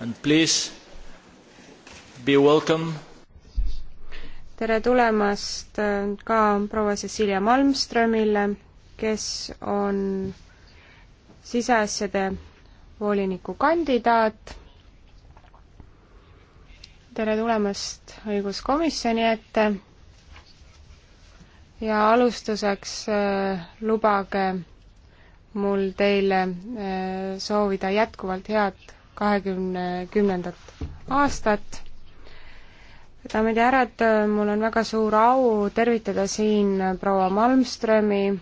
and please be welcome. tere tulemast äh, ka proua Cecilia Malmströmile, kes on siseasjade voliniku kandidaat. tere tulemast õiguskomisjoni ette. ja alustuseks äh, lubage mul teile äh, soovida jätkuvalt head kahekümne kümnendat aastat. daamid ja härrad, mul on väga suur au tervitada siin proua Malmströmi.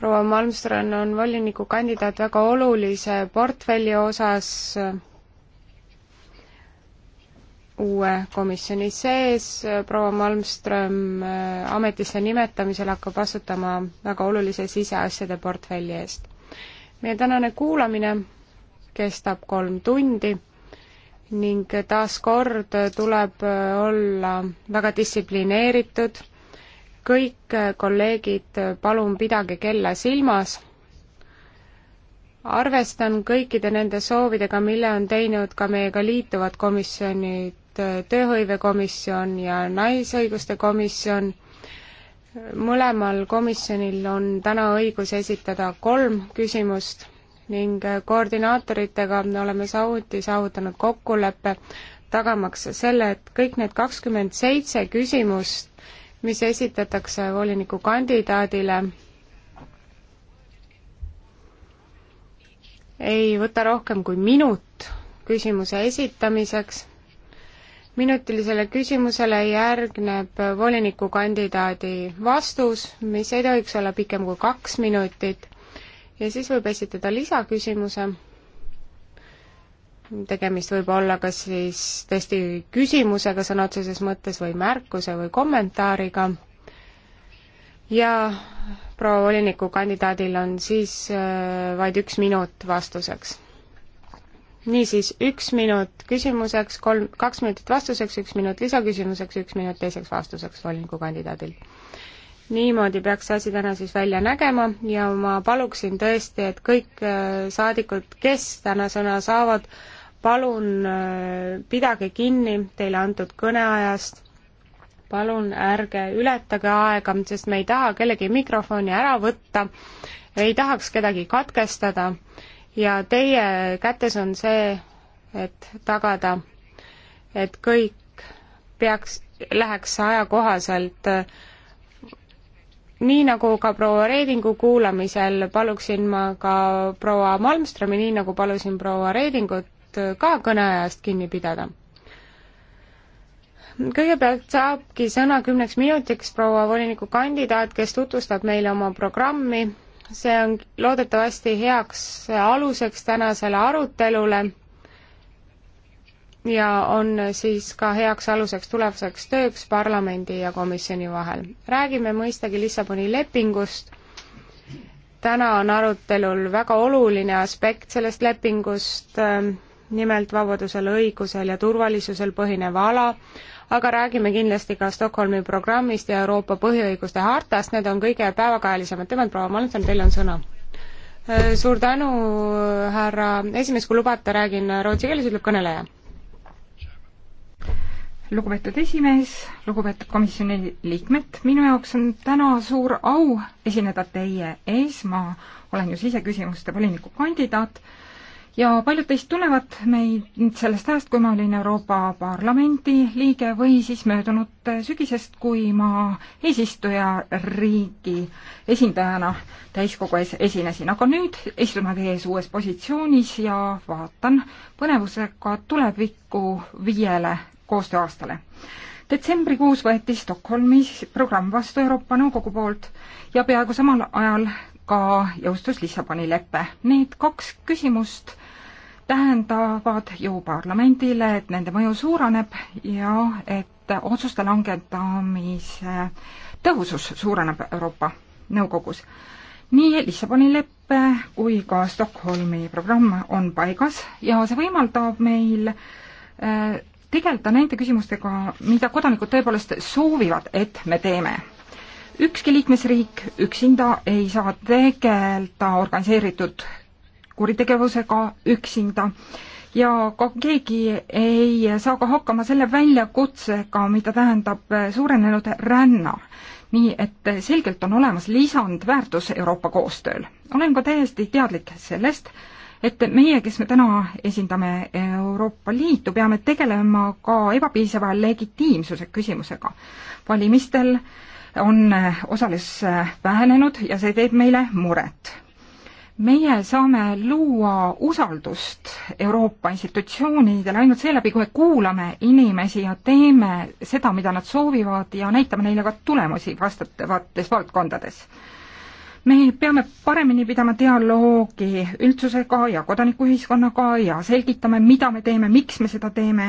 proua Malmström on volinikukandidaat väga olulise portfelli osas uue komisjoni sees. proua Malmström äh, ametisse nimetamisel hakkab vastutama väga olulise siseasjade portfelli eest. meie tänane kuulamine kestab kolm tundi ning taaskord tuleb olla väga distsiplineeritud. kõik kolleegid, palun pidage kella silmas. arvestan kõikide nende soovidega, mille on teinud ka meiega liituvad komisjonid, tööhõivekomisjon ja naisõiguste komisjon mõlemal komisjonil on täna õigus esitada kolm küsimust ning äh, koordinaatoritega oleme samuti saavutanud kokkuleppe, tagamaks selle, et kõik need kakskümmend seitse küsimust, mis esitatakse volinikukandidaadile, ei võta rohkem kui minut küsimuse esitamiseks. minutilisele küsimusele järgneb volinikukandidaadi vastus, mis ei tohiks olla pikem kui kaks minutit ja siis võib esitada lisaküsimuse. tegemist võib olla kas siis tõesti küsimusega sõna otseses mõttes või märkuse või kommentaariga. ja proua volinikukandidaadil on siis äh, vaid üks minut vastuseks. niisiis, üks minut küsimuseks, kolm, kaks minutit vastuseks, üks minut lisaküsimuseks, üks minut teiseks vastuseks volinikukandidaadil niimoodi peaks see asi täna siis välja nägema ja ma paluksin tõesti, et kõik äh, saadikud, kes täna sõna saavad, palun äh, pidage kinni teile antud kõneajast, palun ärge ületage aega, sest me ei taha kellegi mikrofoni ära võtta, ei tahaks kedagi katkestada ja teie kätes on see, et tagada, et kõik peaks, läheks ajakohaselt äh, nii nagu ka proua Reedingu kuulamisel paluksin ma ka proua Malmströmi, nii nagu palusin proua Reedingut, ka kõneajast kinni pidada. kõigepealt saabki sõna kümneks minutiks proua volinikukandidaat, kes tutvustab meile oma programmi. see on loodetavasti heaks aluseks tänasele arutelule ja on siis ka heaks aluseks tulevaseks tööks parlamendi ja komisjoni vahel. räägime mõistagi Lissaboni lepingust, täna on arutelul väga oluline aspekt sellest lepingust, ähm, nimelt vabadusel, õigusel ja turvalisusel põhinev ala, aga räägime kindlasti ka Stockholmi programmist ja Euroopa põhiõiguste hartast, need on kõige päevakajalisemad teemad, proua Malmson, teil on sõna. Äh, suur tänu, härra esimees, kui lubate, räägin rootsi keeles, ütleb kõneleja lugupeetud esimees, lugupeetud komisjoni liikmed, minu jaoks on täna suur au esineda teie ees, ma olen ju siseküsimuste volinikukandidaat ja paljud teist tunnevad meid sellest ajast, kui ma olin Euroopa Parlamendi liige või siis möödunud sügisest, kui ma eesistujariigi esindajana täiskogu ees esinesin, aga nüüd istun ma teie ees uues positsioonis ja vaatan põnevusega tulevikku viiele koostööaastale. detsembrikuus võeti Stockholmis programm vastu Euroopa Nõukogu poolt ja peaaegu samal ajal ka jõustus Lissaboni lepe. Need kaks küsimust tähendavad ju parlamendile, et nende mõju suureneb ja et otsuste langetamise tõhusus suureneb Euroopa Nõukogus. nii Lissaboni leppe kui ka Stockholmi programm on paigas ja see võimaldab meil äh, tegeleda nende küsimustega, mida kodanikud tõepoolest soovivad, et me teeme. ükski liikmesriik üksinda ei saa tegeleda organiseeritud kuritegevusega üksinda ja ka keegi ei saa ka hakkama selle väljakutsega, mida tähendab suurenenud ränna. nii et selgelt on olemas lisandväärtus Euroopa koostööl. olen ka täiesti teadlik sellest, et meie, kes me täna esindame Euroopa Liitu, peame tegelema ka ebapiisava legitiimsuse küsimusega. valimistel on eh, osalus eh, vähenenud ja see teeb meile muret. meie saame luua usaldust Euroopa institutsioonidele ainult seeläbi, kui me kuulame inimesi ja teeme seda, mida nad soovivad ja näitame neile ka tulemusi vastavates valdkondades me peame paremini pidama dialoogi üldsusega ja kodanikuühiskonnaga ja selgitame, mida me teeme, miks me seda teeme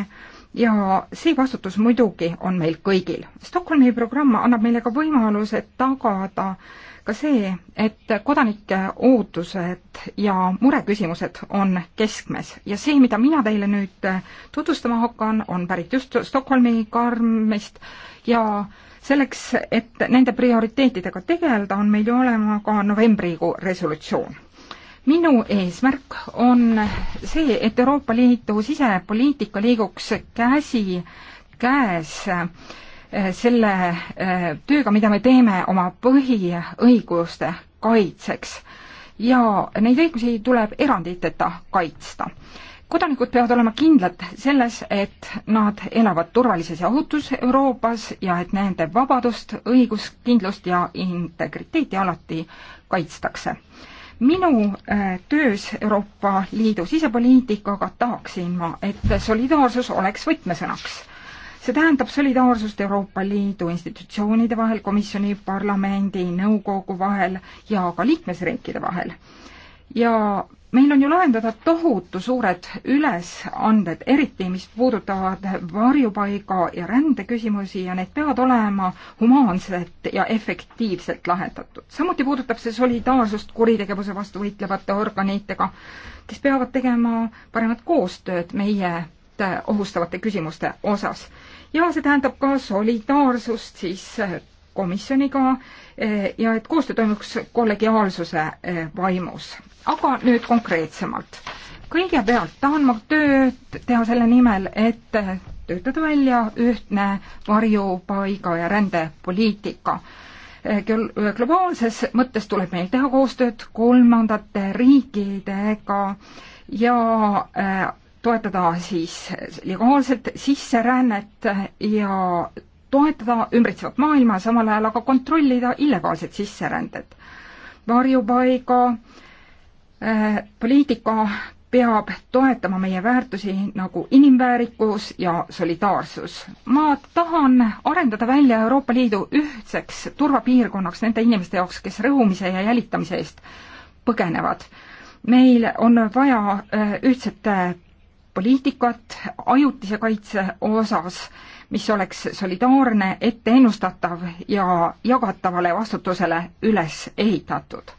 ja see vastutus muidugi on meil kõigil. Stockholmi programm annab meile ka võimaluse tagada ka see, et kodanike ootused ja mureküsimused on keskmes ja see, mida mina teile nüüd tutvustama hakkan, on pärit just Stockholmi karmist ja äh, selleks, et nende prioriteetidega tegeleda, on meil ju olema ka novembrikuu resolutsioon. minu eesmärk on see, et Euroopa Liidu sisepoliitika liiguks käsi käes eh, selle eh, tööga, mida me teeme oma põhiõiguste kaitseks ja neid õigusi tuleb eranditeta kaitsta kodanikud peavad olema kindlad selles, et nad elavad turvalises ja ohutus Euroopas ja et nende vabadust, õiguskindlust ja integriteeti alati kaitstakse. minu äh, töös Euroopa Liidu sisepoliitikaga tahaksin ma, et solidaarsus oleks võtmesõnaks see tähendab solidaarsust Euroopa Liidu institutsioonide vahel, komisjoni, parlamendi, nõukogu vahel ja ka liikmesriikide vahel. ja meil on ju lahendada tohutu suured ülesanded, eriti mis puudutavad varjupaiga ja rändeküsimusi ja need peavad olema humaanselt ja efektiivselt lahendatud. samuti puudutab see solidaarsust kuritegevuse vastu võitlevate organitega, kes peavad tegema paremat koostööd meie ohustavate küsimuste osas. ja see tähendab ka solidaarsust siis komisjoniga eh, ja et koostöö toimuks kollegiaalsuse eh, vaimus aga nüüd konkreetsemalt. kõigepealt tahan ma tööd teha selle nimel, et töötada välja ühtne varjupaiga ja rändepoliitika. globaalses mõttes tuleb meil teha koostööd kolmandate riikidega ja äh, toetada siis legaalset sisserännet ja toetada ümbritsevat maailma, samal ajal aga kontrollida illegaalset sisserändet. varjupaiga Äh, poliitika peab toetama meie väärtusi nagu inimväärikus ja solidaarsus. ma tahan arendada välja Euroopa Liidu ühtseks turvapiirkonnaks nende inimeste jaoks, kes rõhumise ja jälitamise eest põgenevad. meil on vaja äh, ühtset äh, poliitikat ajutise kaitse osas, mis oleks solidaarne, etteennustatav ja jagatavale vastutusele üles ehitatud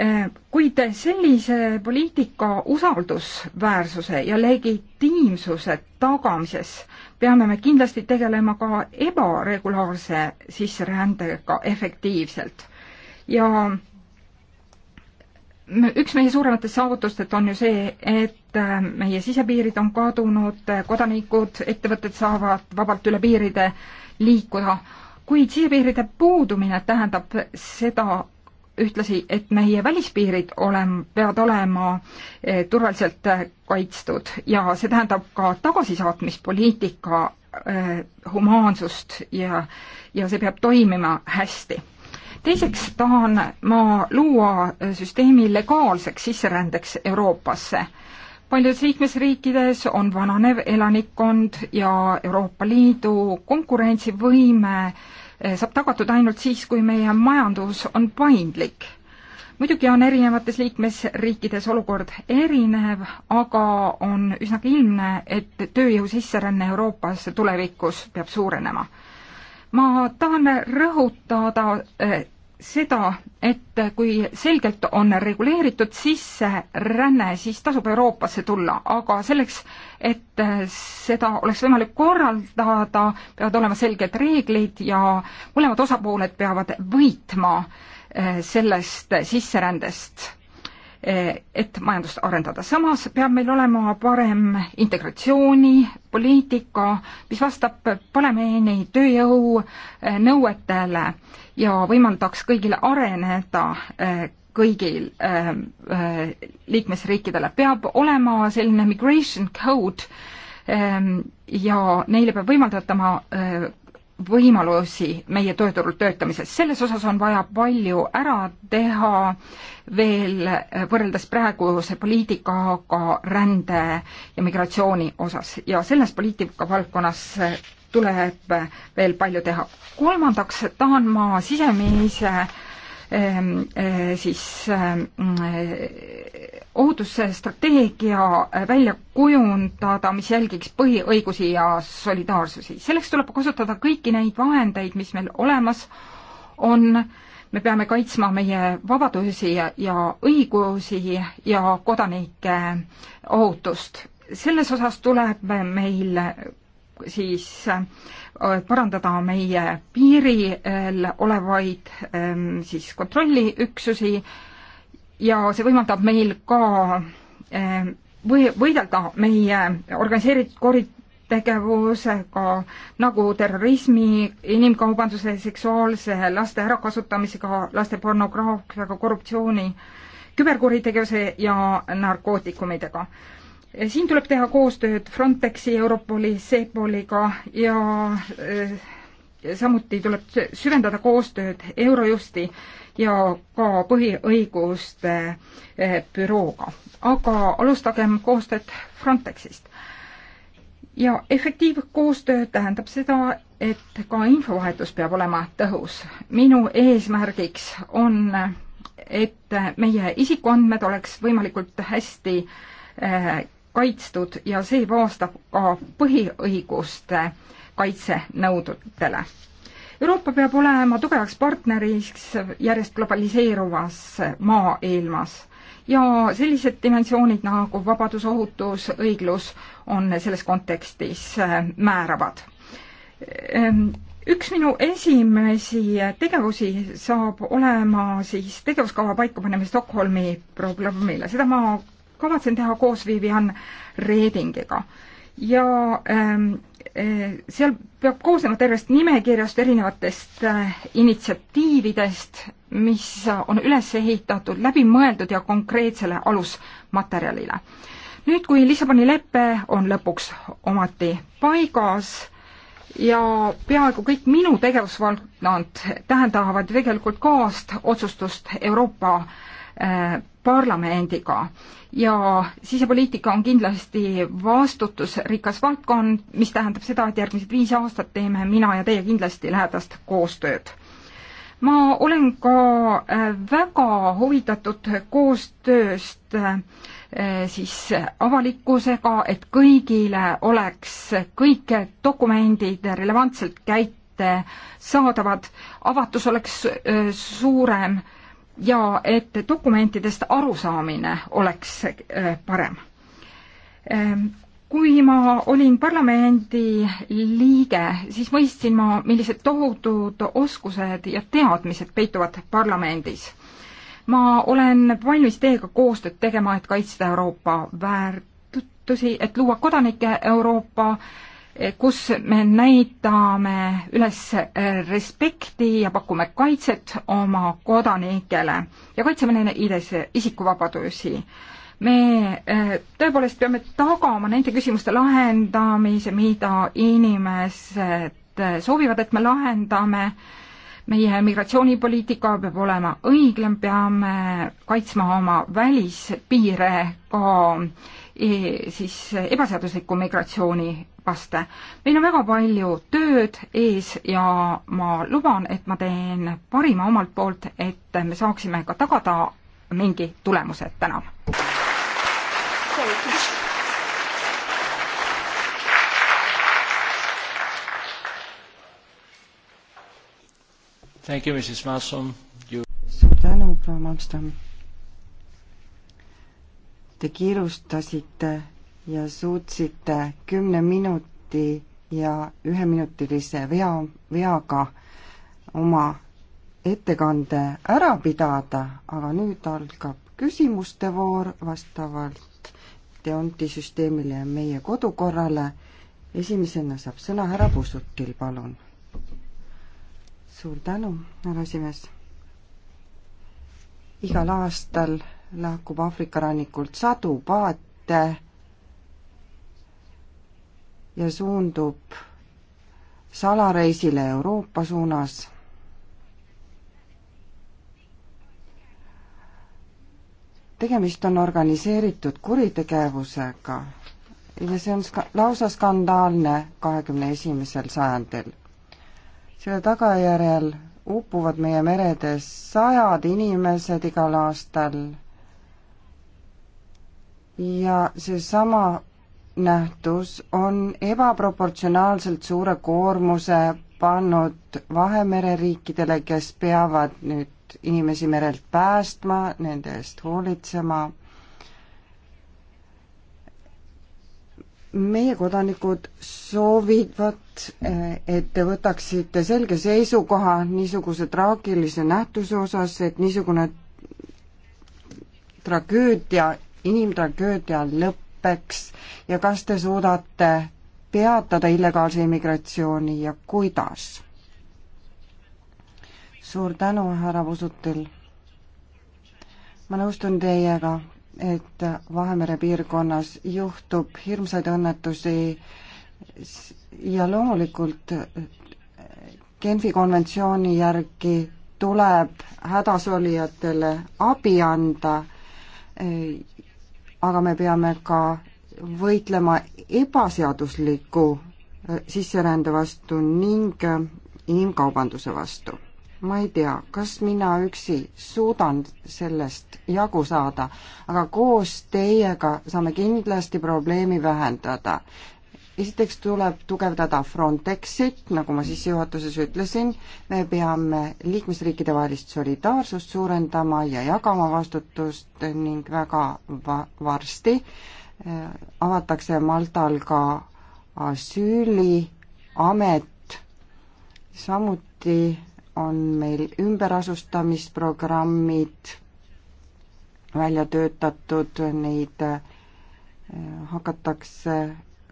Äh, kuid sellise poliitika usaldusväärsuse ja legitiimsuse tagamises peame me kindlasti tegelema ka ebaregulaarse sisserändega efektiivselt. ja üks meie suurematest saavutustest on ju see, et äh, meie sisepiirid on kadunud, kodanikud, ettevõtted saavad vabalt üle piiride liikuda, kuid sisepiiride puudumine tähendab seda, ühtlasi, et meie välispiirid olem-, peavad olema eh, turvaliselt eh, kaitstud ja see tähendab ka tagasisaatmispoliitika eh, humaansust ja, ja see peab toimima hästi. teiseks tahan ma luua süsteemi legaalseks sisserändeks Euroopasse. paljudes liikmesriikides on vananev elanikkond ja Euroopa Liidu konkurentsivõime äh, Eh, saab tagatud ainult siis, kui meie majandus on paindlik. muidugi on erinevates liikmesriikides olukord erinev, aga on üsnagi ilmne, et tööjõu sisseränne Euroopas tulevikus peab suurenema ma tahan rõhutada eh, seda, et kui selgelt on reguleeritud sisseränne, siis tasub Euroopasse tulla, aga selleks, et seda oleks võimalik korraldada, peavad olema selged reeglid ja mõlemad osapooled peavad võitma eh, sellest sisserändest, eh, et majandust arendada. samas peab meil olema parem integratsioonipoliitika, mis vastab paremini tööjõu eh, nõuetele ja võimaldaks kõigil areneda äh, kõigil äh, äh, liikmesriikidele, peab olema selline migration code ähm, ja neile peab võimaldatama äh, võimalusi meie tööturul töötamises. selles osas on vaja palju ära teha veel äh, võrreldes praeguse poliitikaga rände ja migratsiooni osas ja selles poliitika valdkonnas äh, tuleb veel palju teha. kolmandaks tahan ma sisemise ehm, eh, siis ehm, ohutusstrateegia välja kujundada, mis jälgiks põhiõigusi ja solidaarsusi. selleks tuleb kasutada kõiki neid vahendeid, mis meil olemas on, me peame kaitsma meie vabadusi ja õigusi ja kodanike ohutust selles osas tuleb meil siis äh, parandada meie piiril olevaid ähm, siis kontrolliüksusi ja see võimaldab meil ka ähm, või võidelda meie organiseeritud kuritegevusega nagu terrorismi, inimkaubanduse, seksuaalse laste ärakasutamisega, laste pornograafiaga, korruptsiooni, küberkuritegevuse ja narkootikumidega siin tuleb teha koostööd Frontexi, Europoli, Seepoliga ja äh, samuti tuleb süvendada koostööd Eurojusti ja ka põhiõiguste äh, bürooga. aga alustagem koostööd Frontexist. ja efektiivkoostöö tähendab seda, et ka infovahetus peab olema tõhus. minu eesmärgiks on, et meie isikuandmed oleks võimalikult hästi äh, kaitstud ja see vastab ka põhiõiguste kaitsenõududele. Euroopa peab olema tugevaks partneriks järjest globaliseeruvas maailmas ja sellised dimensioonid nagu vabadus, ohutus, õiglus on selles kontekstis äh, määravad. Ehm, üks minu esimesi tegevusi saab olema siis tegevuskava paikapanemine Stockholmi programmile, seda ma kavatsen teha koos Vivian Reedingiga. ja ähm, äh, seal peab koosnema tervest nimekirjast erinevatest äh, initsiatiividest, mis on üles ehitatud, läbimõeldud ja konkreetsele alusmaterjalile. nüüd, kui Lissaboni lepe on lõpuks ometi paigas ja peaaegu kõik minu tegevusvaldkond tähendavad tegelikult kaast otsustust Euroopa äh, Äh, parlamendiga ja sisepoliitika on kindlasti vastutusrikas valdkond, mis tähendab seda, et järgmised viis aastat teeme mina ja teie kindlasti lähedast koostööd. ma olen ka äh, väga huvitatud koostööst äh, siis avalikkusega, et kõigile oleks kõik dokumendid relevantselt käite saadavad, avatus oleks suurem ja et dokumentidest arusaamine oleks äh, parem. Ähm, kui ma olin parlamendi liige, siis mõistsin ma, millised tohutud oskused ja teadmised peituvad parlamendis. ma olen valmis teiega koostööd tegema, et kaitsta Euroopa väärtusi, et luua kodanike Euroopa äh, kus me näitame üles respekti ja pakume kaitset oma kodanikele ja kaitseme neile isikuvabadusi me eh, tõepoolest peame tagama nende küsimuste lahendamise, mida inimesed soovivad, et me lahendame, meie migratsioonipoliitika peab olema õiglane, peame kaitsma oma välispiire ka eh, siis ebaseadusliku migratsiooni vaste. meil on väga palju tööd ees ja ma luban, et ma teen parima omalt poolt, et me saaksime ka tagada mingi tulemuse, tänan. You... suur tänu, proua Malmström. Te kiirustasite ja suutsite kümne minuti ja üheminutilise vea, veaga oma ettekande ära pidada, aga nüüd algab küsimuste voor vastavalt Deonti süsteemile ja meie kodukorrale. esimesena saab sõna härra Pusutil, palun. suur tänu, härra esimees. igal aastal lahkub Aafrika rannikult sadu paate ja suundub salareisile Euroopa suunas. tegemist on organiseeritud kuritegevusega ja see on ska-, lausa skandaalne kahekümne esimesel sajandil. selle tagajärjel upuvad meie meredes sajad inimesed igal aastal ja seesama nähtus on ebaproportsionaalselt suure koormuse pannud Vahemere riikidele, kes peavad nüüd inimesi merelt päästma, nende eest hoolitsema. meie kodanikud soovivad, et te võtaksite selge seisukoha niisuguse traagilise nähtuse osas, et niisugune tragöödia, inimtragöödia lõpp leppeks ja kas te suudate peatada illegaalse immigratsiooni ja kuidas? suur tänu, härra Vusutil. ma nõustun teiega, et Vahemere piirkonnas juhtub hirmsaid õnnetusi ja loomulikult Genfi konventsiooni järgi tuleb hädasolijatele abi anda aga me peame ka võitlema ebaseadusliku äh, sisserände vastu ning äh, inimkaubanduse vastu. ma ei tea, kas mina üksi suudan sellest jagu saada, aga koos teiega saame kindlasti probleemi vähendada esiteks tuleb tugevdada Frontexit, nagu ma sissejuhatuses ütlesin, me peame liikmesriikide vahelist solidaarsust suurendama ja jagama vastutust ning väga va-, varsti äh, avatakse Maltal ka asüüliamet, samuti on meil ümberasustamisprogrammid välja töötatud, neid äh, hakatakse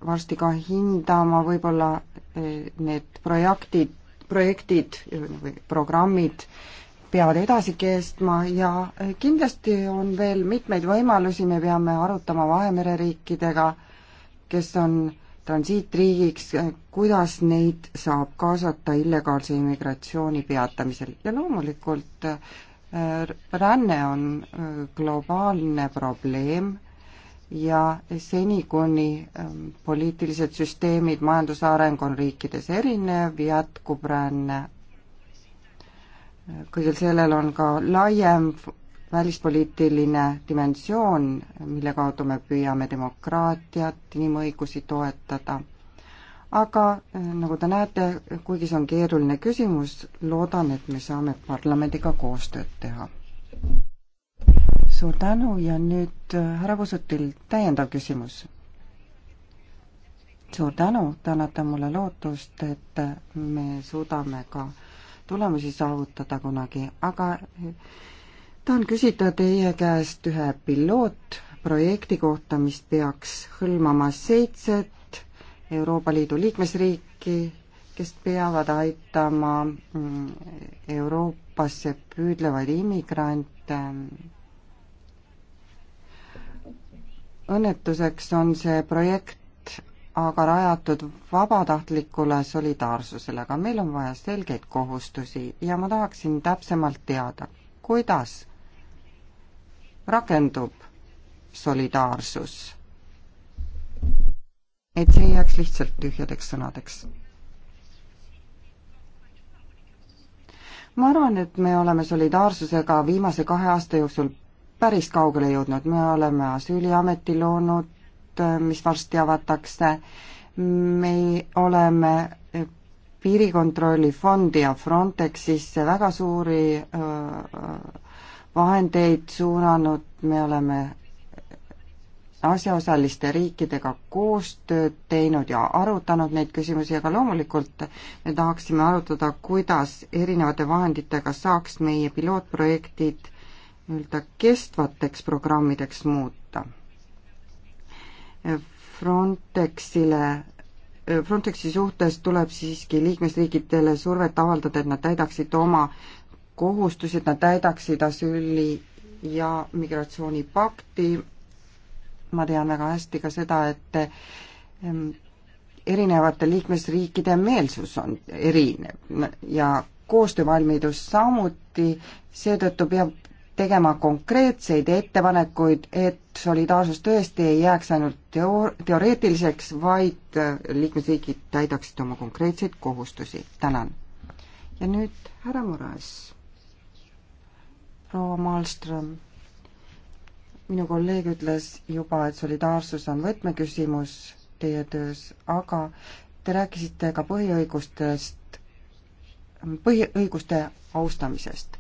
varsti ka hindama, võib-olla eh, need projektid, projektid eh, või programmid peavad edasi kestma ja eh, kindlasti on veel mitmeid võimalusi, me peame arutama Vahemere riikidega, kes on transiitriigiks, kuidas neid saab kaasata illegaalse immigratsiooni peatamisel ja loomulikult ränne on globaalne probleem ja seni, kuni ähm, poliitilised süsteemid, majanduse areng on riikides erinev, jätkub ränne. kõigel sellel on ka laiem välispoliitiline dimensioon, mille kaudu me püüame demokraatiat, inimõigusi toetada. aga äh, nagu te näete, kuigi see on keeruline küsimus, loodan, et me saame parlamendiga koostööd teha suur tänu ja nüüd äh, härra Kusutil täiendav küsimus. suur tänu, te annate mulle lootust, et äh, me suudame ka tulemusi saavutada kunagi, aga äh, tahan küsida teie käest ühe pilootprojekti kohta, mis peaks hõlmama seitset Euroopa Liidu liikmesriiki, kes peavad aitama mm, Euroopasse püüdlevaid immigrante mm, õnnetuseks on see projekt aga rajatud vabatahtlikule solidaarsusele, aga meil on vaja selgeid kohustusi ja ma tahaksin täpsemalt teada, kuidas rakendub solidaarsus? et see ei jääks lihtsalt tühjadeks sõnadeks. ma arvan, et me oleme solidaarsusega viimase kahe aasta jooksul päris kaugele jõudnud, me oleme asüüliameti loonud, äh, mis varsti avatakse, me oleme äh, piirikontrollifondi ja Frontexisse väga suuri äh, vahendeid suunanud, me oleme asjaosaliste riikidega koostööd teinud ja arutanud neid küsimusi, aga loomulikult me tahaksime arutada, kuidas erinevate vahenditega saaks meie pilootprojektid nii-öelda kestvateks programmideks muuta. Frontexile, Frontexi suhtes tuleb siiski liikmesriikidele survet avaldada, et nad täidaksid oma kohustusi, et nad täidaksid asüüli ja migratsioonipakti. ma tean väga hästi ka seda, et erinevate liikmesriikide meelsus on erinev ja koostöövalmidus samuti, seetõttu peab tegema konkreetseid ettepanekuid, et solidaarsus tõesti ei jääks ainult teo-, teoreetiliseks, vaid liikmesriigid täidaksid oma konkreetseid kohustusi. tänan. ja nüüd härra Muras. proua Malmström, minu kolleeg ütles juba, et solidaarsus on võtmeküsimus teie töös, aga te rääkisite ka põhiõigustest, põhiõiguste austamisest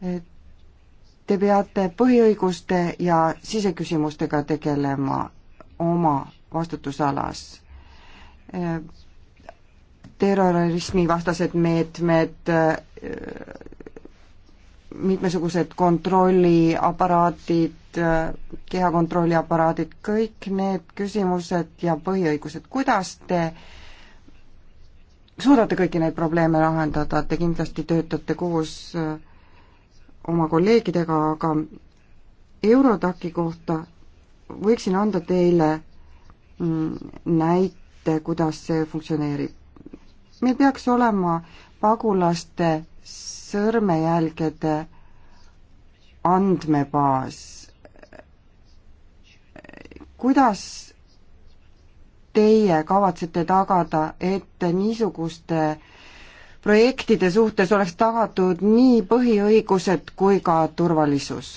et Te peate põhiõiguste ja siseküsimustega tegelema oma vastutusalas. terrorismivastased meetmed, mitmesugused kontrolliaparaadid, kehakontrolliaparaadid, kõik need küsimused ja põhiõigused, kuidas te suudate kõiki neid probleeme lahendada, te kindlasti töötate koos äh, oma kolleegidega, aga Eurodaki kohta võiksin anda teile mm, näite, kuidas see funktsioneerib. meil peaks olema pagulaste sõrmejälgede andmebaas. kuidas teie kavatsete tagada, et niisuguste projektide suhtes oleks tagatud nii põhiõigused kui ka turvalisus.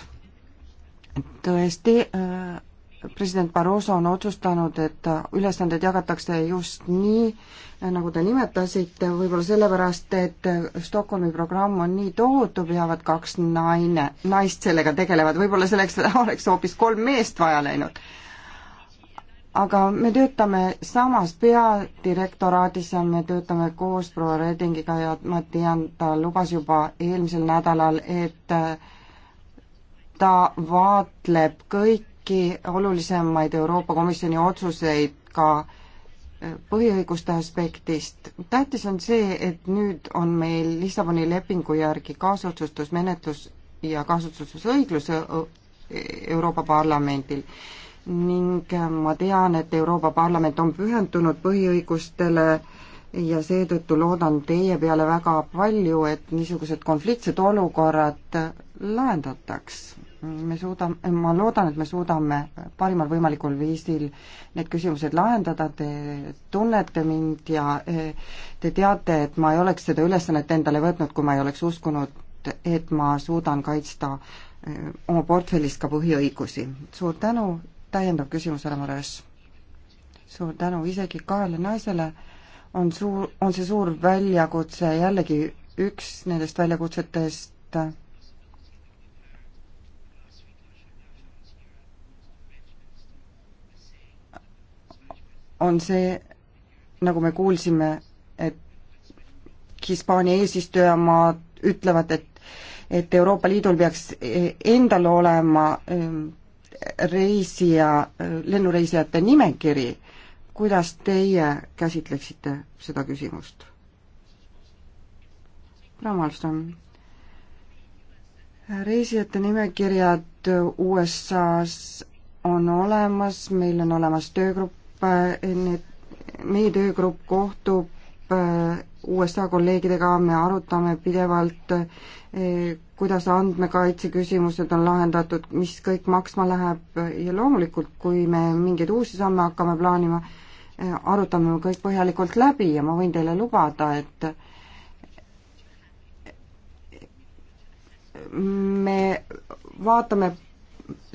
tõesti, äh, president Barroso on otsustanud, et ülesanded jagatakse just nii, äh, nagu te nimetasite, võib-olla sellepärast, et äh, Stockholmi programm on nii tohutu, peavad kaks naine, naist sellega tegelevad, võib-olla selleks oleks hoopis kolm meest vaja läinud aga me töötame samas peadirektoraadis ja me töötame koos proua Redingiga ja ma tean, ta lubas juba eelmisel nädalal, et äh, ta vaatleb kõiki olulisemaid Euroopa Komisjoni otsuseid ka äh, põhiõiguste aspektist. tähtis on see, et nüüd on meil Lissaboni lepingu järgi kaasotsustusmenetlus ja kaasotsustusõiglus äh, Euroopa Parlamendil ning äh, ma tean, et Euroopa Parlament on pühendunud põhiõigustele ja seetõttu loodan teie peale väga palju, et niisugused konfliktsed olukorrad lahendataks. me suudame, ma loodan, et me suudame parimal võimalikul viisil need küsimused lahendada, te tunnete mind ja eh, te teate, et ma ei oleks seda ülesannet endale võtnud, kui ma ei oleks uskunud, et ma suudan kaitsta eh, oma portfellist ka põhiõigusi. suur tänu täiendav küsimus härra Mores. suur tänu, isegi kahele naisele on suur, on see suur väljakutse, jällegi üks nendest väljakutsetest on see, nagu me kuulsime, et Hispaania eesistujamaad ütlevad, et et Euroopa Liidul peaks e-, endal olema ehm, reisija, lennureisijate nimekiri. kuidas teie käsitleksite seda küsimust? Ramalson. reisijate nimekirjad USA-s on olemas, meil on olemas töögrupp, meie töögrupp kohtub äh, USA kolleegidega me arutame pidevalt, eh, kuidas andmekaitse küsimused on lahendatud, mis kõik maksma läheb ja loomulikult, kui me mingeid uusi samme hakkame plaanima, eh, arutame kõik põhjalikult läbi ja ma võin teile lubada, et me vaatame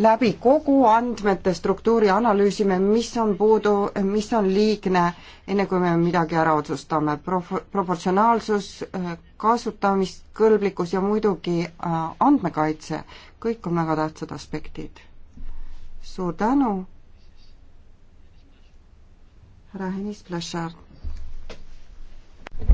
läbi kogu andmete struktuuri analüüsime, mis on puudu, mis on liigne, enne kui me midagi ära otsustame. Prof-, proportsionaalsus, kasutamiskõlblikkus ja muidugi äh, andmekaitse, kõik on väga tähtsad aspektid. suur tänu, härra Hennis Plešard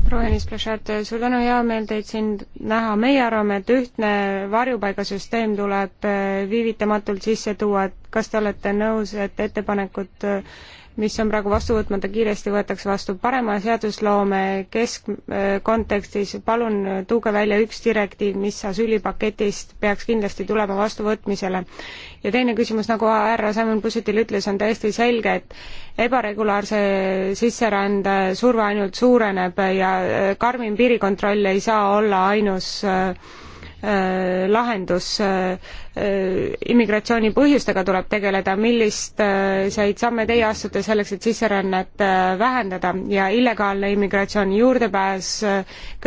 proua Janis Plašat, suur tänu, hea meel teid siin näha. meie arvame, et ühtne varjupaigasüsteem tuleb viivitamatult sisse tuua, et kas te olete nõus, et ettepanekud mis on praegu vastu võtmata, kiiresti võetakse vastu. parema seadusloome kesk-, äh, kontekstis palun tuuge välja üks direktiiv, mis asüülipaketist peaks kindlasti tulema vastuvõtmisele. ja teine küsimus, nagu härra Simon Pussutil ütles, on täiesti selge, et ebaregulaarse sisserände surve ainult suureneb ja äh, karmim piirikontroll ei saa olla ainus äh, Äh, lahendus. Äh, äh, immigratsiooni põhjustega tuleb tegeleda, milliseid samme teie astute selleks, et sisserännet vähendada ja illegaalne immigratsioon, juurdepääs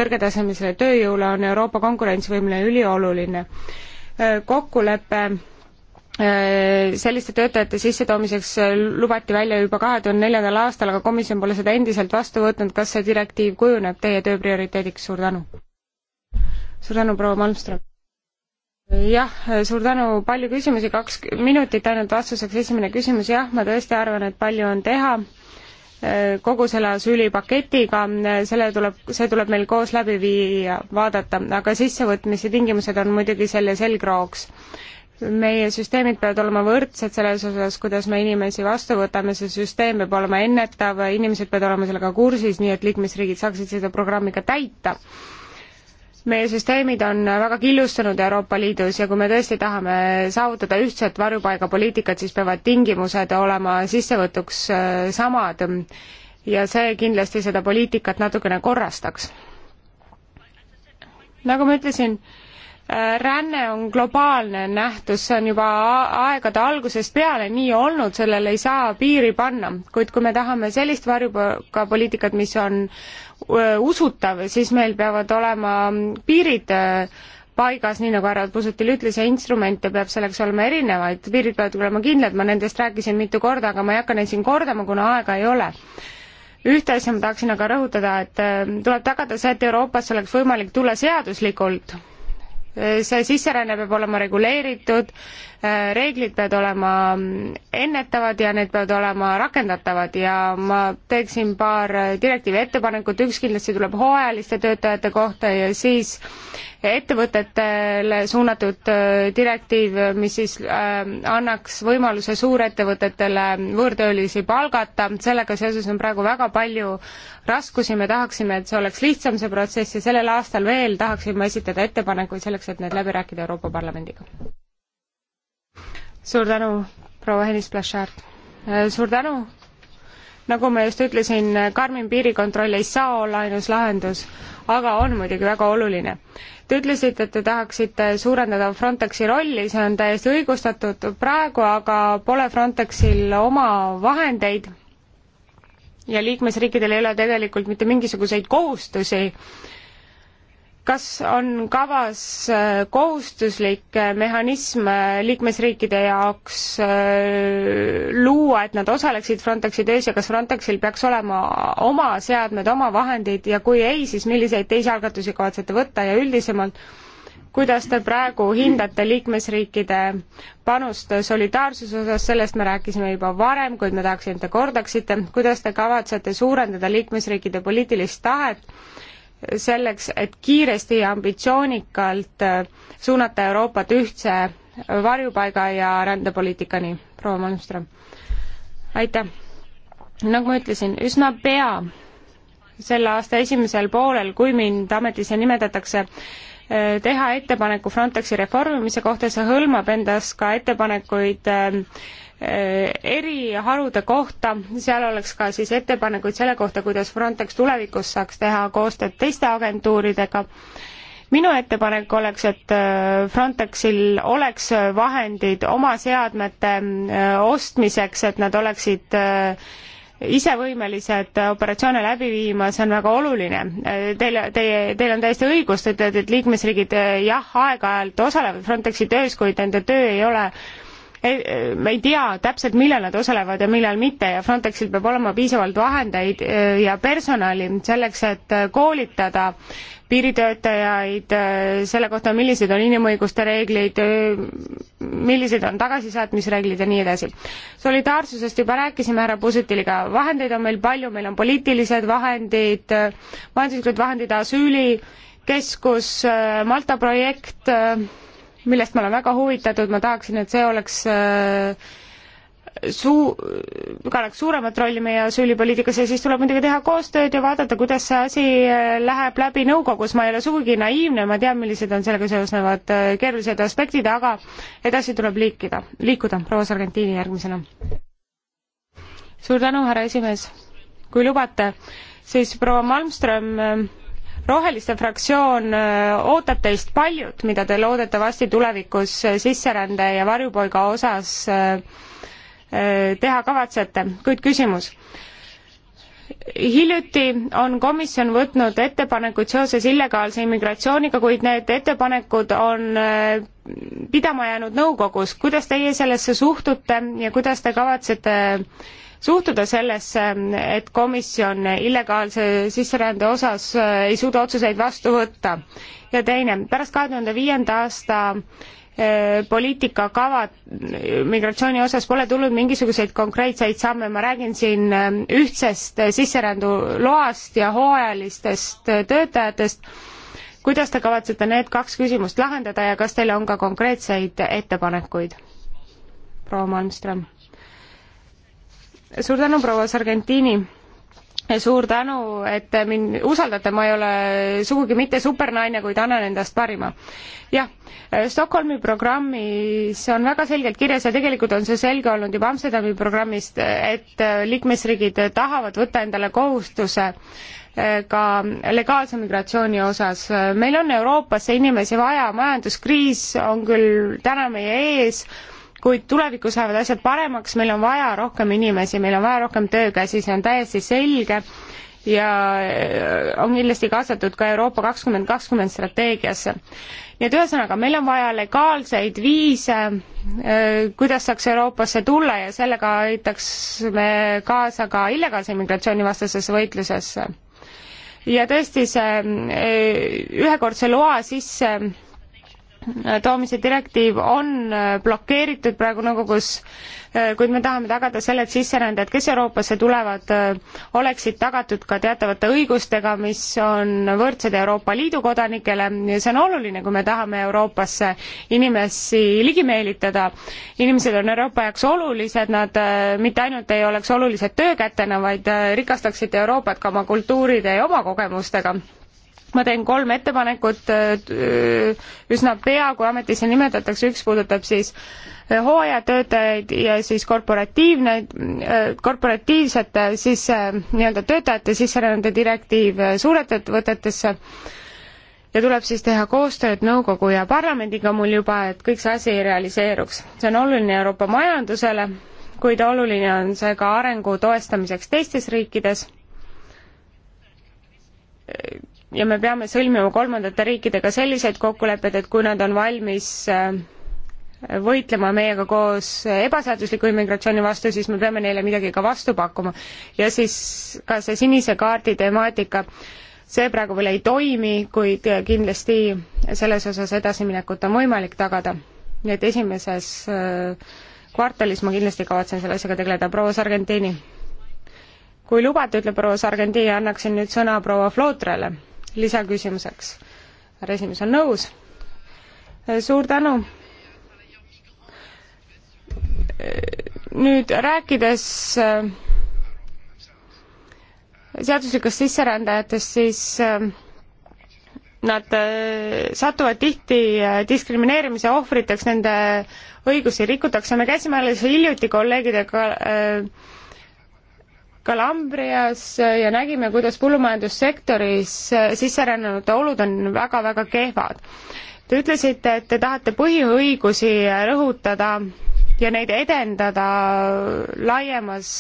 kõrgetasemelisele tööjõule on Euroopa konkurentsivõimele ülioluline. kokkulepe selliste töötajate sissetoomiseks lubati välja juba kahe tuhande neljandal aastal, aga komisjon pole seda endiselt vastu võtnud, kas see direktiiv kujuneb teie töö prioriteediks, suur tänu! suur tänu, proua Malmström! jah, suur tänu, palju küsimusi, kaks minutit ainult vastuseks, esimene küsimus, jah, ma tõesti arvan, et palju on teha eh, kogu selle asüülipaketiga, selle tuleb, see tuleb meil koos läbi viia, vaadata, aga sissevõtmise tingimused on muidugi selle selgrooks. meie süsteemid peavad olema võrdsed selles osas, kuidas me inimesi vastu võtame, see süsteem peab olema ennetav, inimesed peavad olema sellega kursis, nii et liikmesriigid saaksid seda programmi ka täita meie süsteemid on väga killustunud Euroopa Liidus ja kui me tõesti tahame saavutada ühtset varjupaigapoliitikat, siis peavad tingimused olema sissevõtuks äh, samad ja see kindlasti seda poliitikat natukene korrastaks. nagu ma ütlesin, Äh, ränne on globaalne nähtus, see on juba aegade algusest peale nii olnud, sellele ei saa piiri panna, kuid kui me tahame sellist varjupaigapoliitikat, mis on äh, usutav, siis meil peavad olema piirid äh, paigas, nii nagu härra Pusutil ütles, ja instrumente peab selleks olema erinevaid, piirid peavad olema kindlad, ma nendest rääkisin mitu korda, aga ma ei hakka neid siin kordama, kuna aega ei ole ühte asja ma tahaksin aga rõhutada, et tuleb tagada see, et Euroopasse oleks võimalik tulla seaduslikult see sisseränne peab olema reguleeritud, Äh, reeglid peavad olema ennetavad ja need peavad olema rakendatavad ja ma teeksin paar direktiivi ettepanekut, üks kindlasti tuleb hooajaliste töötajate kohta ja siis ettevõtetele suunatud äh, direktiiv, mis siis äh, annaks võimaluse suurettevõtetele võõrtöölisi palgata, sellega seoses on praegu väga palju raskusi, me tahaksime, et see oleks lihtsam, see protsess, ja sellel aastal veel tahaksime esitada ettepanekuid selleks, et need läbi rääkida Euroopa Parlamendiga suur tänu, proua Henis Blachard. Äh, suur tänu. nagu ma just ütlesin, karmim piirikontroll ei saa olla ainus lahendus, aga on muidugi väga oluline. Te ütlesite, et te tahaksite suurendada Frontexi rolli, see on täiesti õigustatud, praegu aga pole Frontexil oma vahendeid ja liikmesriikidel ei ole tegelikult mitte mingisuguseid kohustusi äh, kas on kavas äh, kohustuslik äh, mehhanism äh, liikmesriikide jaoks luua, et nad osaleksid Frontexi töös ja kas Frontexil peaks olema oma seadmed, oma vahendid ja kui ei, siis milliseid teisi algatusi kavatsete võtta ja üldisemalt, kuidas te praegu hindate liikmesriikide panust solidaarsuse osas, sellest me rääkisime juba varem, kuid ma tahaksin, et te kordaksite, kuidas te kavatsete suurendada liikmesriikide poliitilist tahet selleks, et kiiresti ja ambitsioonikalt äh, suunata Euroopat ühtse varjupaiga ja rändepoliitikani, proua Malmström. aitäh! nagu ma ütlesin, üsna pea selle aasta esimesel poolel, kui mind ametisse nimetatakse, äh, teha ettepaneku Frontexi reformimise kohta, see hõlmab endas ka ettepanekuid äh, Eh, eriharude kohta, seal oleks ka siis ettepanekuid selle kohta, kuidas Frontex tulevikus saaks teha koostööd teiste agentuuridega. minu ettepanek oleks, et eh, Frontexil oleks vahendid oma seadmete eh, ostmiseks, et nad oleksid ise võimelised operatsioone läbi viima, see on väga oluline. Teil, teie, teil on täiesti õigus, te ütlete, et liikmesriigid jah, aeg-ajalt osalevad Frontexi töös, kuid nende töö ei ole äh, me ei tea täpselt, millal nad osalevad ja millal mitte ja Frontexil peab olema piisavalt vahendeid eh, ja personali selleks, et eh, koolitada piiritöötajaid eh, selle kohta, millised on inimõiguste reeglid, millised on tagasisaatmisreeglid ja nii edasi. solidaarsusest juba rääkisime härra Pusutiliga, vahendeid on meil palju, meil on poliitilised vahendid, majanduslikud vahendid, asüülikeskus, Malta projekt, millest ma olen väga huvitatud, ma tahaksin, et see oleks äh, suu-, kannaks suuremat rolli meie asüülipoliitikas ja siis tuleb muidugi teha koostööd ja vaadata, kuidas see asi äh, läheb läbi nõukogus, ma ei ole sugugi naiivne, ma tean, millised on sellega seosnevad äh, keerulised aspektid, aga edasi tuleb liikida, liikuda, proua Sargentini järgmisena. suur tänu, härra esimees! kui lubate, siis proua Malmström roheliste fraktsioon ootab teist paljut, mida te loodetavasti tulevikus sisserände ja varjupaiga osas teha kavatsete, kuid küsimus hiljuti on komisjon võtnud ettepanekuid seoses illegaalse immigratsiooniga, kuid need ettepanekud on pidama jäänud nõukogus. kuidas teie sellesse suhtute ja kuidas te kavatsete suhtuda sellesse, et komisjon illegaalse sisserände osas äh, ei suuda otsuseid vastu võtta. ja teine, pärast kahe tuhande viienda aasta äh, poliitikakavad äh, migratsiooni osas pole tulnud mingisuguseid konkreetseid samme, ma räägin siin ühtsest sisseränduloast ja hooajalistest töötajatest. kuidas te kavatsete need kaks küsimust lahendada ja kas teil on ka konkreetseid ettepanekuid? proua Malmström suur tänu, proua Sargentini suur tänu, et te mind usaldate, ma ei ole sugugi mitte supernaine, kuid annan endast parima. jah, Stockholmi programmis on väga selgelt kirjas ja tegelikult on see selge olnud juba Amsterdami programmist, et liikmesriigid tahavad võtta endale kohustuse eh, ka legaalse migratsiooni osas. meil on Euroopasse inimesi vaja, majanduskriis on küll täna meie ees, kuid tulevikus lähevad asjad paremaks, meil on vaja rohkem inimesi, meil on vaja rohkem töökäsi, see on täiesti selge ja äh, on kindlasti kaasatud ka Euroopa kakskümmend kakskümmend strateegiasse. nii et ühesõnaga, meil on vaja legaalseid viise, äh, kuidas saaks Euroopasse tulla ja sellega aitaksime kaasa ka illegaalse immigratsioonivastasesse võitlusesse. ja tõesti, see äh, ühekordse loa sisse toomise direktiiv on äh, blokeeritud praegu nõukogus, äh, kuid me tahame tagada selle, et sisserändajad, kes Euroopasse tulevad, äh, oleksid tagatud ka teatavate õigustega, mis on võrdsed Euroopa Liidu kodanikele ja see on oluline, kui me tahame Euroopasse inimesi ligi meelitada. inimesed on Euroopa jaoks olulised, nad mitte ainult ei oleks olulised töökätena, vaid rikastaksid Euroopat ka oma kultuuride ja oma kogemustega ma teen kolm ettepanekut äh, üsna pea, kui ametisse nimetatakse, üks puudutab siis äh, hooajatöötajaid ja siis korporatiivne, äh, korporatiivsete sisse, nii-öelda töötajate sisserände direktiiv suurettevõtetesse ja tuleb siis teha koostööd nõukogu ja parlamendiga mul juba, et kõik see asi realiseeruks. see on oluline Euroopa majandusele, kuid oluline on see ka arengu toestamiseks teistes riikides ja me peame sõlmima kolmandate riikidega selliseid kokkuleppeid, et kui nad on valmis äh, võitlema meiega koos ebaseadusliku immigratsiooni vastu, siis me peame neile midagi ka vastu pakkuma. ja siis ka see sinise kaardi temaatika, see praegu veel ei toimi, kuid kindlasti selles osas edasiminekut on võimalik tagada. nii et esimeses äh, kvartalis ma kindlasti kavatsen selle asjaga tegeleda, proua Sargentini. kui lubate, ütleb proua Sargentini, annaksin nüüd sõna proua Flootrele lisaküsimuseks? härra esimees on nõus. suur tänu. nüüd rääkides äh, seaduslikust sisserändajatest, siis äh, nad äh, satuvad tihti diskrimineerimise ohvriteks, nende õigusi rikutakse, me käisime alles hiljuti kolleegidega äh, Kalambrias ja nägime, kuidas põllumajandussektoris sisserännanute olud on väga-väga kehvad. Te ütlesite, et te tahate põhiõigusi rõhutada ja neid edendada laiemas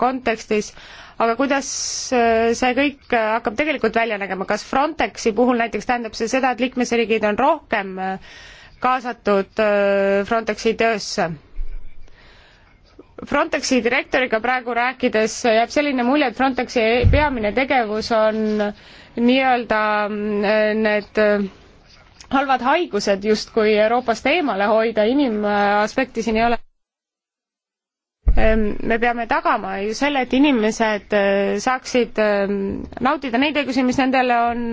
kontekstis, aga kuidas see kõik hakkab tegelikult välja nägema, kas Frontexi puhul näiteks tähendab see seda, et liikmesriigid on rohkem kaasatud Frontexi töösse? Frontexi direktoriga praegu rääkides jääb selline mulje, et Frontexi peamine tegevus on nii-öelda mm, need äh, halvad haigused justkui Euroopast eemale hoida, inimaspekti siin ei ole. Ehm, me peame tagama ju selle, et inimesed äh, saaksid ähm, nautida neid õigusi, mis nendele on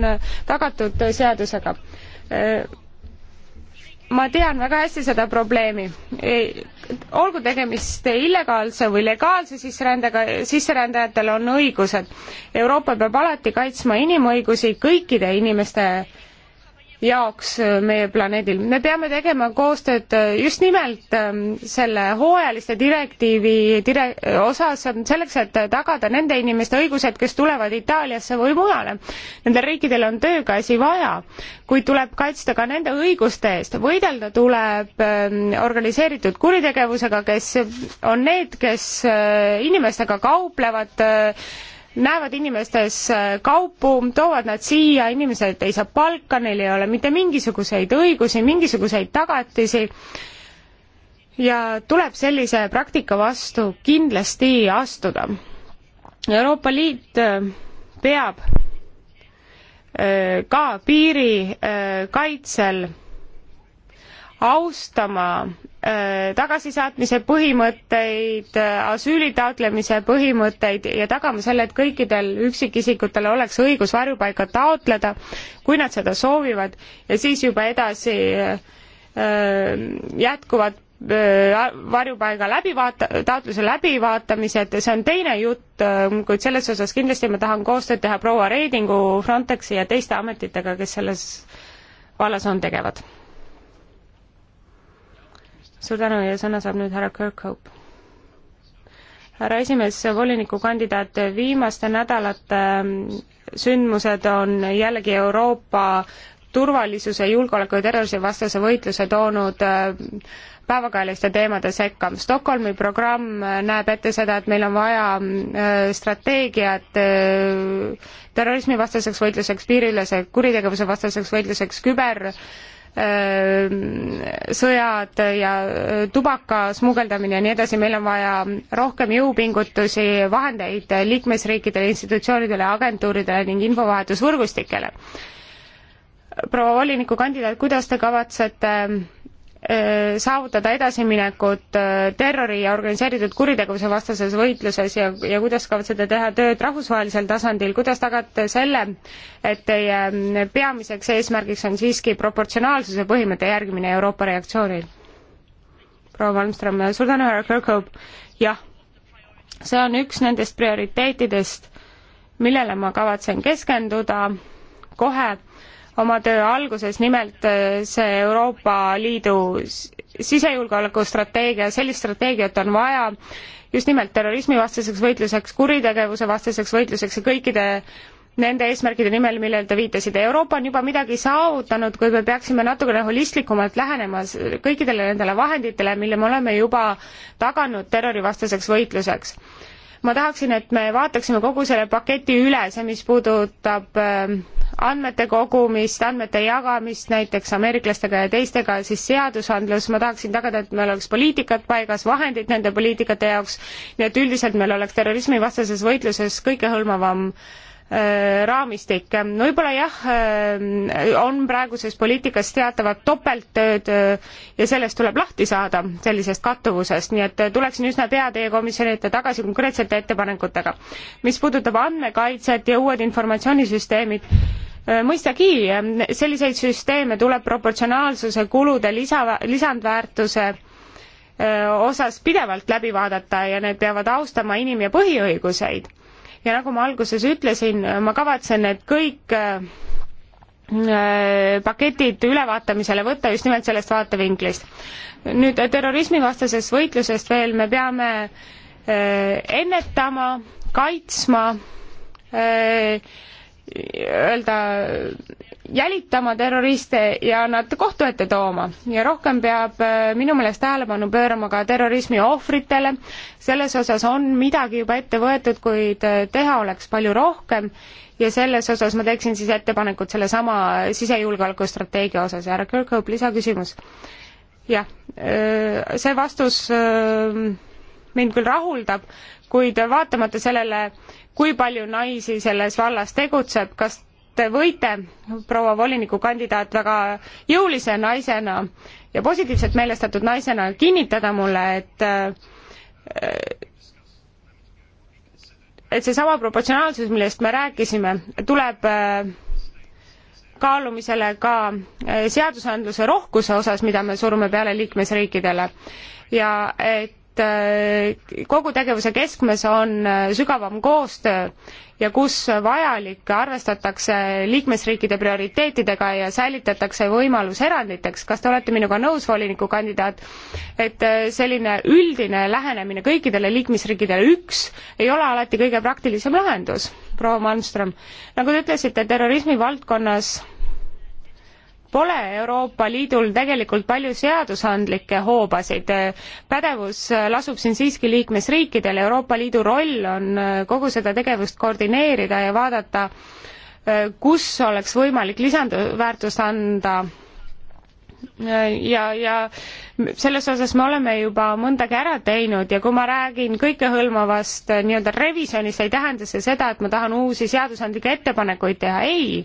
tagatud seadusega ehm, ma tean väga hästi seda probleemi. olgu tegemist illegaalse või legaalse sisserändega, sisserändajatel on õigused. Euroopa peab alati kaitsma inimõigusi kõikide inimeste jaoks äh, meie planeedil. me peame tegema koostööd äh, just nimelt ähm, selle hooajaliste direktiivi dire-, osas ähm, selleks, et äh, tagada nende inimeste õigused, kes tulevad Itaaliasse või mujale. Nendel riikidel on töökäsi vaja, kuid tuleb kaitsta ka nende õiguste eest. võidelda tuleb ähm, organiseeritud kuritegevusega, kes on need, kes inimestega kauplevad, näevad inimestes äh, kaupu, toovad nad siia, inimesed ei saa palka, neil ei ole mitte mingisuguseid õigusi, mingisuguseid tagatisi ja tuleb sellise praktika vastu kindlasti astuda. Euroopa Liit äh, peab äh, ka piiri kaitsel austama äh, tagasisaatmise põhimõtteid, äh, asüüli taotlemise põhimõtteid ja tagama selle, et kõikidel üksikisikutel oleks õigus varjupaika taotleda, kui nad seda soovivad ja siis juba edasi äh, jätkuvad varjupaiga läbivaata-, taotluse läbivaatamised, see on teine jutt, kuid selles osas kindlasti ma tahan koostööd teha proua Reidingu, Frontexi ja teiste ametitega, kes selles vallas on tegevad suur tänu ja sõna saab nüüd härra Kirkhope. härra esimees, volinikukandidaat, viimaste nädalate ähm, sündmused on jällegi Euroopa turvalisuse, julgeoleku ja terrorismivastase võitluse toonud äh, päevakajaliste teemade sekka. Stockholmi programm äh, näeb ette seda, et meil on vaja mm, äh, strateegiat terrorismivastaseks võitluseks, piiriülese kuritegevuse vastaseks võitluseks, küber Äh, sõjad ja äh, tubaka smugeldamine ja nii edasi, meil on vaja rohkem jõupingutusi, vahendeid liikmesriikidele, institutsioonidele, agentuuridele ning infovahetusvõrgustikele. proua volinikukandidaat, kuidas te kavatsete Äh, saavutada edasiminekut äh, terrori ja organiseeritud kuritegevuse vastases võitluses ja, ja kuidas kavatsete teha tööd rahvusvahelisel tasandil, kuidas tagate selle, et teie mm, peamiseks eesmärgiks on siiski proportsionaalsuse põhimõtte järgimine Euroopa reaktsioonil? proua Malmström, suur tänu, härra Kirkhope. jah, see on üks nendest prioriteetidest, millele ma kavatsen keskenduda kohe oma töö alguses, nimelt äh, see Euroopa Liidu sisejulgeolekustrateegia, sellist strateegiat on vaja just nimelt terrorismivastaseks võitluseks, kuritegevuse vastaseks võitluseks ja kõikide nende eesmärkide nimel, millele te viitasite. Euroopa on juba midagi saavutanud, kuid me peaksime natukene holistlikumalt lähenema kõikidele nendele vahenditele, mille me oleme juba taganud terrorivastaseks võitluseks ma tahaksin, et me vaataksime kogu selle paketi üle, see, mis puudutab ähm, andmete kogumist, andmete jagamist näiteks ameeriklastega ja teistega, siis seadusandlus, ma tahaksin tagada, et meil oleks poliitikad paigas, vahendid nende poliitikate jaoks, nii et üldiselt meil oleks terrorismivastases võitluses kõikehõlmavam äh, Äh, raamistik. võib-olla jah, äh, on praeguses poliitikas teatavat topelttööd äh, ja sellest tuleb lahti saada, sellisest kattuvusest, nii et tuleksin üsna pea teie komisjoni ette tagasi konkreetsete ettepanekutega. mis puudutab andmekaitset ja uued informatsioonisüsteemid, mõistagi, selliseid süsteeme tuleb proportsionaalsuse, kulude lisa, lisandväärtuse osas pidevalt läbi vaadata ja need peavad austama inim- ja põhiõiguseid ja nagu ma alguses ütlesin, ma kavatsen need kõik äh, äh, paketid ülevaatamisele võtta just nimelt sellest vaatevinklist. nüüd äh, terrorismivastasest võitlusest veel, me peame ennetama, kaitsma, öelda, jälitama terroriste ja nad kohtu ette tooma ja rohkem peab äh, minu meelest tähelepanu pöörama ka terrorismi ohvritele. selles osas on midagi juba ette võetud, kuid äh, teha oleks palju rohkem ja selles osas ma teeksin siis ettepanekud sellesama sisejulgeolekustrateegia osas. härra Kirkhoop, lisaküsimus. jah, äh, see vastus mind küll rahuldab, kuid vaatamata sellele kui palju naisi selles vallas tegutseb, kas te võite proua volinikukandidaat väga jõulise naisena ja positiivselt meelestatud naisena kinnitada mulle, et et seesama proportsionaalsus, millest me rääkisime, tuleb äh, kaalumisele ka äh, seadusandluse rohkuse osas, mida me surume peale liikmesriikidele ja et Äh, kogu tegevuse keskmes on äh, sügavam koostöö ja kus vajalik, arvestatakse liikmesriikide prioriteetidega ja säilitatakse võimalus eranditeks. kas te olete minuga nõus, volinikukandidaat, et äh, selline üldine lähenemine kõikidele liikmesriikidele üks ei ole alati kõige praktilisem lahendus? proua Malmström, nagu te ütlesite, terrorismi valdkonnas pole Euroopa Liidul tegelikult palju seadusandlikke hoobasid. pädevus lasub siin siiski liikmesriikidel, Euroopa Liidu roll on äh, kogu seda tegevust koordineerida ja vaadata, äh, kus oleks võimalik lisandväärtust anda äh, ja, ja selles osas me oleme juba mõndagi ära teinud ja kui ma räägin kõikehõlmavast nii-öelda revisjonist, ei tähenda see seda, et ma tahan uusi seadusandlikke ettepanekuid teha, ei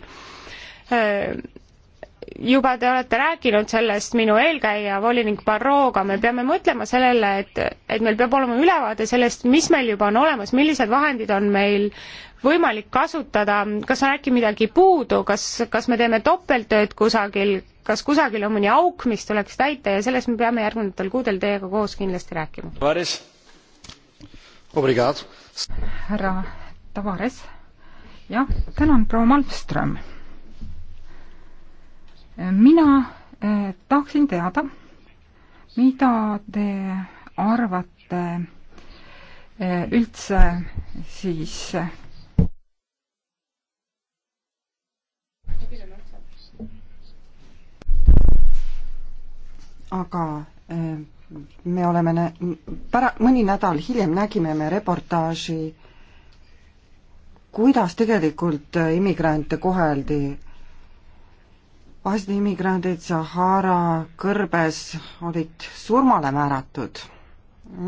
juba te olete rääkinud sellest minu eelkäija volinik Barroga, me peame mõtlema sellele, et, et meil peab olema ülevaade sellest, mis meil juba on olemas, millised vahendid on meil võimalik kasutada, kas on äkki midagi puudu, kas, kas me teeme topelttööd kusagil, kas kusagil on mõni auk, mis tuleks täita ja sellest me peame järgnevatel kuudel teiega koos kindlasti rääkima. härra Tavares, jah, tänan, proua Malmström mina eh, tahaksin teada, mida te arvate eh, üldse siis aga eh, me oleme nä-, pära-, mõni nädal hiljem nägime me reportaaži, kuidas tegelikult immigrante koheldi vaesed immigrandid Sahara kõrbes olid surmale määratud.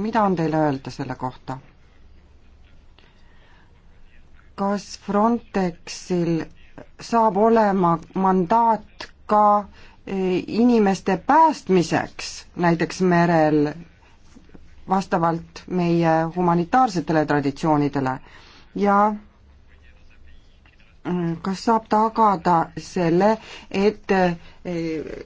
mida on teil öelda selle kohta? kas Frontexil saab olema mandaat ka e, inimeste päästmiseks näiteks merel vastavalt meie humanitaarsetele traditsioonidele ja kas saab tagada selle, et eh,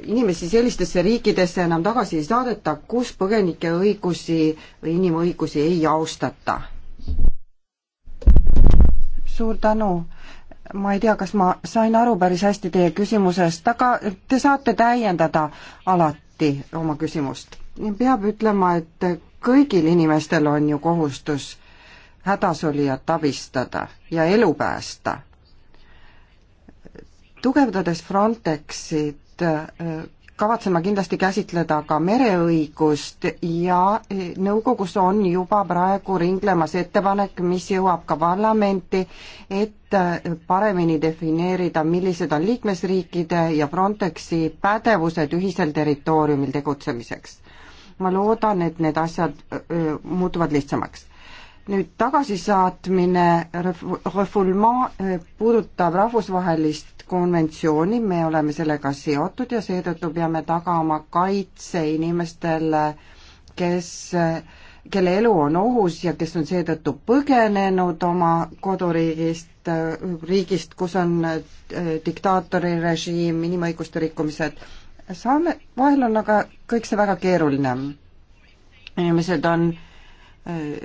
inimesi sellistesse riikidesse enam tagasi ei saadeta, kus põgenike õigusi või inimõigusi ei austata? suur tänu. ma ei tea, kas ma sain aru päris hästi teie küsimusest, aga te saate täiendada alati oma küsimust. peab ütlema, et kõigil inimestel on ju kohustus hädasolijat abistada ja elu päästa tugevdades Frontexit kavatsema kindlasti käsitleda ka mereõigust ja eh, nõukogus on juba praegu ringlemas ettepanek, mis jõuab ka parlamenti, et eh, paremini defineerida, millised on liikmesriikide ja Frontexi pädevused ühisel territooriumil tegutsemiseks. ma loodan, et need asjad eh, muutuvad lihtsamaks nüüd tagasisaatmine, reformaa puudutab rahvusvahelist konventsiooni, me oleme sellega seotud ja seetõttu peame tagama kaitse inimestele, kes, kelle elu on ohus ja kes on seetõttu põgenenud oma koduriigist, riigist, kus on äh, diktaatori režiim, inimõiguste rikkumised. saame, vahel on aga kõik see väga keeruline. inimesed on äh,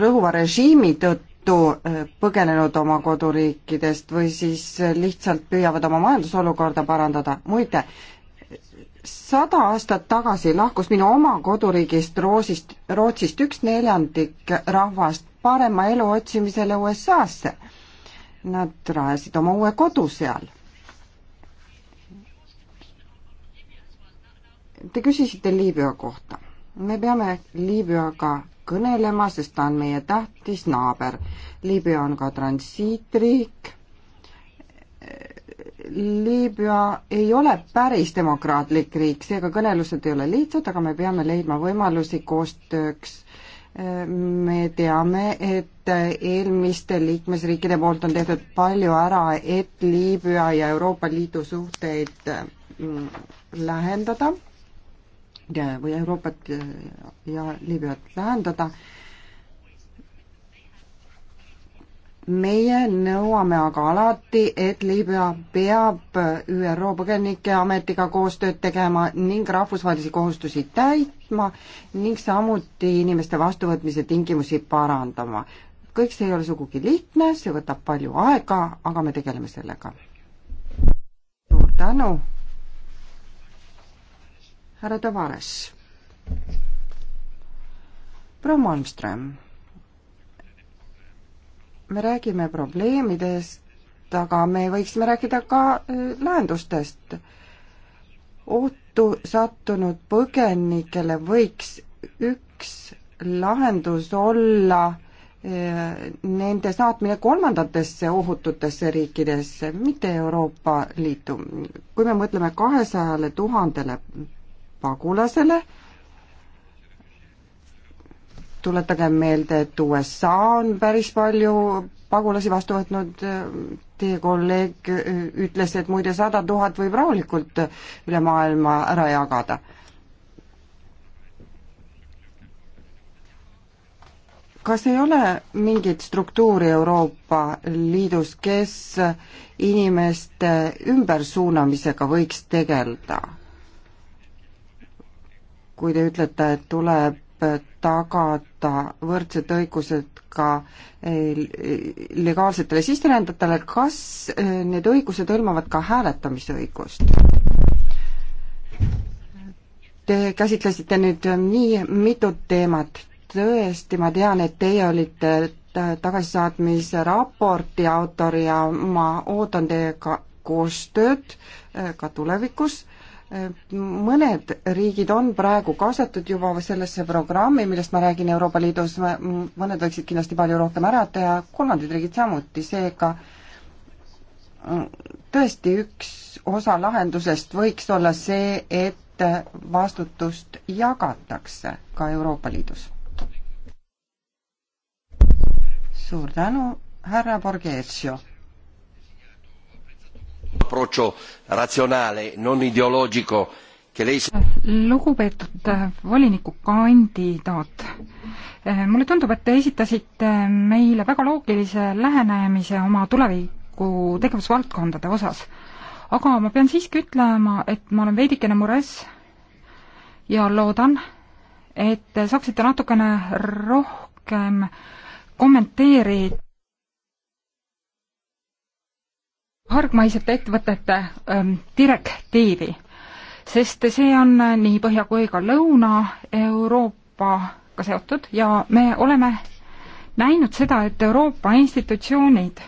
rõhuva režiimi tõttu tõttu äh, põgenenud oma koduriikidest või siis äh, lihtsalt püüavad oma majandusolukorda parandada. muide, sada aastat tagasi lahkus minu oma koduriigist Roosist, Rootsist üks neljandik rahvast parema elu otsimisele USA-sse. Nad rajasid oma uue kodu seal. Te küsisite Liibüa kohta. me peame Liibüaga kõnelema, sest ta on meie tähtis naaber. Liibüa on ka transiitriik. Liibüa ei ole päris demokraatlik riik, seega kõnelused ei ole lihtsad, aga me peame leidma võimalusi koostööks. me teame, et eelmiste liikmesriikide poolt on tehtud palju ära, et Liibüa ja Euroopa Liidu suhteid mm, lähendada või Euroopat ja Liibüat lähendada. meie nõuame aga alati, et Liibüa peab ÜRO põgenike ametiga koostööd tegema ning rahvusvahelisi kohustusi täitma ning samuti inimeste vastuvõtmise tingimusi parandama. kõik see ei ole sugugi lihtne, see võtab palju aega, aga me tegeleme sellega. suur tänu! härra Tavares. proua Malmström, me räägime probleemidest, aga me võiksime rääkida ka äh, lahendustest. ohtu sattunud põgenikele võiks üks lahendus olla äh, nende saatmine kolmandatesse ohututesse riikidesse, mitte Euroopa Liitu. kui me mõtleme kahesajale tuhandele pagulasele. tuletagem meelde, et USA on päris palju pagulasi vastu võtnud, teie kolleeg ütles, et muide sada tuhat võib rahulikult üle maailma ära jagada. kas ei ole mingit struktuuri Euroopa Liidus, kes inimeste ümbersuunamisega võiks tegeleda? kui te ütlete, et tuleb tagada võrdsed õigused ka eh, legaalsetele sisserändajatele, kas eh, need õigused hõlmavad ka hääletamisõigust? Te käsitlesite nüüd nii mitut teemat, tõesti, ma tean, et teie olite tagasisaatmise raporti autor ja ma ootan teiega koostööd eh, ka tulevikus mõned riigid on praegu kaasatud juba sellesse programmi, millest ma räägin Euroopa Liidus, mõned võiksid kindlasti palju rohkem ära teha, kolmandad riigid samuti, seega tõesti üks osa lahendusest võiks olla see, et vastutust jagatakse ka Euroopa Liidus. suur tänu, härra Borghezio! approccio razionale, non ideologico che lei lugupeetud äh, volinikukandidaat, äh, mulle tundub, et te esitasite meile väga loogilise lähenemise oma tuleviku tegevusvaldkondade osas. aga ma pean siiski ütlema, et ma olen veidikene mures ja loodan, et te saaksite natukene rohkem kommenteerida hargmaisete ettevõtete ähm, direktiivi, sest see on äh, nii Põhja kui ka Lõuna-Euroopaga seotud ja me oleme näinud seda, et Euroopa institutsioonid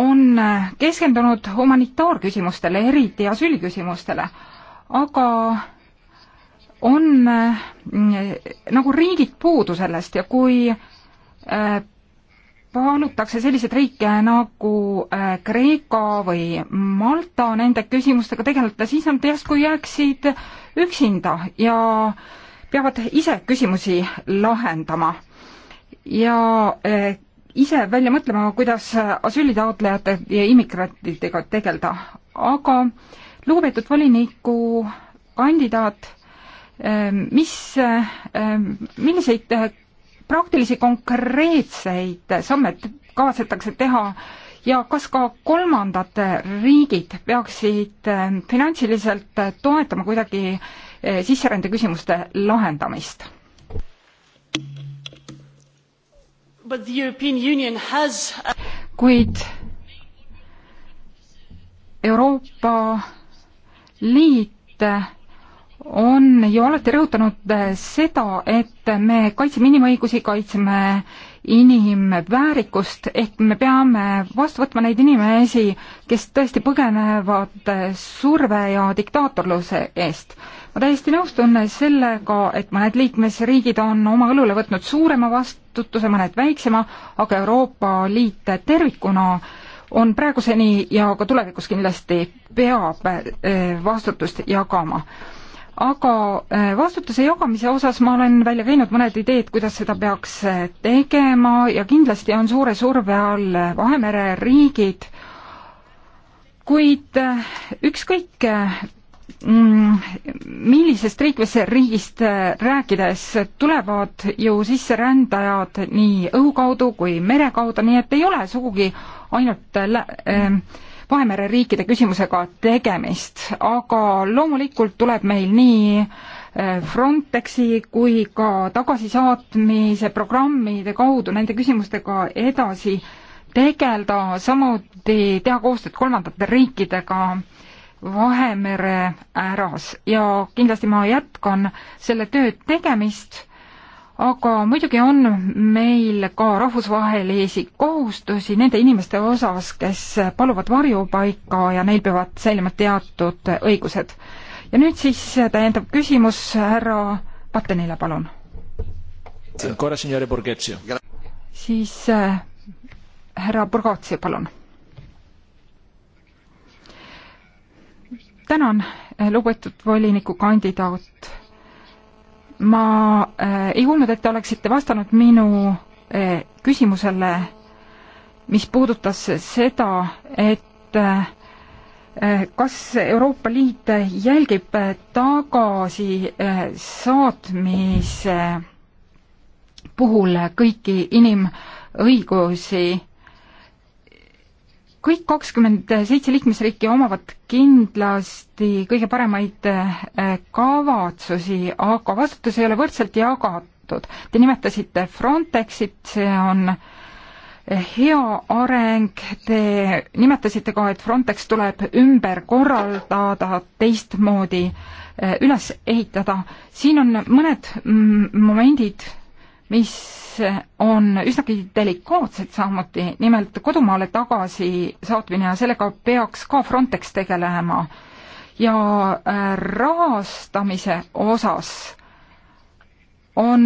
on äh, keskendunud humanitaarküsimustele, eriti asüüliküsimustele, aga on äh, nagu riigid puudu sellest ja kui palutakse selliseid riike nagu äh, Kreeka või Malta nende küsimustega tegeleda, siis nad järsku jääksid üksinda ja peavad ise küsimusi lahendama. ja äh, ise välja mõtlema, kuidas asüülitaotlejate ja immigrantidega tegeleda, aga lugupeetud voliniku kandidaat, äh, mis, milliseid praktilisi konkreetseid samme kavatsetakse teha ja kas ka kolmandad riigid peaksid eh, finantsiliselt toetama kuidagi eh, sisserände küsimuste lahendamist? Has... kuid Euroopa Liit on ju alati rõhutanud eh, seda, et me kaitseme inimõigusi, kaitseme inimväärikust, ehk me peame vastu võtma neid inimesi, kes tõesti põgenevad eh, surve ja diktaatorluse eest. ma täiesti nõustun sellega, et mõned liikmesriigid on oma õlule võtnud suurema vastutuse, mõned väiksema, aga Euroopa Liit tervikuna on praeguseni ja ka tulevikus kindlasti peab eh, vastutust jagama aga äh, vastutuse jagamise osas ma olen välja käinud mõned ideed, kuidas seda peaks äh, tegema ja kindlasti on suure surve all äh, Vahemere riigid, kuid ükskõik mm, millisest riikvesse riigist rääkides tulevad ju sisserändajad nii õhu kaudu kui mere kaudu, nii et ei ole sugugi ainult lä-, äh, Vahemere riikide küsimusega tegemist, aga loomulikult tuleb meil nii eh, Frontexi kui ka tagasisaatmise programmide kaudu nende küsimustega edasi tegeleda, samuti teha koostööd kolmandate riikidega Vahemere äras ja kindlasti ma jätkan selle töö tegemist aga muidugi on meil ka rahvusvahelisi kohustusi nende inimeste osas, kes paluvad varjupaika ja neil peavad säilima teatud õigused. ja nüüd siis täiendav küsimus härra Pattenile, palun. siis äh, härra Burgatsi, palun. tänan, lugupeetud volinikukandidaat ma äh, ei kuulnud, et te oleksite vastanud minu äh, küsimusele, mis puudutas seda, et äh, kas Euroopa Liit jälgib tagasi saatmise puhul kõiki inimõigusi kõik kakskümmend seitse liikmesriiki omavad kindlasti kõige paremaid äh, kavatsusi, aga vastutus ei ole võrdselt jagatud. Te nimetasite Frontexit, see on äh, hea areng, te nimetasite ka, et Frontex tuleb ümber korraldada, teistmoodi äh, üles ehitada. siin on mõned mm, momendid, mis on üsnagi delikaatsed samuti, nimelt kodumaale tagasi saatmine ja sellega peaks ka Frontex tegelema. ja äh, rahastamise osas on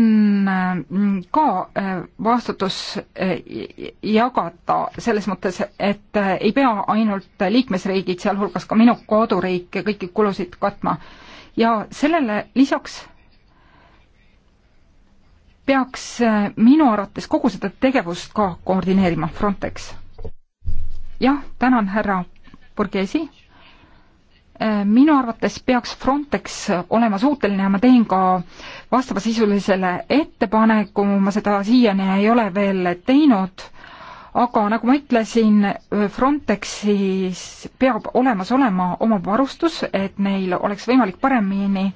mm, ka äh, vastutus äh, jagada selles mõttes, et ei pea ainult liikmesriigid, sealhulgas ka minu koduriik, kõiki kulusid katma. ja sellele lisaks peaks äh, minu arvates kogu seda tegevust ka koordineerima Frontex. jah, tänan, härra Borghesi. Äh, minu arvates peaks Frontex olema suuteline ja ma teen ka vastavasisulisele ettepaneku, ma seda siiani ei ole veel teinud aga nagu ma ütlesin, Frontexis peab olemas olema oma varustus, et neil oleks võimalik paremini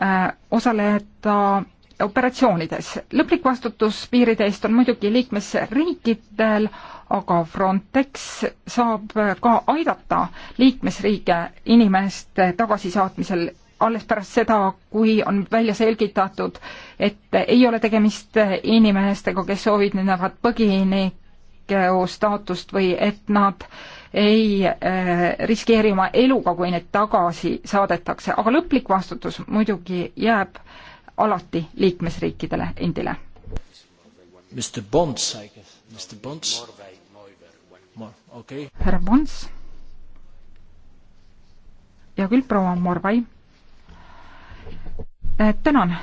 äh, osaleda operatsioonides. lõplik vastutus piiride eest on muidugi liikmesriikidel, aga Frontex saab ka aidata liikmesriike inimeste tagasisaatmisel alles pärast seda, kui on välja selgitatud, et ei ole tegemist inimestega, kes soovivad põginiku staatust või et nad ei äh, riskeeri oma eluga, kui neid tagasi saadetakse, aga lõplik vastutus muidugi jääb äh, alati liikmesriikidele endile. Mr Bonds, I guess, Mr Bonds. Okay. härra Bonds. hea küll, proua Morvai. tänan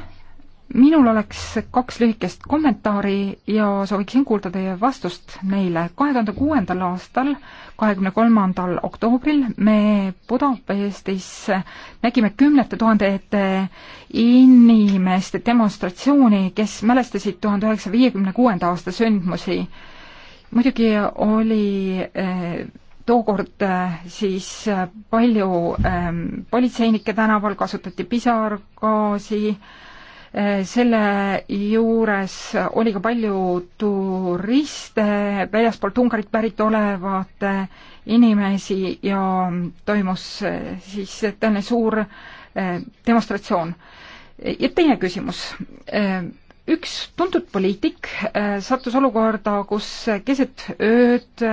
minul oleks kaks lühikest kommentaari ja sooviksin kuulda teie vastust neile. kahe tuhande kuuendal aastal, kahekümne kolmandal oktoobril me Budapestis nägime kümnete tuhandete inimeste demonstratsiooni, kes mälestasid tuhande üheksasaja viiekümne kuuenda aasta sündmusi. muidugi oli eh, tookord eh, siis eh, palju eh, politseinikke tänaval, kasutati pisargaasi eh,, selle juures oli ka palju turiste, väljaspoolt Ungarit pärit olevat inimesi ja toimus siis tõeline suur eh, demonstratsioon. ja teine küsimus eh, üks tuntud poliitik eh, sattus olukorda, kus keset ööd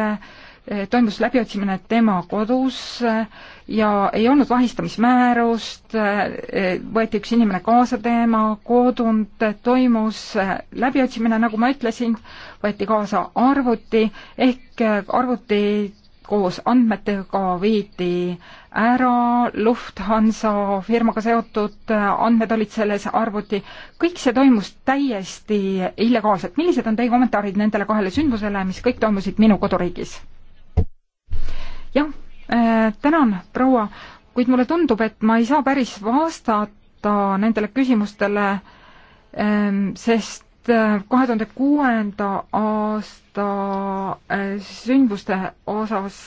Eh, toimus läbiotsimine tema kodus eh, ja ei olnud vahistamismäärust, eh, võeti üks inimene kaasa tema kodunt, toimus läbiotsimine, nagu ma ütlesin, võeti kaasa arvuti, ehk arvuti koos andmetega viidi ära, Lufthansa firmaga seotud andmed olid selles arvuti, kõik see toimus täiesti illegaalselt. millised on teie kommentaarid nendele kahele sündmusele, mis kõik toimusid minu koduriigis? jah äh,, tänan, proua, kuid mulle tundub, et ma ei saa päris vastata nendele küsimustele ähm,, sest äh, kahe tuhande kuuenda aasta äh, sündmuste osas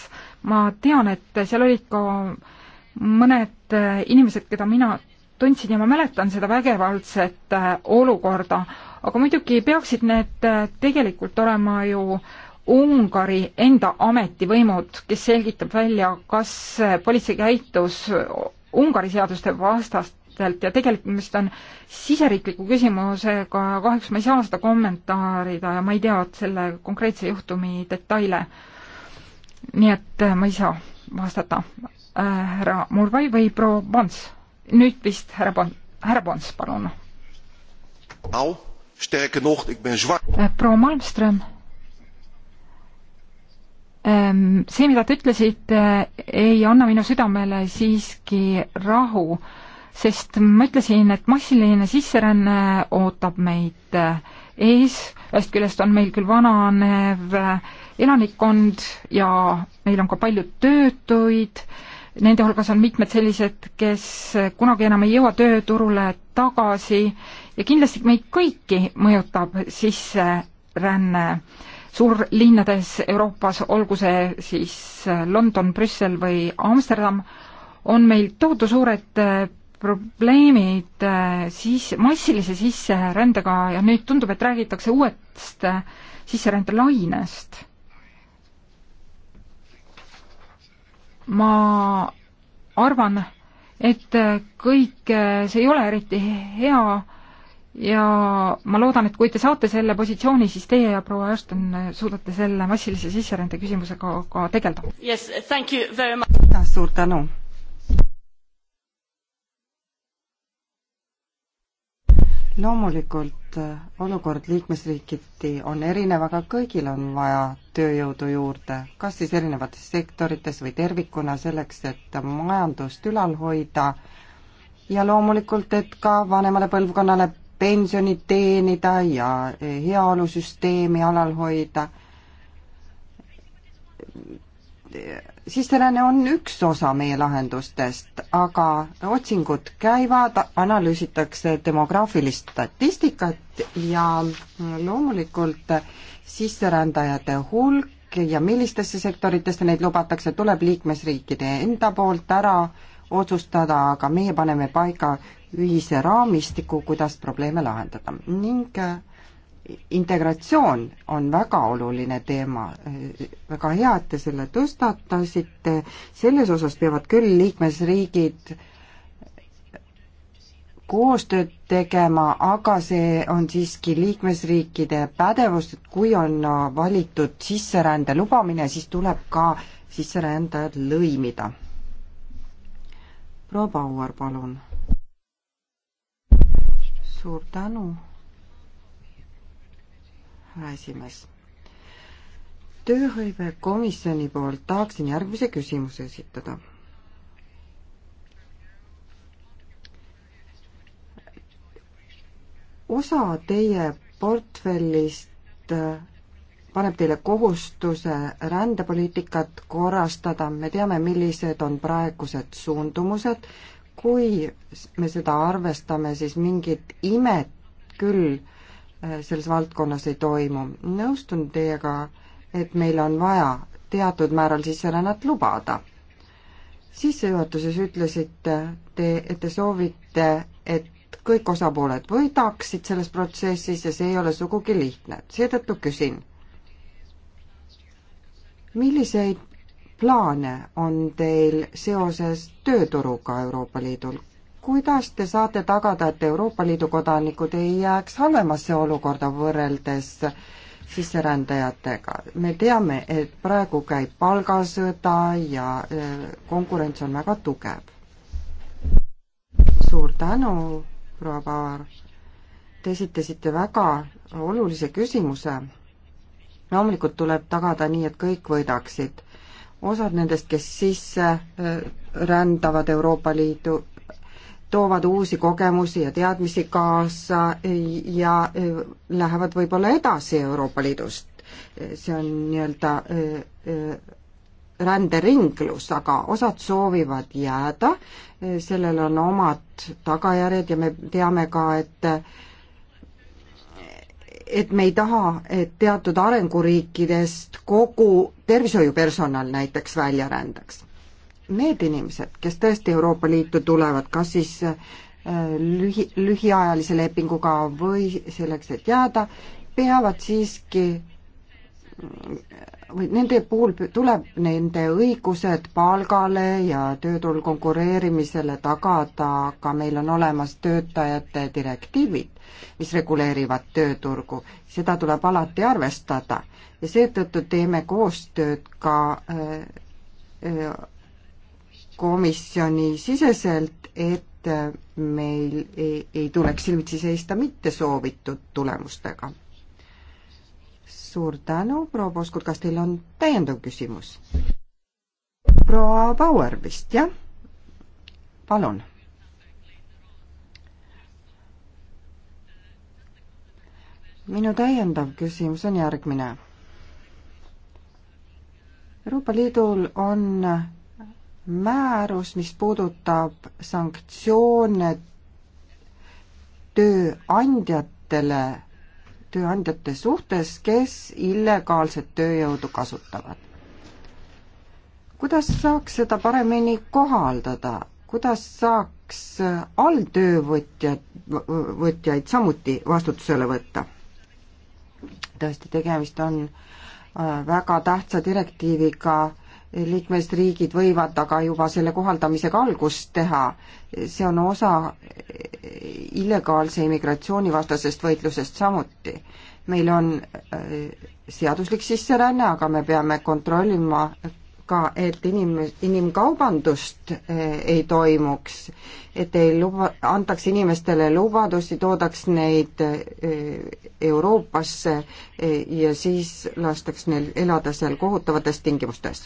ma tean, et seal olid ka mõned äh, inimesed, keda mina tundsin ja ma mäletan seda vägevaldset olukorda, aga muidugi peaksid need tegelikult olema ju Ungari enda ametivõimud, kes selgitab välja, kas politsei käitus Ungari seaduste vastastelt ja tegelikult on siseriikliku küsimusega, kahjuks ma ei saa seda kommentaarida ja ma ei tea selle konkreetse juhtumi detaile. nii et äh, ma ei saa vastata äh,. härra Murvai või proua Pons? nüüd vist härra Pons, härra Pons, palun. Äh, proua Malmström Ehm, see, mida te ütlesite, ei anna minu südamele siiski rahu, sest ma ütlesin, et massiline sisseränne ootab meid ees, ühest küljest on meil küll vananev elanikkond ja meil on ka palju töötuid, nende hulgas on mitmed sellised, kes kunagi enam ei jõua tööturule tagasi ja kindlasti meid kõiki mõjutab sisseränne suurlinnades Euroopas, olgu see siis äh, London, Brüssel või Amsterdam, on meil tohutu suured äh, probleemid äh, siis massilise sisserändega ja nüüd tundub, et räägitakse uuest sisserändelainest. ma arvan, et kõik see ei ole eriti hea ja ma loodan, et kui te saate selle positsiooni, siis teie ja proua Ashton suudate selle massilise sisserände küsimusega ka tegeleda yes,. suur tänu. loomulikult äh, olukord liikmesriigiti on erinev, aga kõigil on vaja tööjõudu juurde, kas siis erinevates sektorites või tervikuna selleks, et majandust ülal hoida ja loomulikult, et ka vanemale põlvkonnale pensionit teenida ja heaolusüsteemi alal hoida. sisseränne on üks osa meie lahendustest, aga otsingud käivad, analüüsitakse demograafilist statistikat ja loomulikult sisserändajate hulk ja millistesse sektoritesse neid lubatakse, tuleb liikmesriikide enda poolt ära äh, otsustada, aga meie paneme paika ühise raamistiku, kuidas probleeme lahendada ning äh, integratsioon on väga oluline teema, äh, väga hea, et te selle tõstatasite, selles osas peavad küll liikmesriigid koostööd tegema, aga see on siiski liikmesriikide pädevus, et kui on äh, valitud sisserände lubamine, siis tuleb ka sisserändajad lõimida proua Bauer, palun. suur tänu, härra esimees. tööhõivekomisjoni poolt tahaksin järgmise küsimuse esitada osa teie portfellist paneb teile kohustuse rändepoliitikat korrastada, me teame, millised on praegused suundumused, kui me seda arvestame, siis mingit imet küll äh, selles valdkonnas ei toimu. nõustun teiega, et meil on vaja teatud määral sisserännet lubada. sissejuhatuses ütlesite te, et te soovite, et kõik osapooled võidaksid selles protsessis ja see ei ole sugugi lihtne. seetõttu küsin milliseid plaane on teil seoses tööturuga Euroopa Liidul? kuidas te saate tagada, et Euroopa Liidu kodanikud ei jääks halvemasse olukorda võrreldes sisserändajatega? me teame, et praegu käib palgasõda ja äh, konkurents on väga tugev. suur tänu, proua Paar. Te esitasite väga olulise küsimuse loomulikult tuleb tagada nii, et kõik võidaksid. osad nendest, kes sisse äh, rändavad Euroopa Liidu, toovad uusi kogemusi ja teadmisi kaasa ja äh, lähevad võib-olla edasi Euroopa Liidust. see on nii-öelda äh, ränderinglus, aga osad soovivad jääda, sellel on omad tagajärjed ja me teame ka, et et me ei taha, et teatud arenguriikidest kogu tervishoiupersonal näiteks välja rändaks. Need inimesed, kes tõesti Euroopa Liitu tulevad, kas siis äh, lühi, lühiajalise lepinguga või selleks, et jääda, peavad siiski või nende puhul tuleb nende õigused palgale ja tööturul konkureerimisele tagada, aga meil on olemas töötajate direktiivid, mis reguleerivad tööturgu. seda tuleb alati arvestada ja seetõttu teeme koostööd ka äh, äh, komisjoni siseselt, et äh, meil ei, ei tuleks silmitsi seista mitte soovitud tulemustega suur tänu, proua Poskurt, kas teil on täiendav küsimus? proua Bauer vist, jah? palun. minu täiendav küsimus on järgmine. Euroopa Liidul on määrus, mis puudutab sanktsioone tööandjatele tööandjate suhtes, kes illegaalset tööjõudu kasutavad. kuidas saaks seda paremini kohaldada, kuidas saaks alltöövõtjad, võtjaid samuti vastutusele võtta? tõesti, tegemist on äh, väga tähtsa direktiiviga liikmesriigid võivad aga juba selle kohaldamisega algust teha. see on osa illegaalse immigratsiooni vastasest võitlusest samuti. meil on äh, seaduslik sisseränne, aga me peame kontrollima ka, et inim-, inimkaubandust äh, ei toimuks, et ei luba, antaks inimestele lubadusi, toodaks neid äh, Euroopasse ja siis lastaks neil elada seal kohutavates tingimustes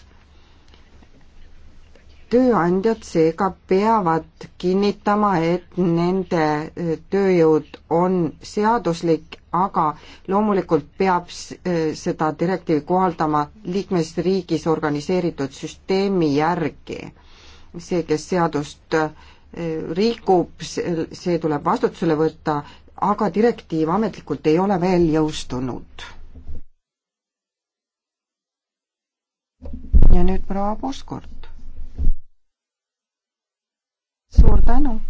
tööandjad seega peavad kinnitama, et nende äh, tööjõud on seaduslik, aga loomulikult peab äh, seda direktiivi kohaldama liikmesriigis organiseeritud süsteemi järgi. see, kes seadust äh, rikub, see tuleb vastutusele võtta, aga direktiiv ametlikult ei ole veel jõustunud. ja nüüd proua Puskord suur tänu.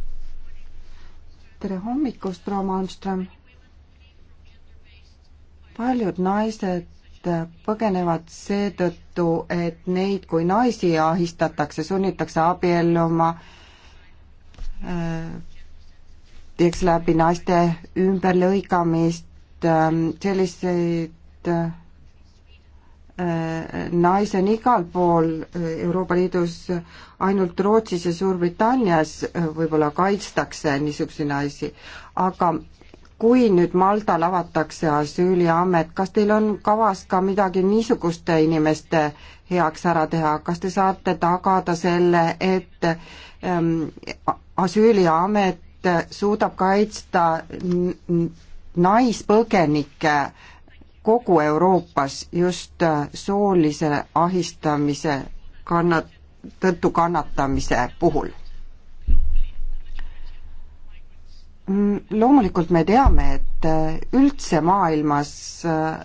tere hommikust, proua Malmström. paljud naised põgenevad seetõttu, et neid kui naisi ahistatakse, sunnitakse abielluma, äh, teeks läbi naiste ümberlõigamist, äh, selliseid äh, Äh, naisi on igal pool äh, Euroopa Liidus, ainult Rootsis ja Suurbritannias äh, võib-olla kaitstakse niisuguseid naisi, aga kui nüüd Maltal avatakse asüüliamet, kas teil on kavas ka midagi niisuguste inimeste heaks ära teha, kas te saate tagada selle, et ähm, asüüliamet suudab kaitsta naispõgenikke äh, kogu Euroopas just äh, soolise ahistamise kannat-, tõttu kannatamise puhul. Mm, loomulikult me teame, et äh, üldse maailmas äh,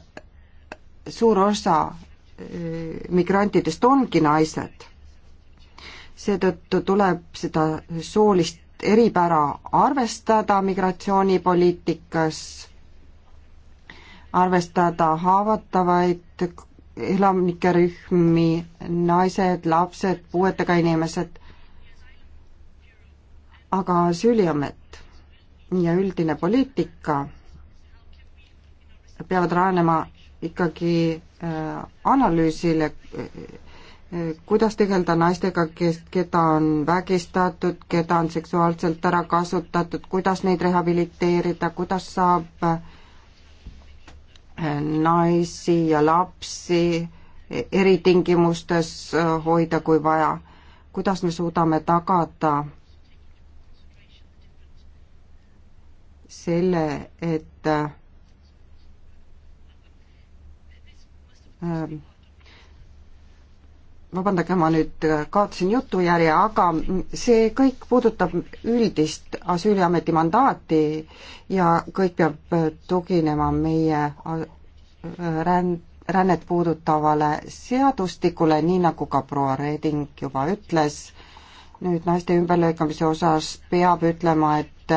suur osa migrantidest ongi naised. seetõttu tuleb seda soolist eripära arvestada migratsioonipoliitikas arvestada haavatavaid elanikerühmi, naised, lapsed, puuetega inimesed, aga Süüliamet ja üldine poliitika peavad rajanema ikkagi äh, analüüsile, äh, äh, kuidas tegeleda naistega, kes, keda on vägistatud, keda on seksuaalselt ära kasutatud, kuidas neid rehabiliteerida, kuidas saab äh, naisi ja lapsi eritingimustes äh, hoida, kui vaja. kuidas me suudame tagada selle, et äh, vabandage, ma nüüd kaotasin jutujärje, aga see kõik puudutab üldist asüüliameti mandaati ja kõik peab tuginema meie äh, ränd-, rännet puudutavale seadustikule, nii nagu ka proua Reding juba ütles, nüüd naiste ümberlõikamise osas peab ütlema, et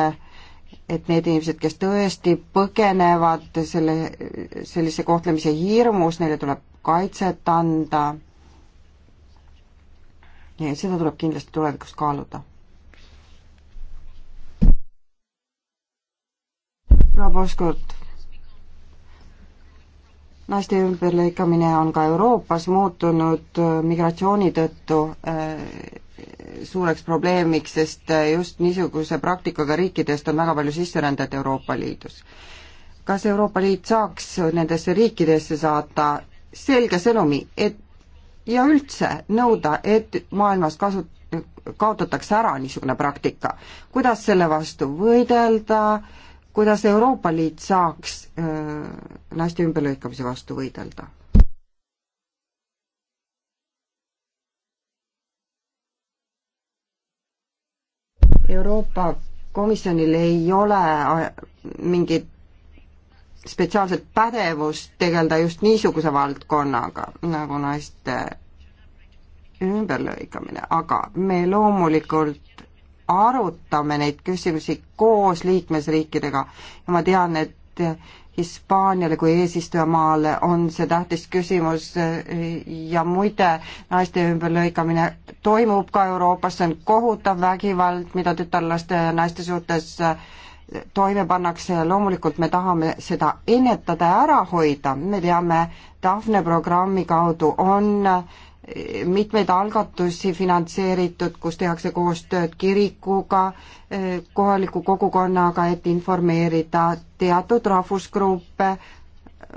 et need inimesed, kes tõesti põgenevad selle, sellise kohtlemise hirmus, neile tuleb kaitset anda seda tuleb kindlasti tulevikus kaaluda. proua Poskurt, naiste ümberlõikamine on ka Euroopas muutunud äh, migratsiooni tõttu äh, suureks probleemiks, sest äh, just niisuguse praktikaga riikidest on väga palju sisserändajat Euroopa Liidus. kas Euroopa Liit saaks nendesse riikidesse saata selge sõnumi, et ja üldse nõuda, et maailmas kasu-, kaotatakse ära niisugune praktika. kuidas selle vastu võidelda, kuidas Euroopa Liit saaks äh, naiste ümberlõikamise vastu võidelda? Euroopa Komisjonil ei ole äh, mingit spetsiaalset pädevust tegeleda just niisuguse valdkonnaga nagu naiste ümberlõikamine, aga me loomulikult arutame neid küsimusi koos liikmesriikidega ja ma tean, et Hispaaniale kui eesistujamaale on see tähtis küsimus ja muide, naiste ümberlõikamine toimub ka Euroopas, see on kohutav vägivald, mida tütarlaste ja naiste suhtes äh, toime pannakse ja loomulikult me tahame seda ennetada ja ära hoida, me teame, Daphne programmi kaudu on eh, mitmeid algatusi finantseeritud, kus tehakse koostööd kirikuga, eh, kohaliku kogukonnaga, et informeerida teatud rahvusgruppe, eh,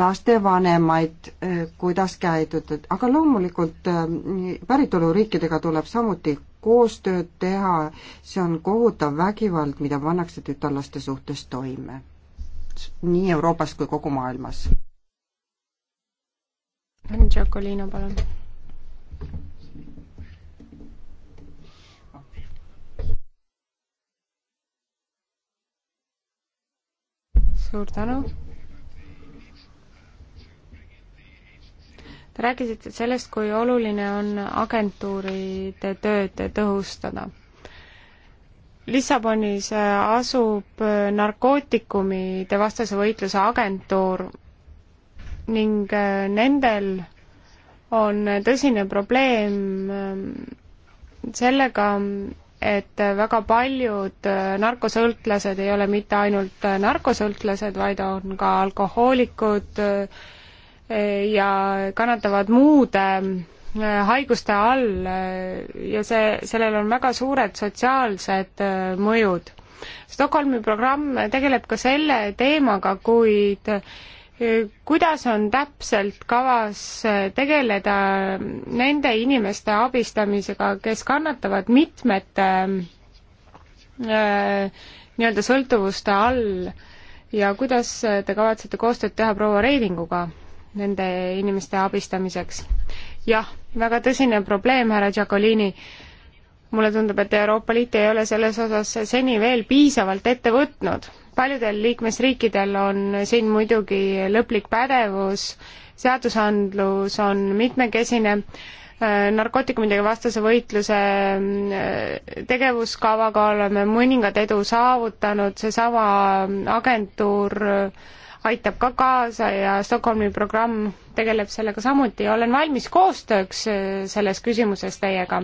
lastevanemaid, kuidas käidutud, aga loomulikult päritoluriikidega tuleb samuti koostööd teha, see on kohutav vägivald, mida pannakse tütarlaste suhtes toime. nii Euroopas kui kogu maailmas. Jakolino, palun. suur tänu Te rääkisite sellest, kui oluline on agentuuride tööd tõhustada. Lissabonis asub narkootikumide vastase võitluse agentuur ning äh, nendel on tõsine probleem äh, sellega, et väga paljud äh, narkosõltlased ei ole mitte ainult narkosõltlased, vaid on ka alkohoolikud, ja kannatavad muude äh, haiguste all äh, ja see, sellel on väga suured sotsiaalsed äh, mõjud. Stockholmi programm tegeleb ka selle teemaga, kuid kuidas on täpselt kavas tegeleda nende inimeste abistamisega, kes kannatavad mitmete äh, nii-öelda sõltuvuste all ja kuidas te kavatsete koostööd teha proua Reidinguga? nende inimeste abistamiseks. jah, väga tõsine probleem, härra Giacolini. mulle tundub, et Euroopa Liit ei ole selles osas seni veel piisavalt ette võtnud. paljudel liikmesriikidel on siin muidugi lõplik pädevus, seadusandlus on mitmekesine, äh, narkootikumidega vastase võitluse äh, tegevuskavaga oleme mõningad edu saavutanud, seesama agentuur äh, aitab ka kaasa ja Stockholmi programm tegeleb sellega samuti ja olen valmis koostööks äh, selles küsimuses teiega.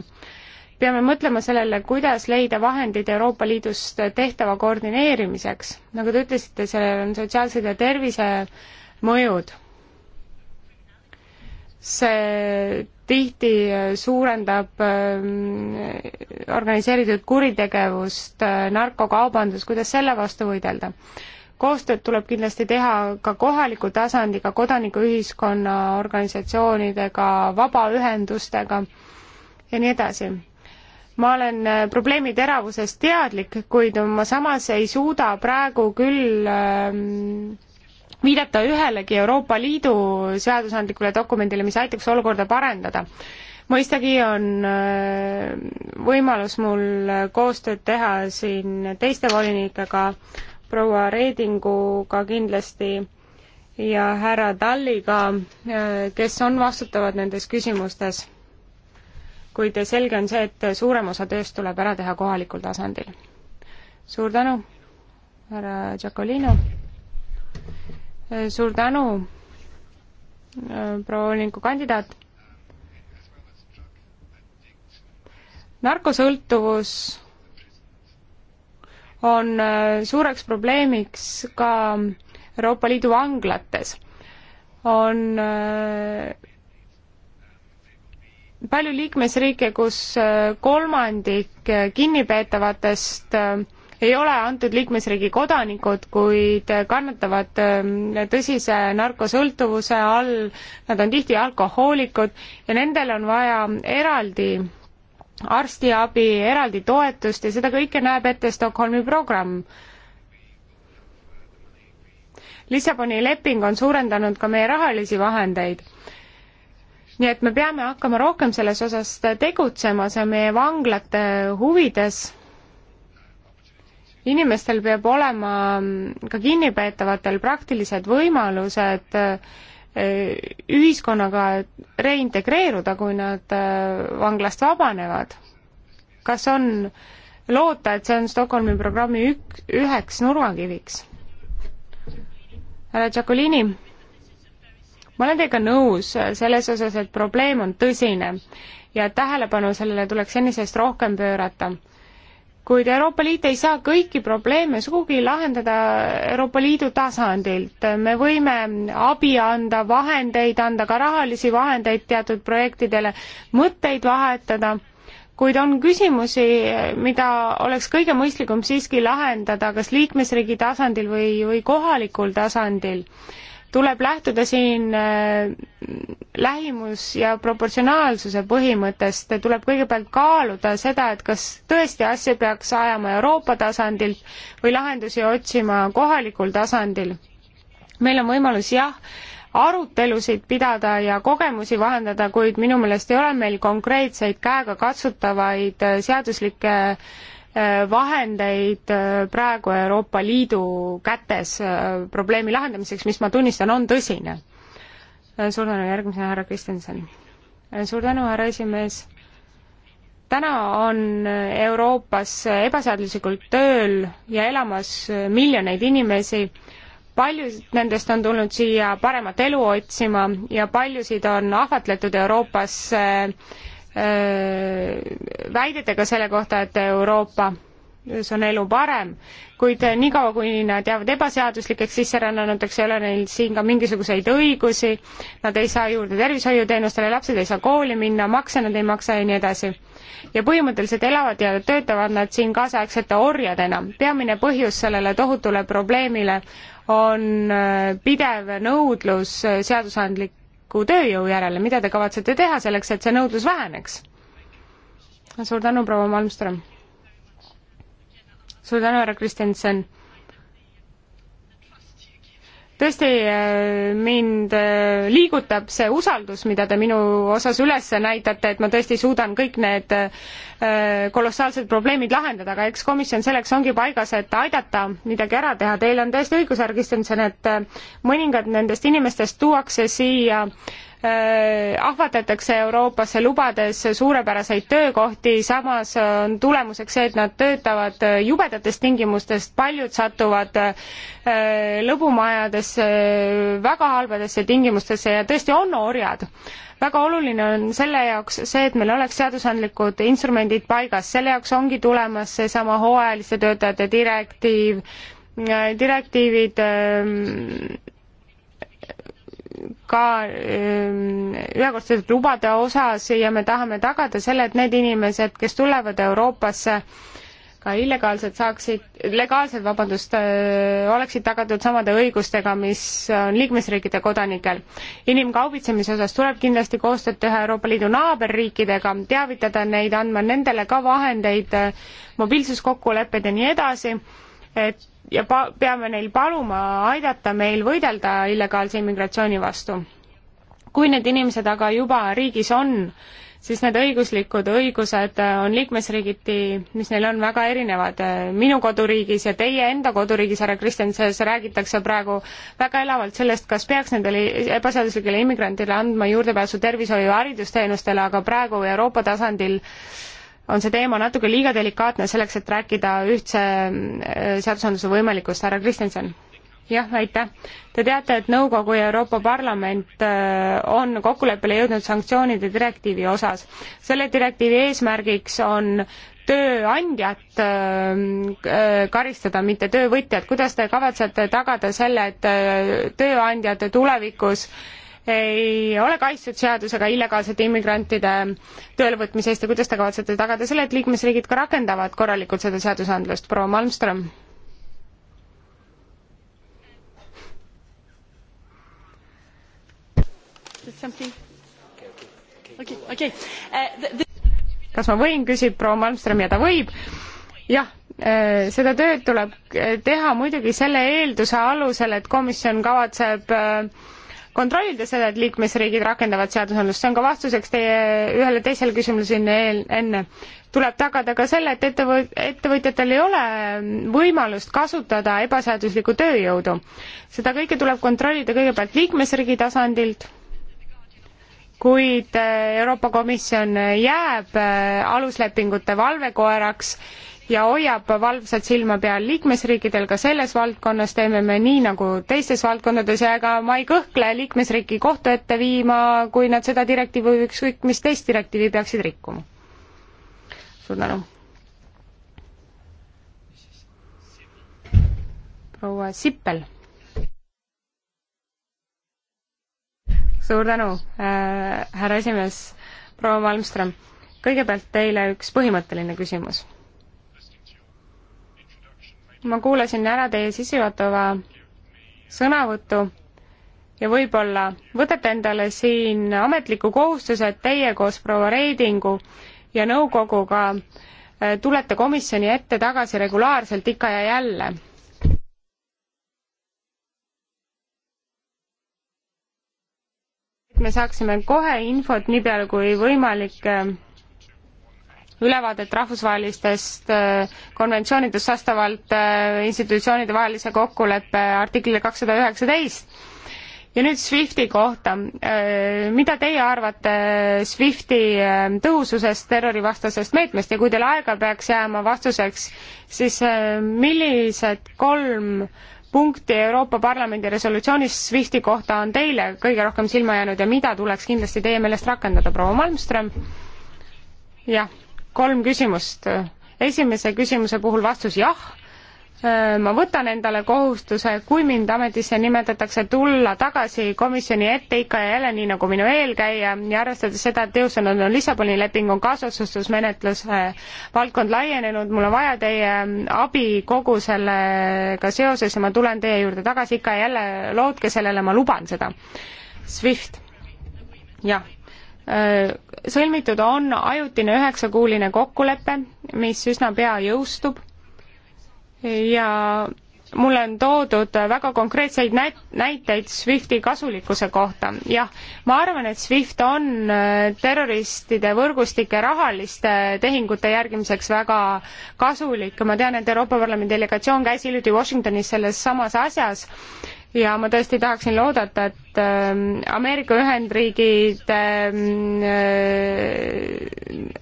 peame mõtlema sellele, kuidas leida vahendid Euroopa Liidust tehtava koordineerimiseks. nagu te ütlesite, sellel on sotsiaalsed ja tervisemõjud. see tihti suurendab ähm, organiseeritud kuritegevust, äh, narkokaubandust, kuidas selle vastu võidelda koostööd tuleb kindlasti teha ka kohaliku tasandiga, kodanikuühiskonna organisatsioonidega, vabaühendustega ja nii edasi. ma olen äh, probleemi teravusest teadlik, kuid ma samas ei suuda praegu küll ähm, viidata ühelegi Euroopa Liidu seadusandlikule dokumendile, mis aitaks olukorda parendada mõistagi on äh, võimalus mul äh, koostööd teha siin teiste volinikega proua Reedinguga kindlasti ja härra Talliga, kes on vastutavad nendes küsimustes. kuid selge on see, et suurem osa tööst tuleb ära teha kohalikul tasandil. suur tänu, härra Giacolino. suur tänu, proua volinikukandidaat narkosõltuvus on äh, suureks probleemiks ka Euroopa Liidu vanglates. on äh, palju liikmesriike, kus äh, kolmandik kinnipeetavatest ei ole antud liikmesriigi kodanikud, kuid kannatavad ähm, tõsise narkosõltuvuse all, nad on tihti alkohoolikud ja nendel on vaja eraldi arstiabi eraldi toetust ja seda kõike näeb ette Stockholmi programm. Lissaboni leping on suurendanud ka meie rahalisi vahendeid. nii et me peame hakkama rohkem selles osas tegutsema, see on meie vanglate huvides. inimestel peab olema ka kinnipeetavatel praktilised võimalused äh, Eh, ühiskonnaga reintegreeruda, kui nad eh, vanglast vabanevad? kas on loota, et see on Stockholmi programmi ük-, üheks nurgakiviks? härra Tšakolini, ma olen teiega nõus selles osas, et probleem on tõsine ja tähelepanu sellele tuleks senisest rohkem pöörata kuid Euroopa Liit ei saa kõiki probleeme sugugi lahendada Euroopa Liidu tasandilt. me võime abi anda, vahendeid anda, ka rahalisi vahendeid teatud projektidele, mõtteid vahetada, kuid on küsimusi, mida oleks kõige mõistlikum siiski lahendada kas liikmesriigi tasandil või, või kohalikul tasandil tuleb lähtuda siin äh, lähimus- ja proportsionaalsuse põhimõttest, tuleb kõigepealt kaaluda seda, et kas tõesti asja peaks ajama Euroopa tasandilt või lahendusi otsima kohalikul tasandil. meil on võimalus jah, arutelusid pidada ja kogemusi vahendada, kuid minu meelest ei ole meil konkreetseid käegakatsutavaid äh, seaduslikke Äh, vahendeid äh, praegu Euroopa Liidu kätes äh, probleemi lahendamiseks, mis ma tunnistan, on tõsine. suur tänu, järgmisena härra Kristjanson. suur tänu, härra esimees. täna on Euroopas ebaseaduslikult tööl ja elamas miljoneid inimesi, paljud nendest on tulnud siia paremat elu otsima ja paljusid on ahvatletud Euroopasse äh, Äh, väidetega selle kohta, et Euroopas on elu parem, kuid äh, niikaua, kuni nad jäävad ebaseaduslikeks sisserännanuteks, ei ole neil siin ka mingisuguseid õigusi, nad ei saa juurde tervishoiuteenustele, lapsed ei saa kooli minna, makse nad ei maksa ja nii edasi. ja põhimõtteliselt elavad ja töötavad nad siin kaasaegsete orjadena. peamine põhjus sellele tohutule probleemile on äh, pidev nõudlus seadusandlik odavamaliku tööjõu järele, mida te kavatsete teha selleks, et see nõudlus väheneks? suur tänu, proua Malmström! suur tänu, härra Kristjanson! tõesti äh, mind äh, liigutab see usaldus, mida te minu osas üles näitate, et ma tõesti suudan kõik need äh, kolossaalsed probleemid lahendada, aga eks komisjon selleks ongi paigas, et aidata midagi ära teha. Teil on täiesti õigus, härra Kristjanson, et mõningad nendest inimestest tuuakse siia äh, Äh, ahvatletakse Euroopasse, lubades suurepäraseid töökohti, samas äh, on tulemuseks see, et nad töötavad äh, jubedatest tingimustest, paljud satuvad lõbumajadesse, väga halbadesse tingimustesse ja tõesti on orjad väga oluline on selle jaoks see, et meil oleks seadusandlikud instrumendid paigas, selle jaoks ongi tulemas seesama hooajaliste töötajate direktiiv, direktiivid ähm, ka ähm, ühekordsete lubade osas ja me tahame tagada selle, et need inimesed, kes tulevad Euroopasse, ka illegaalsed saaksid, legaalsed, vabandust, äh, oleksid tagatud samade õigustega, mis on liikmesriikide kodanikel. inimkaubitsemise osas tuleb kindlasti koostööd teha Euroopa Liidu naaberriikidega, teavitada neid, andma nendele ka vahendeid, äh, mobiilsuskokkulepped ja nii edasi, et ja pa-, peame neil paluma aidata meil võidelda illegaalse immigratsiooni vastu. kui need inimesed aga juba riigis on, siis need õiguslikud õigused on liikmesriigiti, mis neil on, väga erinevad. minu koduriigis ja teie enda koduriigis, härra Kristjanses, räägitakse praegu väga elavalt sellest, kas peaks nendele ebaseaduslikele immigrantidele andma juurdepääsu tervishoiu ja haridusteenustele, aga praegu Euroopa tasandil äh, on see teema natuke liiga delikaatne selleks, et rääkida ühtse äh, seadusandluse võimalikust, härra Kristjanson? jah, aitäh. Te teate, et Nõukogu ja Euroopa Parlament äh, on kokkuleppele jõudnud sanktsioonide direktiivi osas. selle direktiivi eesmärgiks on tööandjat äh, karistada, mitte töövõtjat. kuidas te kavatsete tagada selle, et tööandjad tulevikus ei ole kaitstud seadusega illegaalsete immigrantide töölevõtmise eest ja kuidas te kavatsete tagada selle, et liikmesriigid ka rakendavad korralikult seda seadusandlust, proua Malmström? Uh, kas ma võin, küsib proua Malmström ja ta võib. jah, äh, seda tööd tuleb äh, teha muidugi selle eelduse alusel, et komisjon kavatseb äh, kontrollida seda, et liikmesriigid rakendavad seadusandlust, see on ka vastuseks teie ühele teisele küsimusele enne. tuleb tagada ka selle, et ettevõ-, ettevõtjatel ei ole võimalust kasutada ebaseaduslikku tööjõudu. seda kõike tuleb kontrollida kõigepealt liikmesriigi tasandilt, kuid äh, Euroopa Komisjon jääb äh, aluslepingute valvekoeraks ja hoiab valvsat silma peal liikmesriikidel, ka selles valdkonnas teeme me nii, nagu teistes valdkondades ja ega ma ei kõhkle liikmesriiki kohtu ette viima, kui nad seda direktiivi või ükskõik mis teist direktiivi peaksid rikkuma. suur tänu. proua Sippel. suur tänu äh,, härra esimees, proua Malmström. kõigepealt teile üks põhimõtteline küsimus ma kuulasin ära teie sissejuhatava sõnavõttu ja võib-olla võtate endale siin ametliku kohustuse, et teie koos proua Reidingu ja nõukoguga äh, tulete komisjoni ette tagasi regulaarselt ikka ja jälle. et me saaksime kohe infot nii peale kui võimalik äh, ülevaadet rahvusvahelistest äh, konventsioonidest vastavalt äh, institutsioonide vahelise kokkuleppe artiklile kakssada üheksateist. ja nüüd SWIFTi kohta. Äh, mida teie arvate SWIFTi tõhususest terrorivastasest meetmest ja kui teil aega peaks jääma vastuseks, siis millised kolm punkti Euroopa Parlamendi resolutsioonis SWIFTi kohta on teile kõige rohkem silma jäänud ja mida tuleks kindlasti teie meelest rakendada, proua Malmström? jah kolm küsimust. esimese küsimuse puhul vastus jah, äh, ma võtan endale kohustuse, kui mind ametisse nimetatakse, tulla tagasi komisjoni ette ikka ja jälle, nii nagu minu eelkäija ja arvestades seda, et teostunud on Lissaboni leping, on kaasotsustusmenetluse valdkond laienenud, mul on vaja teie abi kogu sellega seoses ja ma tulen teie juurde tagasi ikka ja jälle, lootke sellele, ma luban seda. SWIFT, jah äh, sõlmitud on ajutine üheksakuuline kokkulepe, mis üsna pea jõustub ja mulle on toodud väga konkreetseid näit-, näiteid SWIFTi kasulikkuse kohta. jah, ma arvan, et SWIFT on äh, terroristide võrgustike rahaliste tehingute järgimiseks väga kasulik, ma tean, et Euroopa Parlamendi delegatsioon käis hiljuti Washingtonis selles samas asjas ja ma tõesti tahaksin loodata, et et ähm, Ameerika Ühendriigid ähm, äh,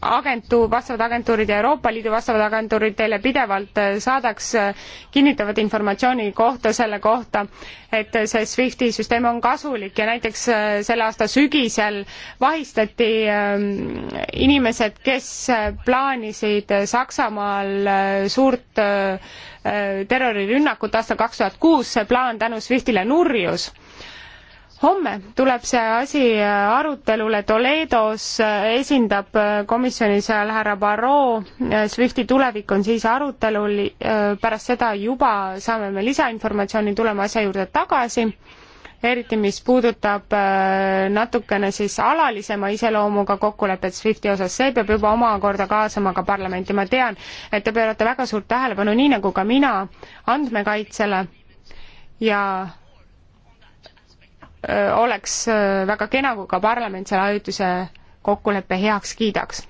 agentuur, vastavad agentuurid ja Euroopa Liidu vastavad agentuurid teile pidevalt äh, saadaks äh, kinnitavat informatsiooni kohta selle kohta, et see SWIFTi süsteem on kasulik ja näiteks selle aasta sügisel vahistati ähm, inimesed, kes plaanisid Saksamaal suurt terrorirünnakut aastal kaks tuhat kuus, see plaan tänu SWIFTile nurjus homme tuleb see asi äh, arutelule Toledos, äh, esindab äh, komisjoni seal härra Barrot, SWIFTi tulevik on siis arutelul, pärast seda juba saame me lisainformatsiooni, tuleme asja juurde tagasi, eriti mis puudutab natukene siis alalisema iseloomuga kokkulepet SWIFTi osas, see peab juba omakorda kaasama ka parlamenti, ma tean, et te pöörate väga suurt tähelepanu, nii nagu ka mina, andmekaitsele ja Äh, oleks äh, väga kena, kui ka parlament selle ajutise kokkuleppe heaks kiidaks.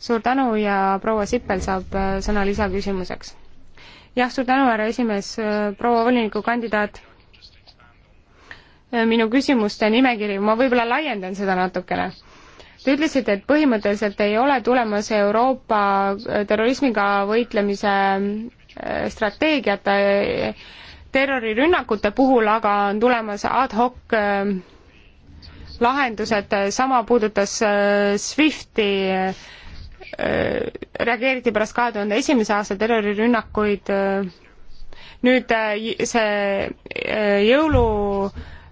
suur tänu ja proua Sippel saab äh, sõna lisaküsimuseks. jah, suur tänu, härra esimees, proua volinikukandidaat. minu küsimuste nimekiri, ma võib-olla laiendan seda natukene Te ütlesite, et põhimõtteliselt ei ole tulemas Euroopa terrorismiga võitlemise strateegiat terrorirünnakute puhul aga on tulemas ad hoc äh, lahendused, sama puudutas äh, SWIFTi, äh, reageeriti pärast kahe tuhande esimese aasta terrorirünnakuid, nüüd see jõulu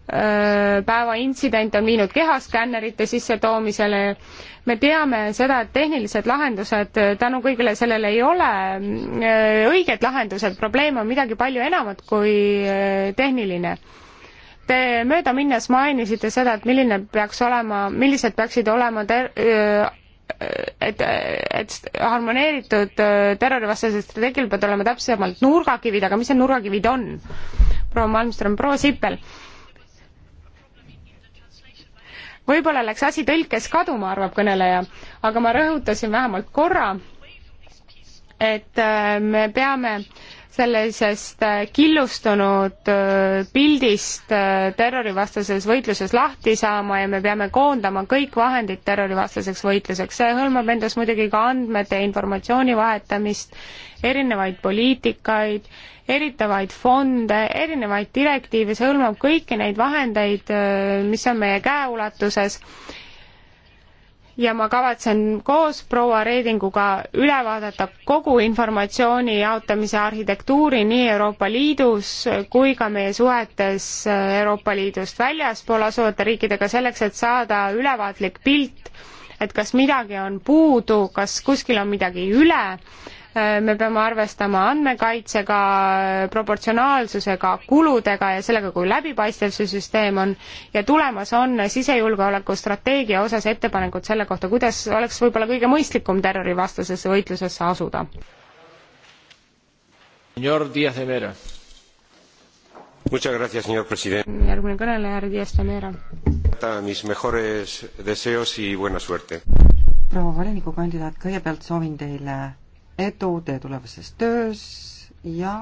Äh, päeva intsident on viinud kehaskännerite sissetoomisele. me teame seda, et tehnilised lahendused äh, tänu kõigele sellele ei ole äh, õiged lahendused, probleem on midagi palju enamat kui tehniline. Te möödaminnes mainisite seda, et milline peaks olema, millised peaksid olema ter-, et, et harmoneeritud terrorivastasel strateegial peavad olema täpsemalt nurgakivid, aga mis need nurgakivid on? proua Malmström, proua Sippel võib-olla läks asi tõlkes kaduma, arvab kõneleja, aga ma rõhutasin vähemalt korra, et äh, me peame sellisest äh, killustunud äh, pildist terrorivastases võitluses lahti saama ja me peame koondama kõik vahendid terrorivastaseks võitluseks. see hõlmab endas muidugi ka andmete ja informatsiooni vahetamist, erinevaid poliitikaid eritavaid fonde, erinevaid direktiive, see hõlmab kõiki neid vahendeid, mis on meie käeulatuses. ja ma kavatsen koos proua Reedinguga üle vaadata kogu informatsiooni jaotamise arhitektuuri nii Euroopa Liidus kui ka meie suhetes Euroopa Liidust väljaspool asuvate riikidega, selleks et saada ülevaatlik pilt, et kas midagi on puudu, kas kuskil on midagi üle me peame arvestama andmekaitsega, proportsionaalsusega, kuludega ja sellega, kui läbipaistev see süsteem on ja tulemas on sisejulgeoleku strateegia osas ettepanekud selle kohta, kuidas oleks võib-olla kõige mõistlikum terrorivastasesse võitlusesse asuda. järgmine kõneleja, härra Dias de Mera. mis mejores deseos y buena suerte. proua volinikukandidaat, kõigepealt soovin teile edu teie tulevases töös ja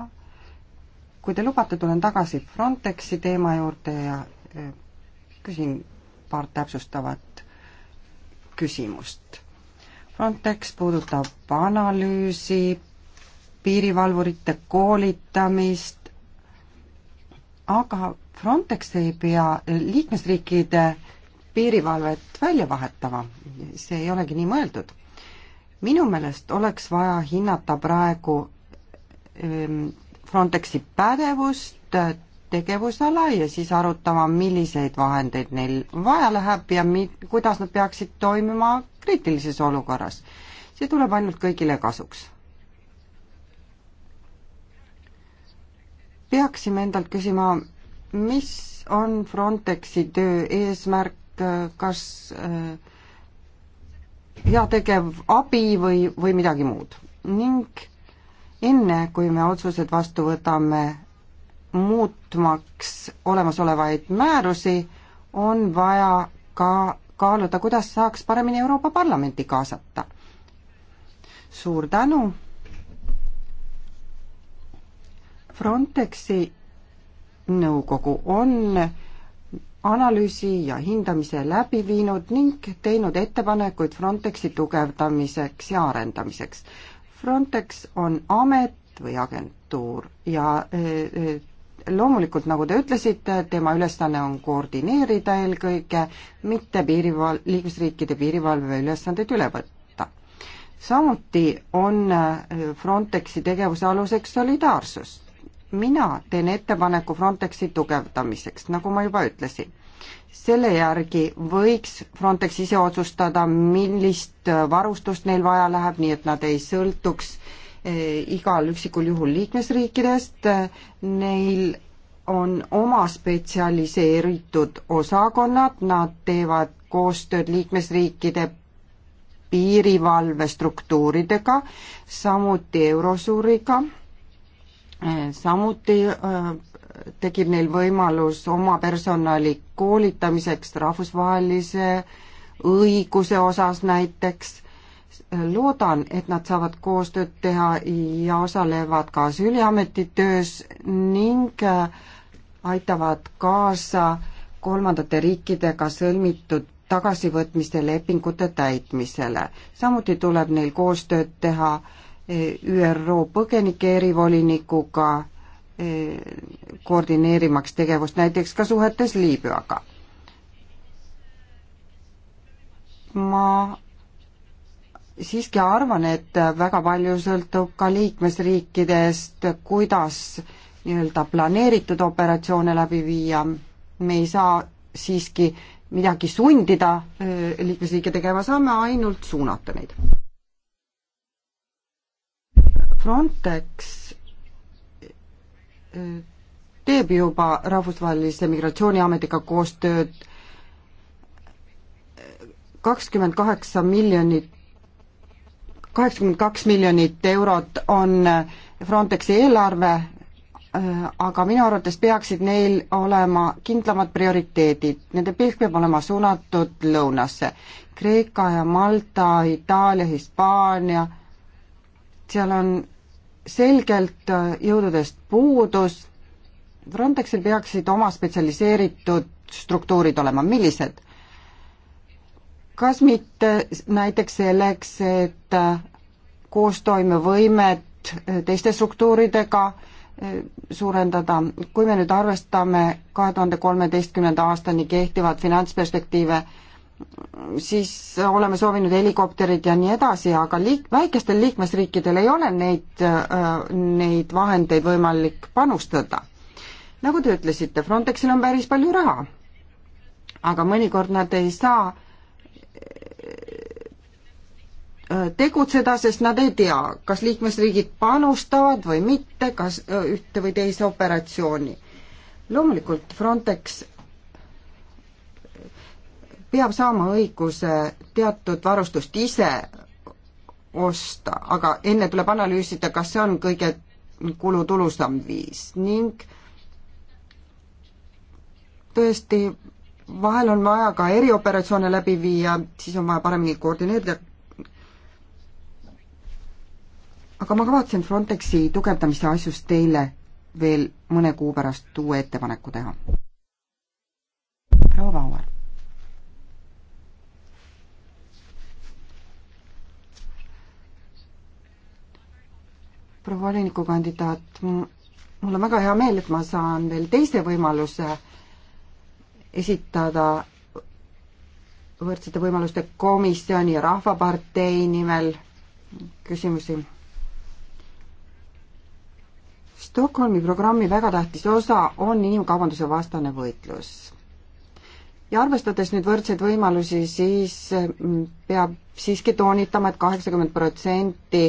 kui te lubate, tulen tagasi Frontexi teema juurde ja eh, küsin paar täpsustavat küsimust. Frontex puudutab analüüsi, piirivalvurite koolitamist, aga Frontex ei pea liikmesriikide piirivalvet välja vahetama, see ei olegi nii mõeldud minu meelest oleks vaja hinnata praegu ehm, Frontexi pädevust, äh, tegevusala ja siis arutama, milliseid vahendeid neil vaja läheb ja mi-, kuidas nad peaksid toimima kriitilises olukorras. see tuleb ainult kõigile kasuks. peaksime endalt küsima, mis on Frontexi töö eesmärk, äh, kas äh, heategev abi või, või midagi muud. ning enne, kui me otsused vastu võtame, muutmaks olemasolevaid määrusi, on vaja ka kaaluda, kuidas saaks paremini Euroopa Parlamenti kaasata. suur tänu. Frontexi nõukogu on analüüsi ja hindamise läbi viinud ning teinud ettepanekuid Frontexi tugevdamiseks ja arendamiseks. Frontex on amet või agentuur ja e, e, loomulikult, nagu te ütlesite, tema ülesanne on koordineerida eelkõige, mitte piirival-, liikmesriikide piirivalve ülesandeid üle võtta. samuti on e, Frontexi tegevuse aluseks solidaarsus mina teen ettepaneku Frontexi tugevdamiseks, nagu ma juba ütlesin. selle järgi võiks Frontex ise otsustada, millist varustust neil vaja läheb, nii et nad ei sõltuks eh, igal üksikul juhul liikmesriikidest, neil on oma spetsialiseeritud osakonnad, nad teevad koostööd liikmesriikide piirivalvestruktuuridega, samuti Eurosuriga samuti äh, tekib neil võimalus oma personali koolitamiseks rahvusvahelise õiguse osas näiteks. loodan, et nad saavad koostööd teha ja osalevad ka Süüliameti töös ning äh, aitavad kaasa kolmandate riikidega sõlmitud tagasivõtmiste lepingute täitmisele. samuti tuleb neil koostööd teha äh, ÜRO põgenike erivolinikuga, eh, koordineerimaks tegevust näiteks ka suhetes Liibüaga. ma siiski arvan, et väga palju sõltub ka liikmesriikidest, kuidas nii-öelda planeeritud operatsioone läbi viia, me ei saa siiski midagi sundida eh, liikmesriike tegema, saame ainult suunata neid Frontex äh, teeb juba Rahvusvahelise Migratsiooniametiga koostööd kakskümmend kaheksa miljonit, kaheksakümmend kaks miljonit eurot on Frontexi eelarve, äh, aga minu arvates peaksid neil olema kindlamad prioriteedid, nende pilk peab olema suunatud lõunasse. Kreeka ja Malta, Itaalia, Hispaania, seal on selgelt äh, jõududest puudus. Frontexil peaksid oma spetsialiseeritud struktuurid olema, millised? kas mitte näiteks selleks, et äh, koostoimevõimet äh, teiste struktuuridega suurendada, kui me nüüd arvestame kahe tuhande kolmeteistkümnenda aastani kehtivat finantsperspektiive, siis oleme soovinud helikopterid ja nii edasi, aga liik-, väikestel liikmesriikidel ei ole neid, äh, neid vahendeid võimalik panustada. nagu te ütlesite, Frontexil on päris palju raha, aga mõnikord nad ei saa äh, tegutseda, sest nad ei tea, kas liikmesriigid panustavad või mitte, kas äh, ühte või teise operatsiooni. loomulikult Frontex peab saama õiguse teatud varustust ise osta, aga enne tuleb analüüsida, kas see on kõige kulutulusam viis ning tõesti, vahel on vaja ka erioperatsioone läbi viia, siis on vaja paremini koordineerida. aga ma kavatsen Frontexi tugevdamise asjus teile veel mõne kuu pärast uue ettepaneku teha. proua Vauer. proua volinikukandidaat, mul on väga hea meel, et ma saan veel teise võimaluse esitada võrdsete võimaluste komisjoni ja Rahvapartei nimel küsimusi. Stockholmi programmi väga tähtis osa on inimkaubanduse vastane võitlus. ja arvestades nüüd võrdseid võimalusi, siis mm, peab siiski toonitama et, et kaheksakümmend protsenti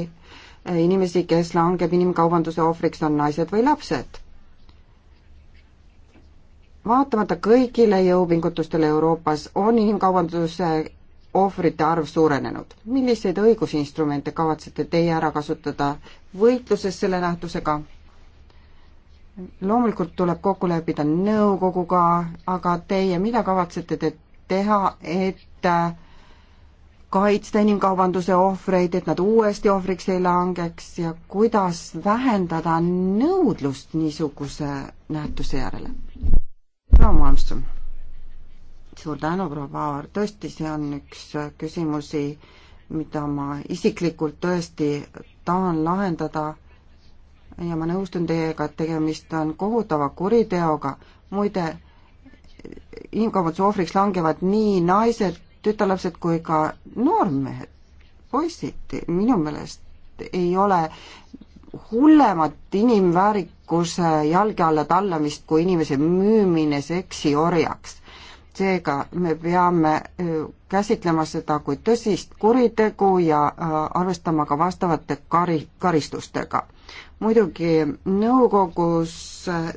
inimesi, kes langeb inimkaubanduse ohvriks, on naised või lapsed. vaatamata kõigile jõupingutustele Euroopas on inimkaubanduse ohvrite arv suurenenud. milliseid õigusinstrumente kavatsete teie ära kasutada võitluses selle nähtusega? loomulikult tuleb kokku leppida nõukoguga, aga teie, mida kavatsete te teha, et äh, kaitsta inimkaubanduse ohvreid, et nad uuesti ohvriks ei langeks ja kuidas vähendada nõudlust niisuguse nähtuse järele? proua Malmström. suur tänu, proua Paar, tõesti, see on üks küsimusi, mida ma isiklikult tõesti tahan lahendada ja ma nõustun teiega, et tegemist on kohutava kuriteoga, muide, inimkaubanduse ohvriks langevad nii naised tütarlapsed kui ka noormehed, poisid, minu meelest ei ole hullemat inimväärikuse jalge alla tallamist kui inimese müümine seksiorjaks. seega me peame äh, käsitlema seda kui tõsist kuritegu ja äh, arvestama ka vastavate kari, karistustega. muidugi nõukogus äh,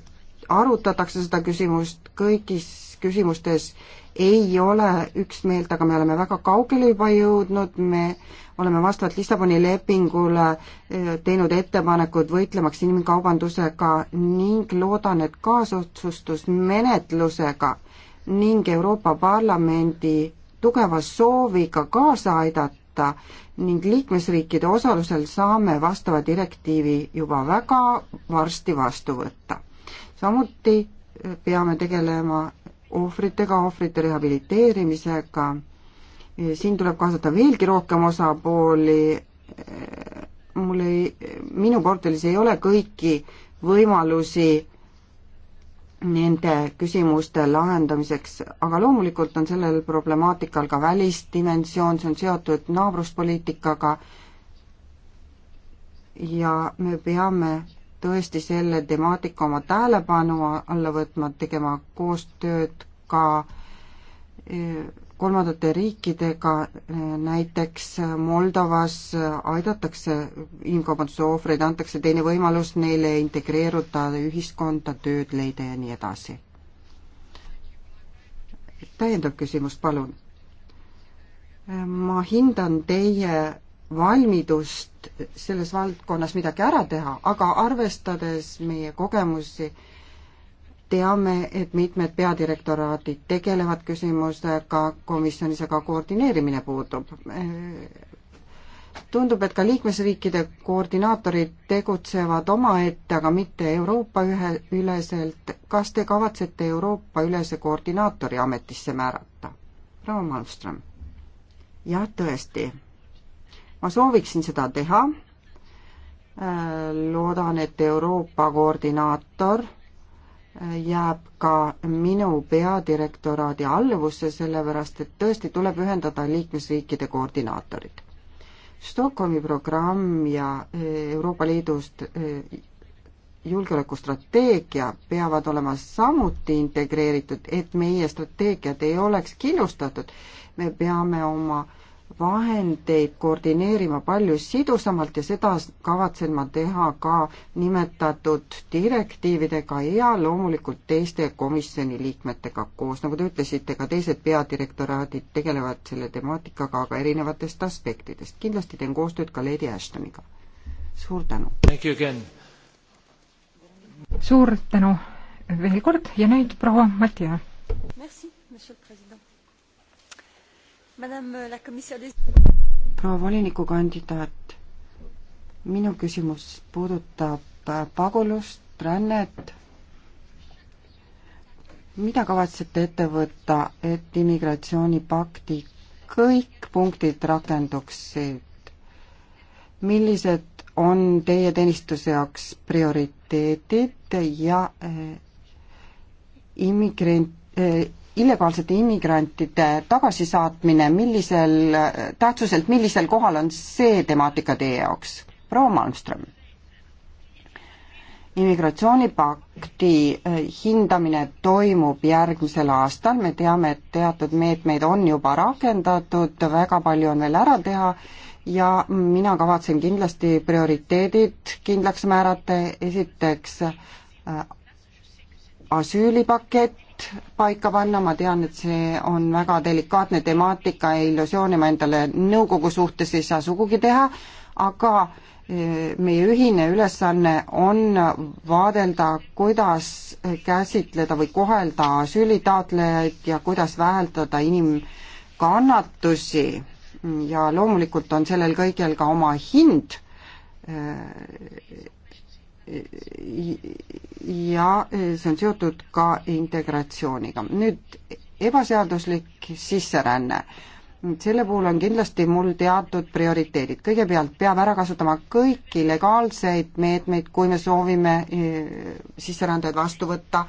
arutatakse seda küsimust kõigis küsimustes äh, ei ole üksmeelt, aga me oleme väga kaugele juba jõudnud, me oleme vastavalt Lissaboni lepingule eh, teinud ettepanekud võitlemaks inimkaubandusega ning loodan, et kaasotsustusmenetlusega ning Euroopa Parlamendi tugeva sooviga kaasa aidata ning liikmesriikide osalusel saame vastava direktiivi juba väga varsti vastu võtta. samuti eh, peame tegelema ohvritega, ohvrite rehabiliteerimisega. siin tuleb kaasata veelgi rohkem osapooli. mul ei, minu portfellis ei ole kõiki võimalusi nende küsimuste lahendamiseks, aga loomulikult on sellel problemaatikal ka välisdimensioon, see on seotud naabruspoliitikaga ja me peame tõesti selle temaatika oma tähelepanu alla võtma, tegema koostööd ka eh, kolmandate riikidega, eh, näiteks Moldovas aidatakse inimkaubanduse ohvreid, antakse teine võimalus neile integreeruda ühiskonda, tööd leida ja nii edasi. täiendav küsimus, palun. Eh, ma hindan teie valmidust selles valdkonnas midagi ära teha, aga arvestades meie kogemusi, teame, et mitmed peadirektoraadid tegelevad küsimusega komisjonis, aga koordineerimine puudub. tundub, et ka liikmesriikide koordinaatorid tegutsevad omaette, aga mitte Euroopa ühe, üleselt. kas te kavatsete Euroopa-ülese koordinaatori ametisse määrata? proua Malmström. jah, tõesti ma sooviksin seda teha, äh, loodan, et Euroopa koordinaator äh, jääb ka minu peadirektoraadi alluvusse, sellepärast et tõesti tuleb ühendada liikmesriikide koordinaatorid. Stockholmi programm ja äh, Euroopa Liidust julgeolekustrateegia peavad olema samuti integreeritud, et meie strateegiad ei oleks killustatud. me peame oma äh, vahendeid koordineerima palju sidusamalt ja seda kavatsen ma teha ka nimetatud direktiividega ja loomulikult teiste komisjoni liikmetega koos. nagu te ütlesite, ka teised peadirektoraadid tegelevad selle temaatikaga, aga erinevatest aspektidest. kindlasti teen koostööd ka Lady Ashtoniga. suur tänu! suur tänu veel kord ja nüüd proua Mati Aar. Merci, monsieur le president proua volinikukandidaat, minu küsimus puudutab äh, pagulust, rännet. mida kavatsete ette võtta, et immigratsioonipakti kõik punktid rakenduksid? millised on teie teenistuse jaoks prioriteedid ja äh, immigrant, äh, illegaalsete immigrantide tagasisaatmine, millisel, tähtsuselt millisel kohal on see temaatika teie jaoks? proua Malmström. immigratsioonipakti äh, hindamine toimub järgmisel aastal, me teame, et teatud meetmeid on juba rakendatud, väga palju on veel ära teha ja mina kavatsen kindlasti prioriteedid kindlaks määrata, esiteks äh, asüülipakett paika panna, ma tean, et see on väga delikaatne temaatika ja illusiooni ma endale nõukogu suhtes ei saa sugugi teha, aga e, meie ühine ülesanne on vaadelda, kuidas käsitleda või kohelda asüülitaotlejaid ja kuidas vähendada inimkannatusi ja loomulikult on sellel kõigel ka oma hind e, ja eh, see on seotud ka integratsiooniga. nüüd ebaseaduslik sisseränne. selle puhul on kindlasti mul teatud prioriteedid. kõigepealt peab ära kasutama kõiki legaalseid meetmeid, kui me soovime eh, sisserändajaid vastu võtta.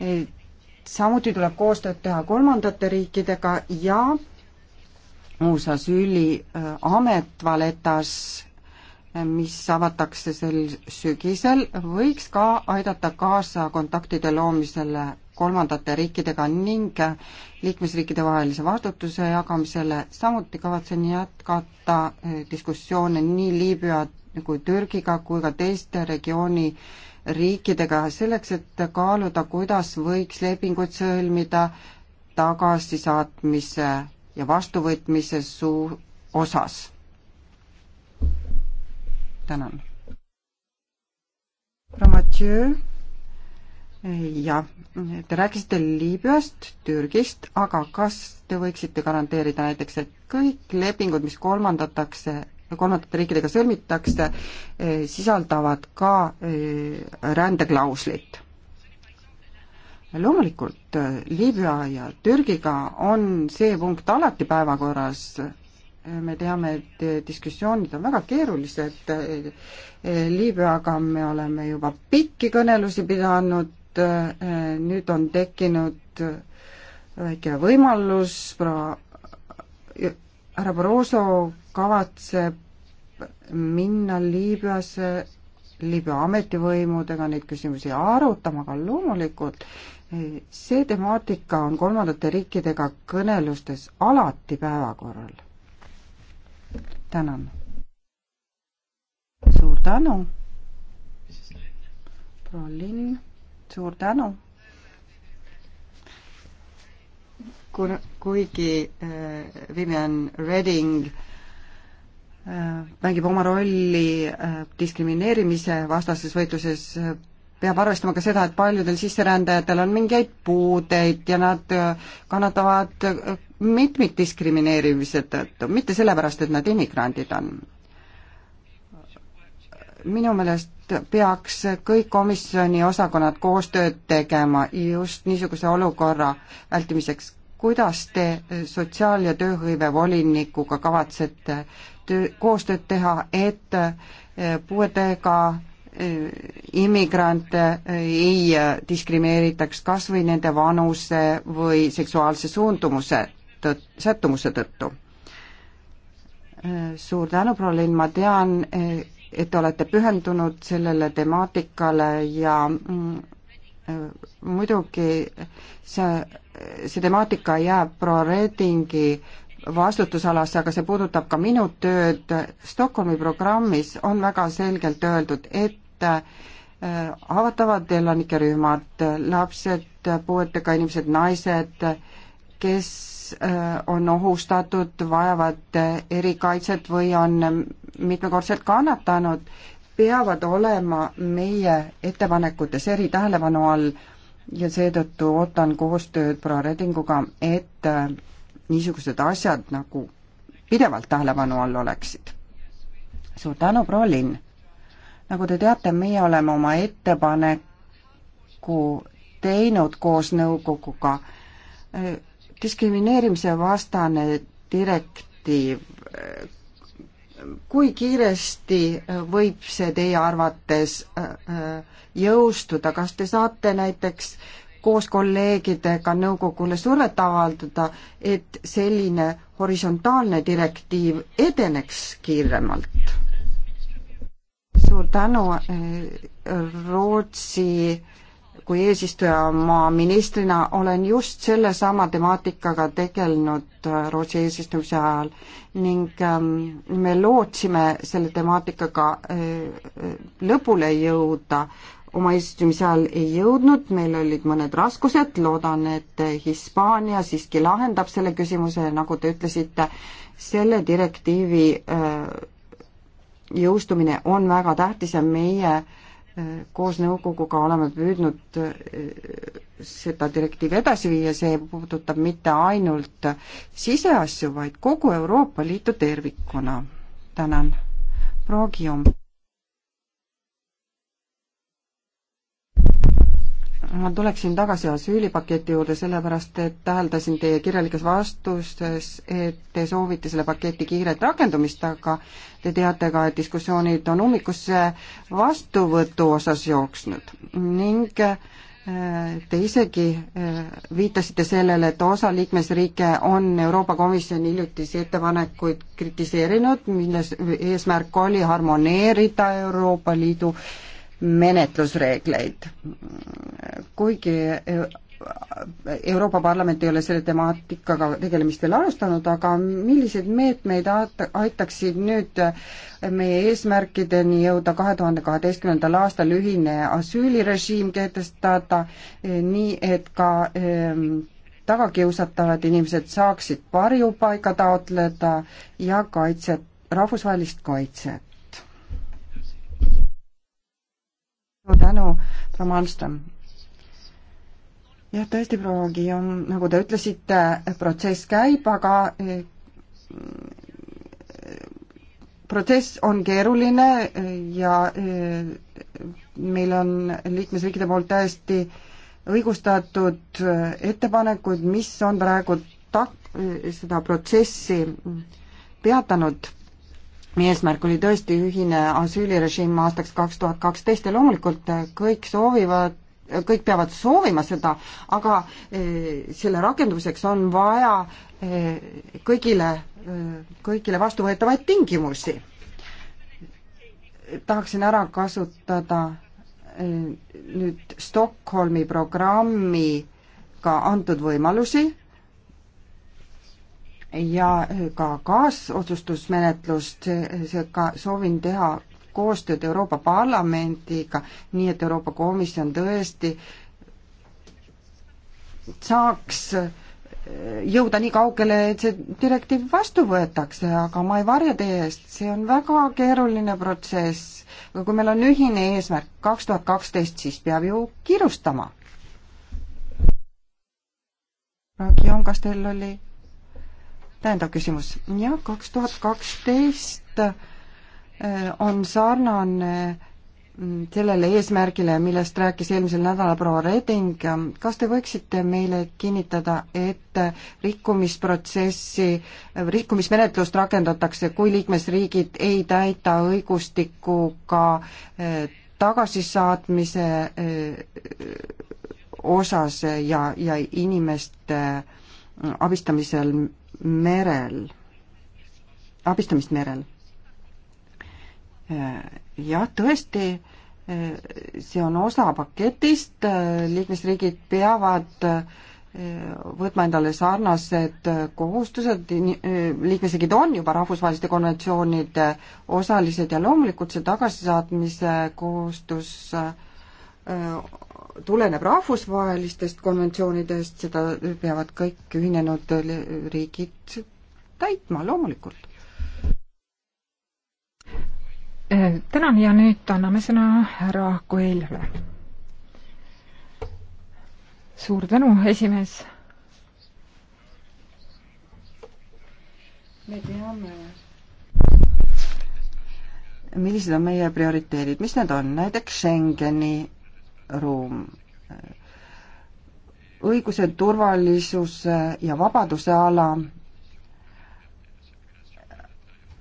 Eh, samuti tuleb koostööd teha kolmandate riikidega ja uus asüüliamet valetas mis avatakse sel sügisel, võiks ka aidata kaasa kontaktide loomisele kolmandate riikidega ning liikmesriikide vahelise vastutuse jagamisele. samuti kavatsen jätkata eh, diskussioone nii Liibüa kui Türgiga kui ka teiste regiooni riikidega selleks, et kaaluda, kuidas võiks lepinguid sõlmida tagasisaatmise ja vastuvõtmise suu-, osas tänan. Eh, jah, te rääkisite Liibüast, Türgist, aga kas te võiksite garanteerida näiteks, et kõik lepingud, mis kolmandatakse, kolmandate riikidega sõlmitakse, eh, sisaldavad ka eh, rändeklauslit? loomulikult Liibüa ja Türgiga on see punkt alati päevakorras me teame, et diskussioonid on väga keerulised Liibüaga, me oleme juba pikki kõnelusi pidanud, nüüd on tekkinud väike võimalus, proua, härra Barroso kavatseb minna Liibüasse, Liibüa ametivõimudega neid küsimusi arutama, aga loomulikult see temaatika on kolmandate riikidega kõnelustes alati päevakorral tänan. suur tänu. proua Linn, suur tänu. kuna, kuigi äh, Vivian Redding äh, mängib oma rolli äh, diskrimineerimise vastases võitluses äh,, peab arvestama ka seda, et paljudel sisserändajatel on mingeid puudeid ja nad äh, kannatavad äh, mitmik diskrimineerimise tõttu, mitte sellepärast, et nad immigrandid on. minu meelest peaks kõik komisjoni osakonnad koostööd tegema just niisuguse olukorra vältimiseks. kuidas te sotsiaal- ja tööhõivevolinikuga kavatsete töö, koostööd teha, et eh, puuetega eh, immigrante eh, ei diskrimineeritaks kas või nende vanuse või seksuaalse suundumuse tõ-, sättumuse tõttu. suur tänu, proua Linn, ma tean, et te olete pühendunud sellele temaatikale ja mm, muidugi see, see temaatika jääb proua Redingi vastutusalasse, aga see puudutab ka minu tööd. Stockholmi programmis on väga selgelt öeldud, et äh, haavatavad elanikerühmad, lapsed, puuetega inimesed, naised, kes kes äh, on ohustatud, vajavad erikaitset või on mitmekordselt kannatanud, peavad olema meie ettepanekutes eritähelepanu all ja seetõttu ootan koostööd proua Redinguga, et äh, niisugused asjad nagu pidevalt tähelepanu all oleksid. suur tänu, proua Linn! nagu te teate, meie oleme oma ettepaneku teinud koos nõukoguga äh, diskrimineerimise vastane direktiiv, kui kiiresti võib see teie arvates äh, äh, jõustuda, kas te saate näiteks koos kolleegidega nõukogule survet avaldada, et selline horisontaalne direktiiv edeneks kiiremalt? suur tänu, äh, Rootsi äh, kui eesistujamaa ministrina olen just sellesama temaatikaga tegelenud äh, Rootsi eesistumise ajal ning ähm, me lootsime selle temaatikaga äh, äh, lõpule jõuda. oma eesistumise ajal ei jõudnud, meil olid mõned raskused, loodan, et Hispaania siiski lahendab selle küsimuse, nagu te ütlesite, selle direktiivi jõustumine on väga tähtis ja meie äh, koos nõukoguga oleme püüdnud äh, seda direktiivi edasi viia, see puudutab mitte ainult siseasju, vaid kogu Euroopa Liitu tervikuna. tänan. proua Kiom. ma tuleksin tagasi asüülipaketi juurde, sellepärast et täheldasin teie kirjalikes vastustes, et te soovite selle paketi kiiret rakendumist, aga te teate ka, et diskussioonid on ummikusse vastuvõtu osas jooksnud ning äh, Te isegi äh, viitasite sellele, et osa liikmesriike on Euroopa Komisjoni hiljutisi ettepanekuid kritiseerinud, milles eesmärk oli harmoneerida Euroopa Liidu äh, menetlusreegleid. kuigi e- Euroopa Parlament ei ole selle temaatikaga tegelemist veel alustanud, aga millised meetmeid aitaksid nüüd meie eesmärkideni jõuda kahe tuhande kaheteistkümnendal aastal ühine asüülirežiim kehtestada, e, nii et ka e, tagakiusatavad inimesed saaksid varjupaiga taotleda ja kaitset, rahvusvahelist kaitset? suur tänu, proua Malmström. jah, tõesti, proua Guillaume, nagu te ütlesite, protsess käib, aga eh, protsess on keeruline eh, ja eh, meil on liikmesriikide poolt täiesti õigustatud ettepanekud, mis on praegu tak-, seda protsessi peatanud meie eesmärk oli tõesti ühine asüülirežiim aastaks kaks tuhat kaksteist ja loomulikult äh, kõik soovivad äh, kõik peavad soovima seda, aga äh, selle rakenduseks on vaja kõigile, kõigile vastuvõetavaid tingimusi. tahaksin ära kasutada nüüd Stockholmi programmiga antud võimalusi ja ka kaasotsustusmenetlust, seega soovin teha koostööd Euroopa Parlamendiga, nii et Euroopa Komisjon tõesti saaks jõuda nii kaugele, et see direktiiv vastu võetakse, aga ma ei varja teie eest, see on väga keeruline protsess. aga kui meil on ühine eesmärk kaks tuhat kaksteist, siis peab ju kiirustama. Ragion, kas teil oli täiendav küsimus. jah, kaks tuhat kaksteist äh, on sarnane mm, sellele eesmärgile, millest rääkis eelmisel nädalal proua Reding, kas te võiksite meile kinnitada, et rikkumisprotsessi, rikkumismenetlust rakendatakse, kui liikmesriigid ei täida õigustikuga äh, tagasisaatmise äh, osas ja, ja inimeste abistamisel merel, abistamist merel. jah, tõesti, see on osa paketist, liikmesriigid peavad võtma endale sarnased kohustused, liikmesriigid on juba rahvusvaheliste konventsioonide osalised ja loomulikult see tagasisaatmise kohustus tuleneb rahvusvahelistest konventsioonidest, seda peavad kõik ühinenud riigid täitma loomulikult. Eh, tänan ja nüüd anname sõna härra Koeljale. suur tänu, esimees. me teame millised on meie prioriteedid, mis need on, näiteks Schengeni ruum. õiguse, turvalisuse ja vabaduse ala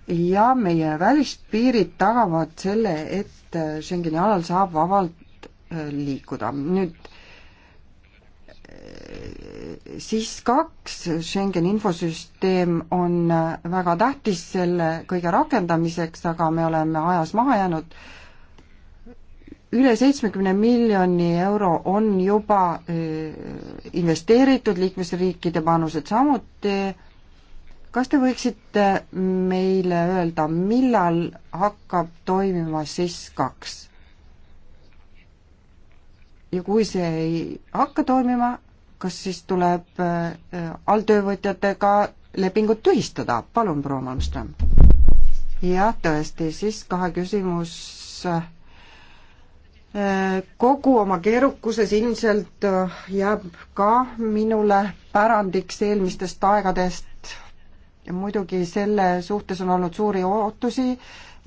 ja meie välispiirid tagavad selle, et Schengeni alal saab vabalt äh, liikuda. nüüd äh, siis kaks, Schengeni infosüsteem on äh, väga tähtis selle kõige rakendamiseks, aga me oleme ajas maha jäänud äh, üle seitsmekümne miljoni euro on juba eh, investeeritud, liikmesriikide panused samuti. kas te võiksite meile öelda, millal hakkab toimima SIS kaks? ja kui see ei hakka toimima, kas siis tuleb eh, alltöövõtjatega lepingud tühistada, palun, proua Malmström? jah, tõesti, siis kahe küsimus äh, kogu oma keerukuses ilmselt äh, jääb ka minule pärandiks eelmistest aegadest ja muidugi selle suhtes on olnud suuri ootusi,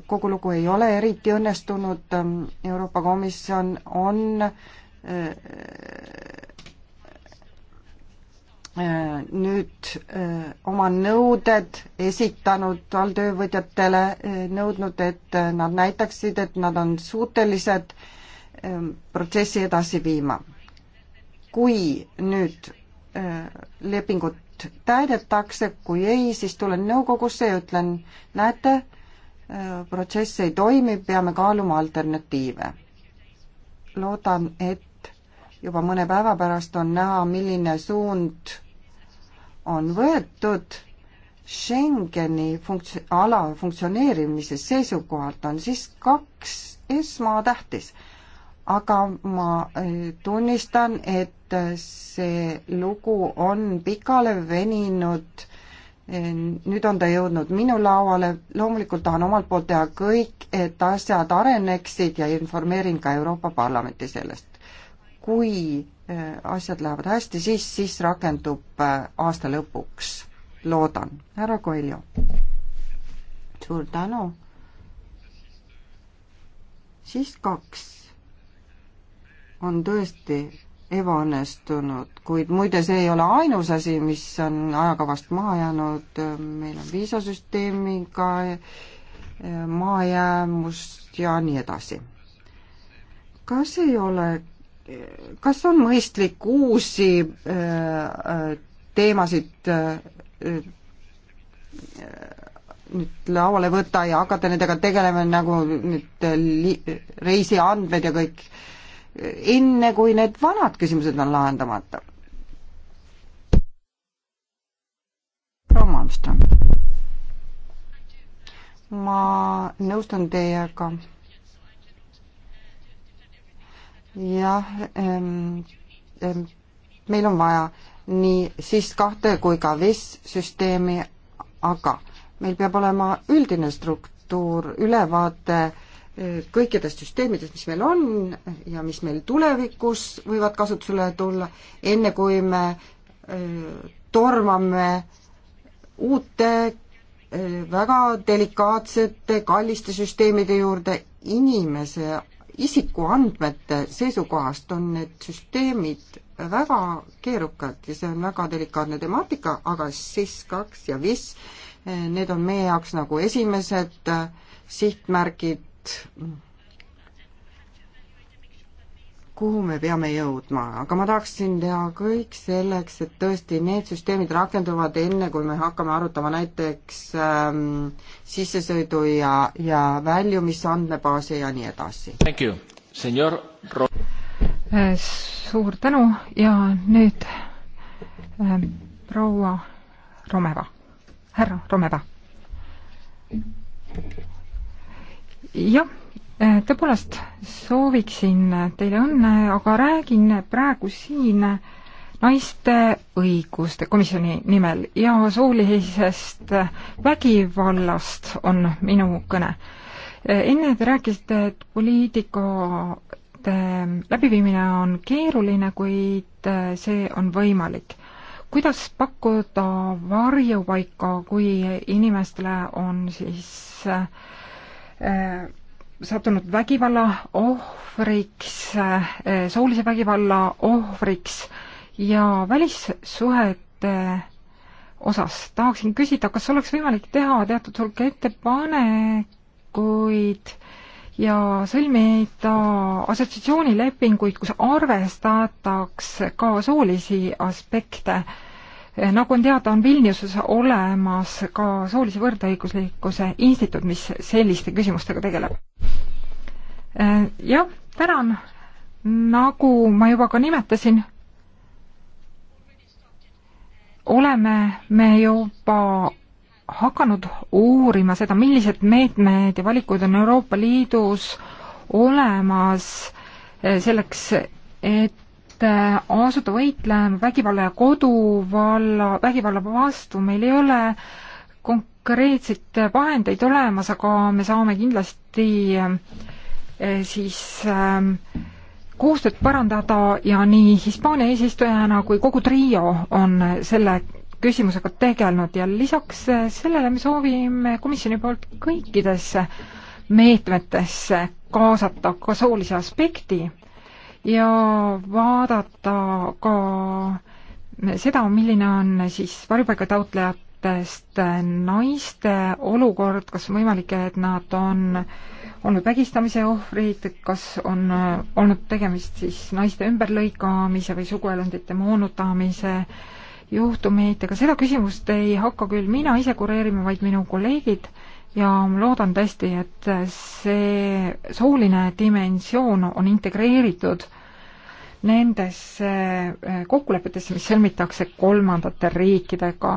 kogu lugu ei ole eriti õnnestunud, ähm, Euroopa Komisjon on äh, äh, nüüd oma nõuded esitanud alltöövõtjatele, nõudnud, et nad näitaksid, et nad on suutelised äh, Ähm, protsessi edasi viima. kui nüüd äh, lepingut täidetakse, kui ei, siis tulen nõukogusse ja ütlen, näete, äh, protsess ei toimi, peame kaaluma alternatiive. loodan, et juba mõne päeva pärast on näha, milline suund on võetud Schengeni funkts-, ala funktsioneerimise seisukohalt on siis kaks esmatähtis aga ma äh, tunnistan, et äh, see lugu on pikale veninud, äh, nüüd on ta jõudnud minu lauale, loomulikult tahan omalt poolt teha kõik, et asjad areneksid ja informeerin ka Euroopa Parlamenti sellest. kui asjad lähevad hästi, siis, siis rakendub aasta lõpuks, loodan. härra Koiljo. suur tänu. siis kaks on tõesti ebaõnnestunud, kuid muide, see ei ole ainus asi, mis on ajakavast maha jäänud, meil on viisasüsteemiga eh, mahajäämust ja nii edasi. kas ei ole, kas on mõistlik uusi eh, eh, teemasid nüüd lauale võtta ja hakata nendega tegelema, nagu nüüd reisiandmed ja kõik äh, enne, kui need vanad küsimused on lahendamata. proua Malmström. ma nõustun teiega. jah ähm,, ähm, meil on vaja nii siis kahte kui ka VIS süsteemi, aga meil peab olema üldine struktuur, ülevaate kõikidest süsteemidest, mis meil on ja mis meil tulevikus võivad kasutusele tulla, enne kui me tormame uute väga delikaatsete, kalliste süsteemide juurde inimese isikuandmete seisukohast on need süsteemid väga keerukad ja see on väga delikaatne temaatika, aga SIS kaks ja VIS, need on meie jaoks nagu esimesed sihtmärgid koht, kuhu me peame jõudma, aga ma tahaksin teha kõik selleks, et tõesti need süsteemid rakenduvad enne, kui me hakkame arutama näiteks ähm, sissesõidu ja, ja väljumisandmebaase ja nii edasi. Äh, suur tänu ja nüüd ähm, proua Romeva, härra Romeva jah, eh, tõepoolest sooviksin teile õnne, aga räägin praegu siin naiste õiguste komisjoni nimel ja soolisest vägivallast on minu kõne. Eh, enne te rääkisite, et poliitikate läbiviimine on keeruline, kuid eh, see on võimalik. kuidas pakkuda varjupaika, kui inimestele on siis äh, Äh, sattunud vägivalla ohvriks, äh, soolise vägivalla ohvriks ja välissuhete osas tahaksin küsida, kas oleks võimalik teha teatud hulk ettepanekuid ja sõlmida assotsiatsioonilepinguid, kus arvestatakse ka soolisi aspekte äh, nagu on teada, on Vilniuses olemas ka soolise võrdõiguslikkuse instituut, mis selliste küsimustega tegeleb. Jah, tänan, nagu ma juba ka nimetasin, oleme me juba hakanud uurima seda, millised meetmed ja valikud on Euroopa Liidus olemas selleks, et et äh, asuda võitlema vägivalla ja koduvalla, vägivalla vastu, meil ei ole konkreetseid vahendeid olemas, aga me saame kindlasti äh, siis ähm, koostööd parandada ja nii Hispaania eesistujana kui kogu trio on selle küsimusega tegelenud ja lisaks äh, sellele me soovime komisjoni poolt kõikidesse meetmetesse kaasata ka soolise aspekti ja vaadata ka seda, milline on siis varjupaigataotlejatest naiste olukord, kas on võimalik, et nad on olnud vägistamise ohvrid, kas on olnud tegemist siis naiste ümberlõikamise või suguelundite moonutamise juhtumeid, ega seda küsimust ei hakka küll mina ise kureerima, vaid minu kolleegid ja ma loodan tõesti, et see sooline dimensioon on integreeritud nendesse eh, kokkulepetesse, mis sõlmitakse kolmandate riikidega.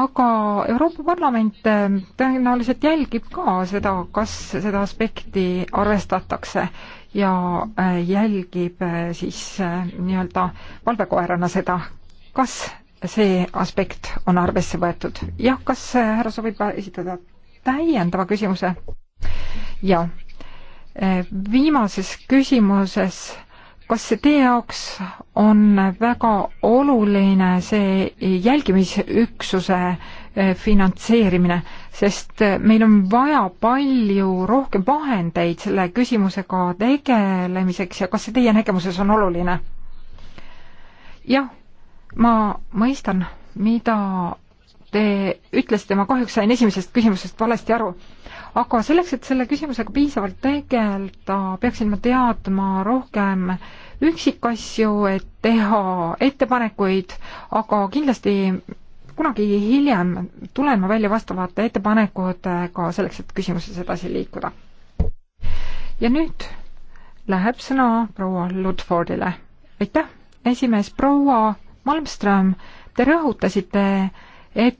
aga Euroopa Parlament eh, tõenäoliselt jälgib ka seda, kas seda aspekti arvestatakse ja eh, jälgib siis nii-öelda valvekoerana seda, kas see aspekt on arvesse võetud. jah, kas härra soovib esitada täiendava küsimuse? jaa. Eh, viimases küsimuses, kas teie jaoks on väga oluline see jälgimisüksuse eh, finantseerimine, sest eh, meil on vaja palju rohkem vahendeid selle küsimusega tegelemiseks ja kas see teie nägemuses on oluline? jah, ma mõistan, mida te ütlesite, ma kahjuks sain esimesest küsimusest valesti aru, aga selleks, et selle küsimusega piisavalt tegeleda, peaksin ma teadma rohkem üksikasju, et teha ettepanekuid, aga kindlasti kunagi hiljem tulen ma välja vastavate ettepanekutega selleks, et küsimuses edasi liikuda. ja nüüd läheb sõna proua Ludfordile. aitäh, esimees proua Malmström, te rõhutasite äh, et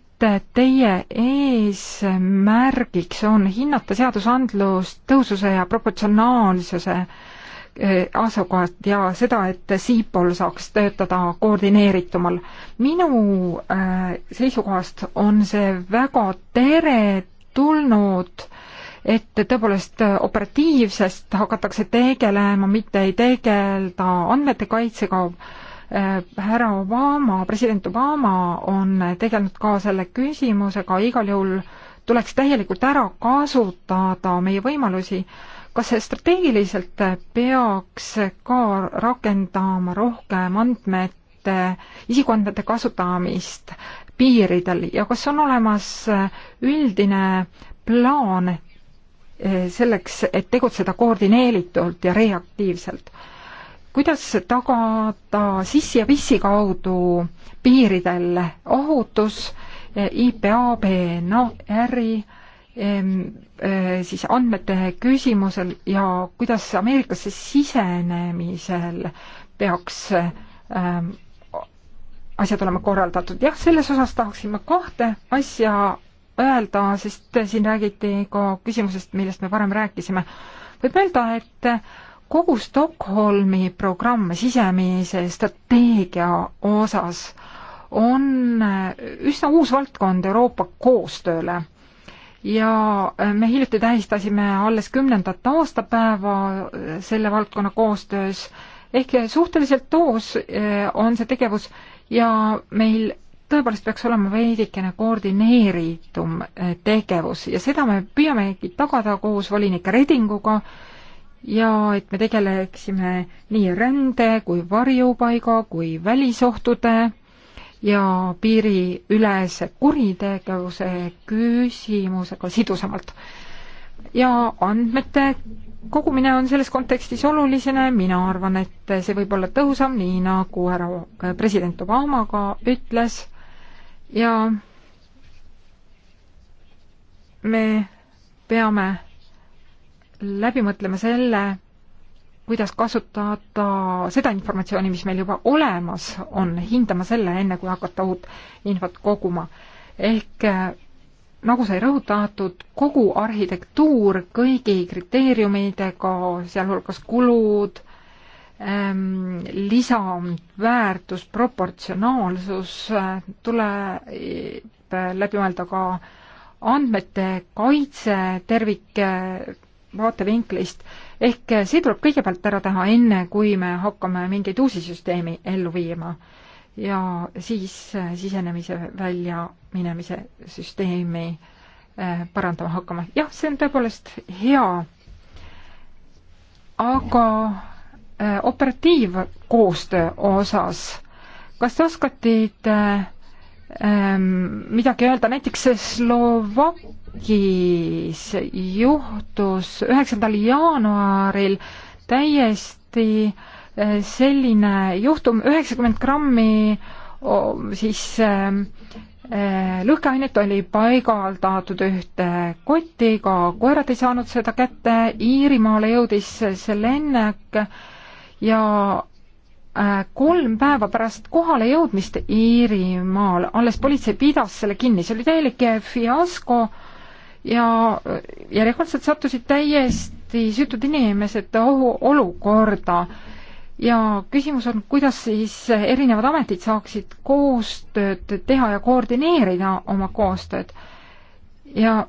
teie eesmärgiks on hinnata seadusandlust tõhususe ja proportsionaalsuse eh, asukohast ja seda, et siipool saaks töötada koordineeritumal. minu eh, seisukohast on see väga teretulnud et tõepoolest operatiivsest hakatakse tegelema, mitte ei tegelda andmete kaitsega, Äh, härra Obama, president Obama on tegelenud ka selle küsimusega, igal juhul tuleks täielikult ära kasutada meie võimalusi. kas strateegiliselt peaks ka rakendama rohkem andmete, isikuandmete kasutamist piiridel ja kas on olemas üldine plaan eh, selleks, et tegutseda koordineeritult ja reaktiivselt? kuidas tagada sissi ja pissi kaudu piiridel ohutus, eh, IPA, PNR-i eh, siis andmete küsimusel ja kuidas Ameerikasse sisenemisel peaks ähm, asjad olema korraldatud. jah, selles osas tahaksin ma kahte asja öelda, sest siin räägiti ka küsimusest, millest me varem rääkisime. võib öelda, et kogu Stockholmi programm sisemise strateegia osas on üsna uus valdkond Euroopa koostööle ja me hiljuti tähistasime alles kümnendat aastapäeva selle valdkonna koostöös, ehk suhteliselt toos eh, on see tegevus ja meil tõepoolest peaks olema veidikene koordineeritum eh, tegevus ja seda me püüamegi tagada koos volinik Redinguga, ja et me tegeleksime nii rände kui varjupaiga kui välisohtude ja piiriülese kuritegevuse küsimusega sidusamalt. ja andmete kogumine on selles kontekstis oluline, mina arvan, et see võib olla tõhusam, nii nagu härra äh, president Obama ka ütles ja me peame läbi mõtlema selle, kuidas kasutada seda informatsiooni, mis meil juba olemas on, hindama selle, enne kui hakata uut infot koguma. ehk eh, nagu sai rõhutatud, kogu arhitektuur kõigi kriteeriumidega, sealhulgas kulud, ehm, lisandväärtus, proportsionaalsus, eh, tuleb läbi mõelda ka andmete kaitse tervik vaatevinklist. ehk eh, see tuleb kõigepealt ära teha, enne kui me hakkame mingeid uusi süsteemi ellu viima. ja siis eh, sisenemise, väljaminemise süsteemi eh, parandama hakkama. jah, see on tõepoolest hea, aga operatiivkoostöö osas, kas te oskate midagi öelda, näiteks Slovakkia Türgis juhtus üheksandal jaanuaril täiesti eh, selline juhtum, üheksakümmend grammi siis eh, eh, lõhkeainet oli paigaldatud ühte kotti, ka koerad ei saanud seda kätte, Iirimaale jõudis see lennuk ja kolm päeva pärast kohale jõudmist Iirimaal alles politsei pidas selle kinni, see oli täielik fiasko ja järjekordselt sattusid täiesti süütud inimesed ohuolukorda ja küsimus on, kuidas siis erinevad ametid saaksid koostööd teha ja koordineerida oma koostööd. ja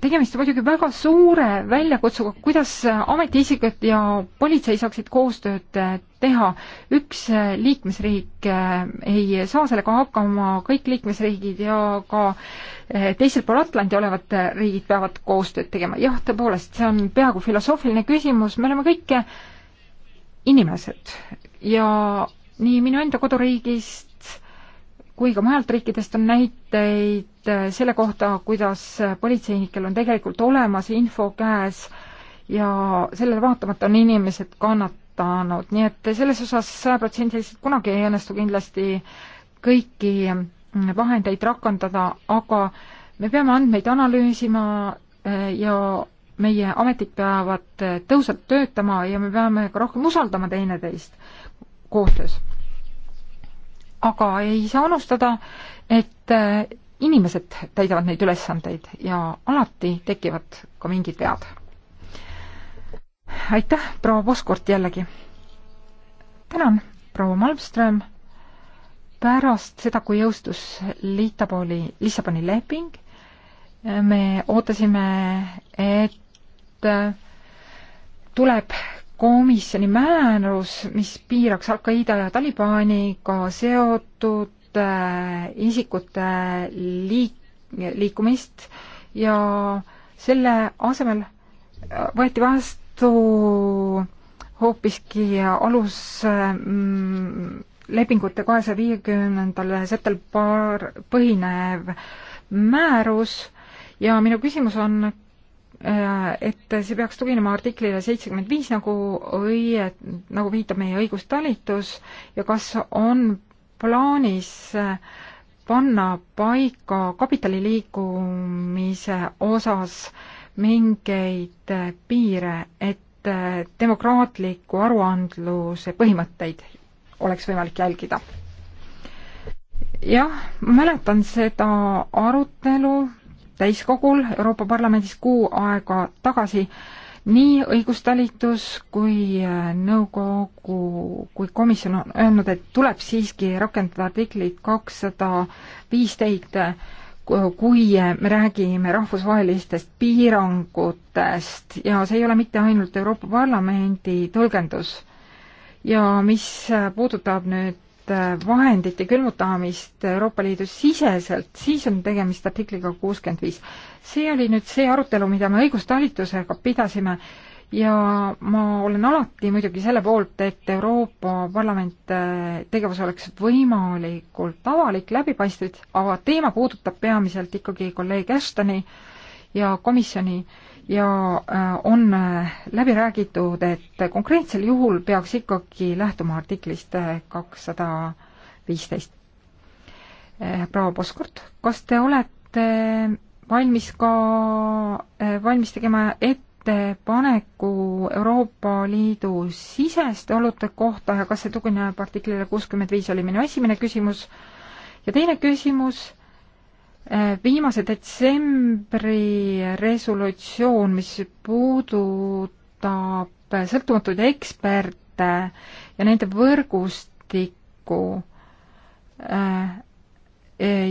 tegemist on muidugi väga suure väljakutsuga, kuidas ametiisikud ja politsei saaksid koostööd teha. üks äh, liikmesriik äh, ei saa sellega hakkama, kõik liikmesriigid ja ka äh, teisel pool Atlandi olevad riigid peavad koostööd tegema. jah, tõepoolest, see on peaaegu filosoofiline küsimus, me oleme kõik inimesed ja nii minu enda koduriigist kui ka mujalt riikidest on näiteid selle kohta, kuidas politseinikel on tegelikult olemas info käes ja sellele vaatamata on inimesed kannatanud saavutanud, nii et selles osas sajaprotsendiliselt kunagi ei õnnestu kindlasti kõiki vahendeid rakendada, aga me peame andmeid analüüsima eh, ja meie ametid peavad eh, tõhusalt töötama ja me peame ka rohkem usaldama teineteist koostöös. aga ei saa unustada, et eh, inimesed täidavad neid ülesandeid ja alati tekivad ka mingid vead aitäh, proua Poskort jällegi. tänan, proua Malmström. pärast seda, kui jõustus Litaboli, Lissaboni leping, me ootasime, et tuleb komisjoni määrus, mis piiraks Al-Qaeda ja Talibaniga seotud äh, isikute liik-, liikumist ja selle asemel võeti vast tõttu hoopiski alus mm, lepingute kahesaja viiekümnendal setel paar põhinev määrus ja minu küsimus on, äh, et see peaks tuginema artiklile seitsekümmend viis nagu õie, nagu viitab meie õigustalitus ja kas on plaanis äh, panna paika kapitali liikumise osas äh, mingeid piire, et demokraatliku aruandluse põhimõtteid oleks võimalik jälgida. jah, ma mäletan seda arutelu täiskogul Euroopa Parlamendis kuu aega tagasi, nii õigustalitus kui äh, nõukogu kui komisjon on öelnud, et tuleb siiski rakendada artiklit kakssada viisteist kui me räägime rahvusvahelistest piirangutest ja see ei ole mitte ainult Euroopa Parlamendi tõlgendus. ja mis puudutab nüüd vahendite külmutamist Euroopa Liidu siseselt, siis on tegemist artikliga kuuskümmend viis. see oli nüüd see arutelu, mida me õigustalitusega pidasime ja ma olen alati muidugi selle poolt, et Euroopa Parlament äh, tegevus oleks võimalikult avalik, läbipaistv, aga teema puudutab peamiselt ikkagi kolleeg Ashtoni ja komisjoni ja äh, on äh, läbi räägitud, et konkreetsel juhul peaks ikkagi lähtuma artiklist kakssada viisteist. proua Poskurt, kas te olete valmis ka, valmis tegema ette ettepaneku Euroopa Liidu siseste olude kohta ja kas see tugineb artiklile kuuskümmend viis, oli minu esimene küsimus. ja teine küsimus, eh, viimase detsembri resolutsioon, mis puudutab eh, sõltumatuid eksperte ja nende võrgustikku, eh,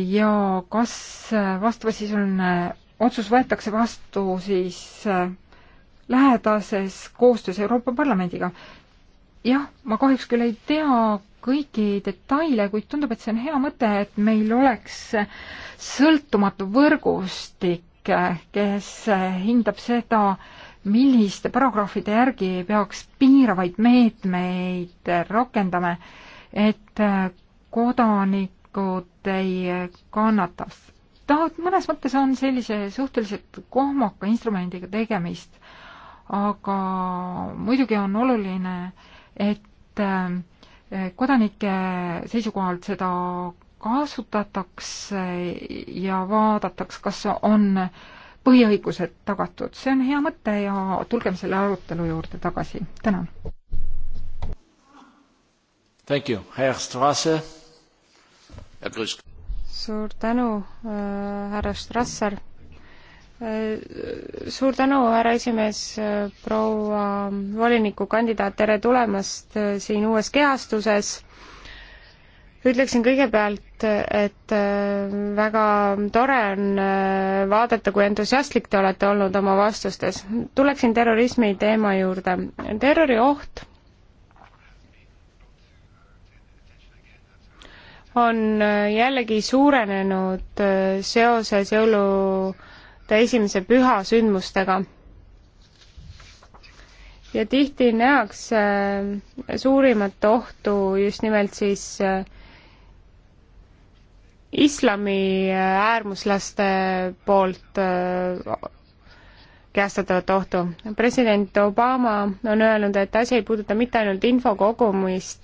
ja kas vastavasisuline otsus võetakse vastu siis lähedases koostöös Euroopa Parlamendiga. jah, ma kahjuks küll ei tea kõiki detaile, kuid tundub, et see on hea mõte, et meil oleks sõltumatu võrgustik, kes hindab seda, milliste paragrahvide järgi peaks piiravaid meetmeid rakendama, et kodanikud ei kannataks. tahavad, mõnes mõttes on sellise suhteliselt kohmaka instrumendiga tegemist aga muidugi on oluline, et eh, kodanike seisukohalt seda kasutataks ja vaadataks, kas on põhiõigused tagatud. see on hea mõte ja tulgem selle arutelu juurde tagasi. tänan. Thank you, äh, härra Strasser. suur tänu, härra Strasser Äh, suur tänu, härra esimees, äh, proua volinikukandidaat, tere tulemast äh, siin uues kehastuses. ütleksin kõigepealt, et väga tore on vaadata, kui entusiastlik te olete olnud oma vastustes. tuleksin terrorismi teema juurde. terrorioht on jällegi suurenenud seoses jõulu üheksateistkümnenda esimese püha sündmustega. ja tihti nähakse äh, suurimat ohtu just nimelt siis äh, islami äh, äärmuslaste poolt käestatavat ohtu. president Obama on öelnud, et asi ei puuduta mitte ainult info kogumist,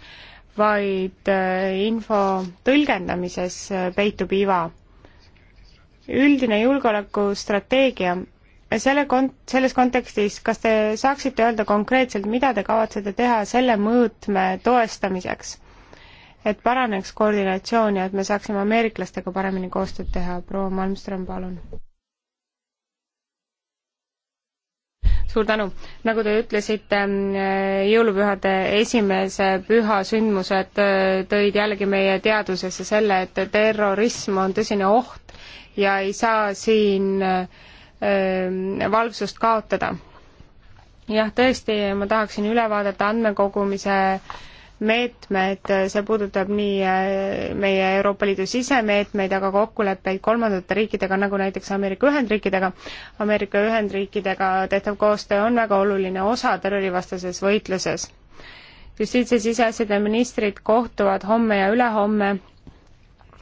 vaid info tõlgendamises peitub iva üldine julgeolekustrateegia, selle kont-, selles kontekstis, kas te saaksite öelda konkreetselt, mida te kavatsete teha selle mõõtme toestamiseks? et paraneks koordinatsioon ja et me saaksime ameeriklastega paremini koostööd teha, proua Malmström, palun. suur tänu, nagu te ütlesite, mm, jõulupühade esimese püha sündmused äh, tõid jällegi meie teadvusesse selle, et terrorism on tõsine oht ja ei saa siin ähm, valvsust kaotada. jah, tõesti, ma tahaksin üle vaadata andmekogumise meetmed, see puudutab nii äh, meie Euroopa Liidu sisemeetmeid, aga kokkuleppeid kolmandate riikidega, nagu näiteks Ameerika Ühendriikidega. Ameerika Ühendriikidega tehtav koostöö on väga oluline osa terrorivastases võitluses. justiits- ja siseasjade ministrid kohtuvad homme ja ülehomme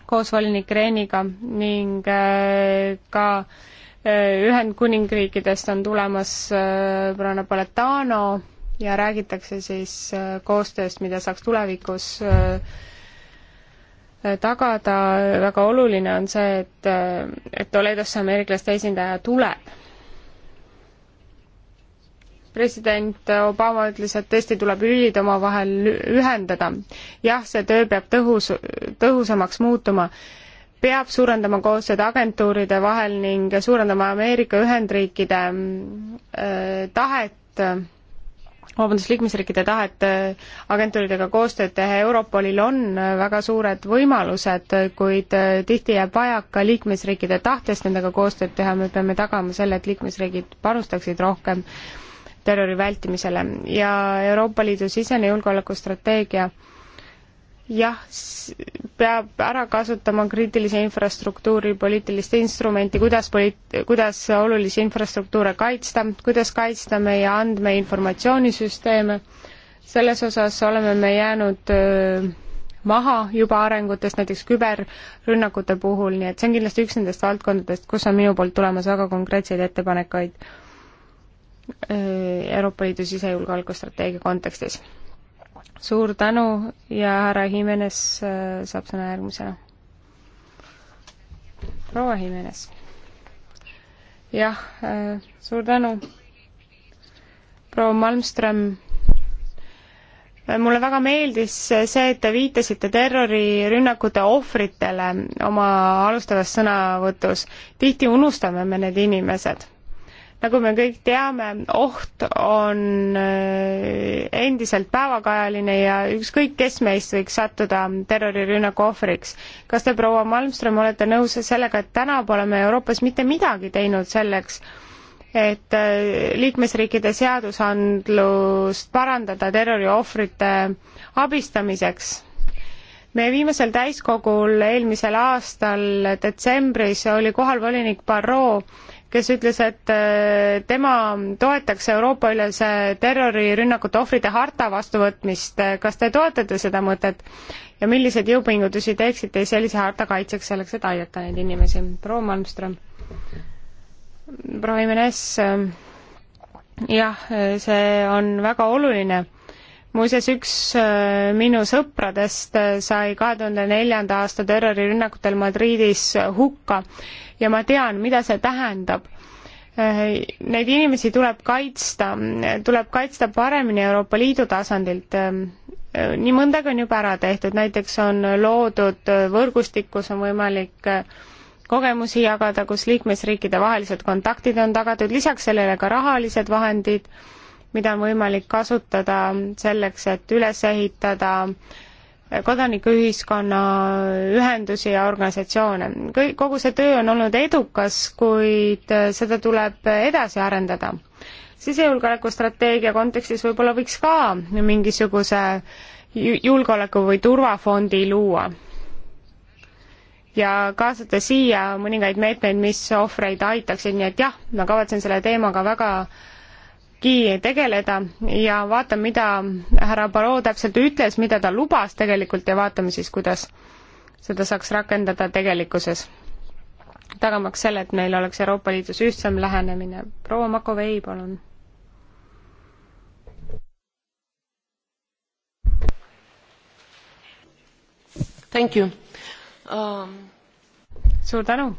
koos volinik Reeniga ning äh, ka äh, Ühendkuningriikidest on tulemas proua äh, Napoletano ja räägitakse siis koostööst, mida saaks tulevikus tagada, väga oluline on see, et, et Toledosse ameeriklaste esindaja tuleb president Obama ütles, et tõesti tuleb lülid omavahel ühendada. jah, see töö peab tõhus, tõhusamaks muutuma. peab suurendama koostööd agentuuride vahel ning suurendama Ameerika Ühendriikide äh, tahet äh, vabandust, liikmesriikide tahet äh, agentuuridega koostööd teha, Europolil on äh, väga suured võimalused, kuid äh, tihti jääb vajaka liikmesriikide tahtest nendega koostööd teha, me peame tagama selle, et liikmesriigid panustaksid rohkem terrori vältimisele ja Euroopa Liidu sisene julgeolekustrateegia jah, peab ära kasutama kriitilise infrastruktuuri poliitilist instrumenti, kuidas poliit-, kuidas olulisi infrastruktuure kaitsta, kuidas kaitsta meie andme- ja informatsioonisüsteeme, selles osas oleme me jäänud öö, maha juba arengutest, näiteks küberrünnakute puhul, nii et see on kindlasti üks nendest valdkondadest, kus on minu poolt tulemas väga konkreetseid ettepanekuid et Äh, Euroopa Liidu sisejulgeolekustrateegia kontekstis. suur tänu ja härra Jimenez äh, saab sõna järgmisena. proua Jimenez. jah, äh, suur tänu. proua Malmström mulle väga meeldis see, et te viitasite terrorirünnakute ohvritele oma alustavas sõnavõtus. tihti unustame me need inimesed nagu me kõik teame, oht on äh, endiselt päevakajaline ja ükskõik, kes meist võiks sattuda terrorirünnaku ohvriks. kas te, proua Malmström, olete nõus sellega, et täna pole me Euroopas mitte midagi teinud selleks, et äh, liikmesriikide seadusandlust parandada terroriohvrite abistamiseks? meie viimasel täiskogul eelmisel aastal detsembris oli kohal volinik Barrot kes ütles, et äh, tema toetaks Euroopa-ülese terrorirünnakute ohvrite harta vastuvõtmist. kas te toetate seda mõtet ja milliseid jõupingutusi teeksite sellise harta kaitseks, selleks et aidata neid inimesi? proua Malmström. proua Imenes, äh, jah, see on väga oluline muuseas, üks äh, minu sõpradest äh, sai kahe tuhande neljanda aasta terrorirünnakutel Madridis äh, hukka ja ma tean, mida see tähendab. Neid inimesi tuleb kaitsta, tuleb kaitsta paremini Euroopa Liidu tasandilt. nii mõndagi on juba ära tehtud, näiteks on loodud võrgustik, kus on võimalik kogemusi jagada, kus liikmesriikide vahelised kontaktid on tagatud, lisaks sellele ka rahalised vahendid mida on võimalik kasutada selleks, et üles ehitada kodanikuühiskonna ühendusi ja organisatsioone. kõik, kogu see töö on olnud edukas, kuid seda tuleb edasi arendada. sisejulgeolekustrateegia kontekstis võib-olla võiks ka mingisuguse julgeoleku või turvafondi luua ja kaasata siia mõningaid meetmeid, mis ohvreid aitaksid, nii et jah, ma kavatsen selle teemaga väga äh, ki tegeleda ja vaatame, mida härra Barrot täpselt ütles, mida ta lubas tegelikult ja vaatame siis, kuidas seda saaks rakendada tegelikkuses. tagamaks selle, et meil oleks Euroopa Liidus ühtsem lähenemine. proua Makovei, palun. Thank you um.... suur tänu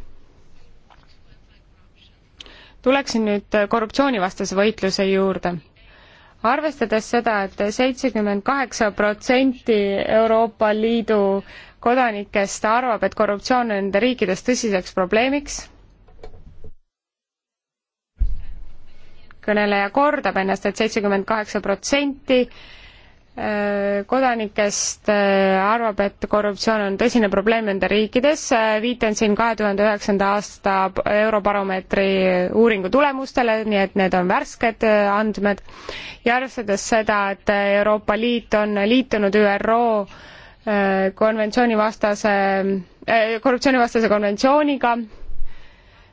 tuleksin nüüd äh, korruptsioonivastase võitluse juurde. arvestades seda et, et seitsekümmend kaheksa protsenti Euroopa Liidu kodanikest arvab, et korruptsioon on nende riikides tõsiseks probleemiks, kõneleja kordab ennast et, et seitsekümmend kaheksa protsenti Äh, kodanikest äh, arvab, et korruptsioon on tõsine probleem nende riikides, äh, viitan siin kahe tuhande üheksanda aasta Eurobaromeetri uuringu tulemustele, nii et need on värsked andmed, ja arvestades seda, et Euroopa Liit on liitunud ÜRO konventsioonivastase, korruptsioonivastase konventsiooniga,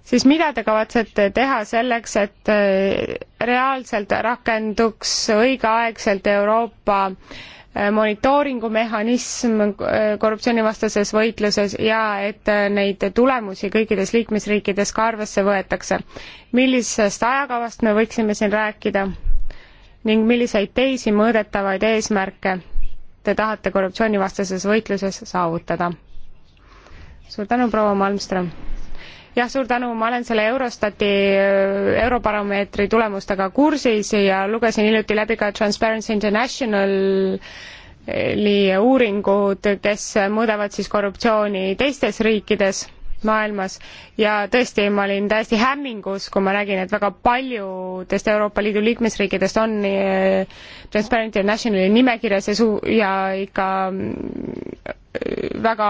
siis mida te kavatsete teha selleks, et äh, reaalselt rakenduks õigeaegselt Euroopa äh, monitooringumehhanism äh, korruptsioonivastases võitluses ja et neid tulemusi kõikides liikmesriikides ka arvesse võetakse. millisest ajakavast me võiksime siin rääkida ning milliseid teisi mõõdetavaid eesmärke te tahate korruptsioonivastases võitluses saavutada? suur tänu, proua Malmström! jah, suur tänu, ma olen selle Eurostati äh, Eurobaromeetri tulemustega kursis ja lugesin hiljuti läbi ka Transparency Internationali äh, uuringud, kes mõõdavad siis korruptsiooni teistes riikides maailmas ja tõesti, ma olin täiesti hämmingus, kui ma nägin, et väga paljudest Euroopa Liidu liikmesriikidest on äh, Transparency Internationali nimekirjas ja suu- ja ikka väga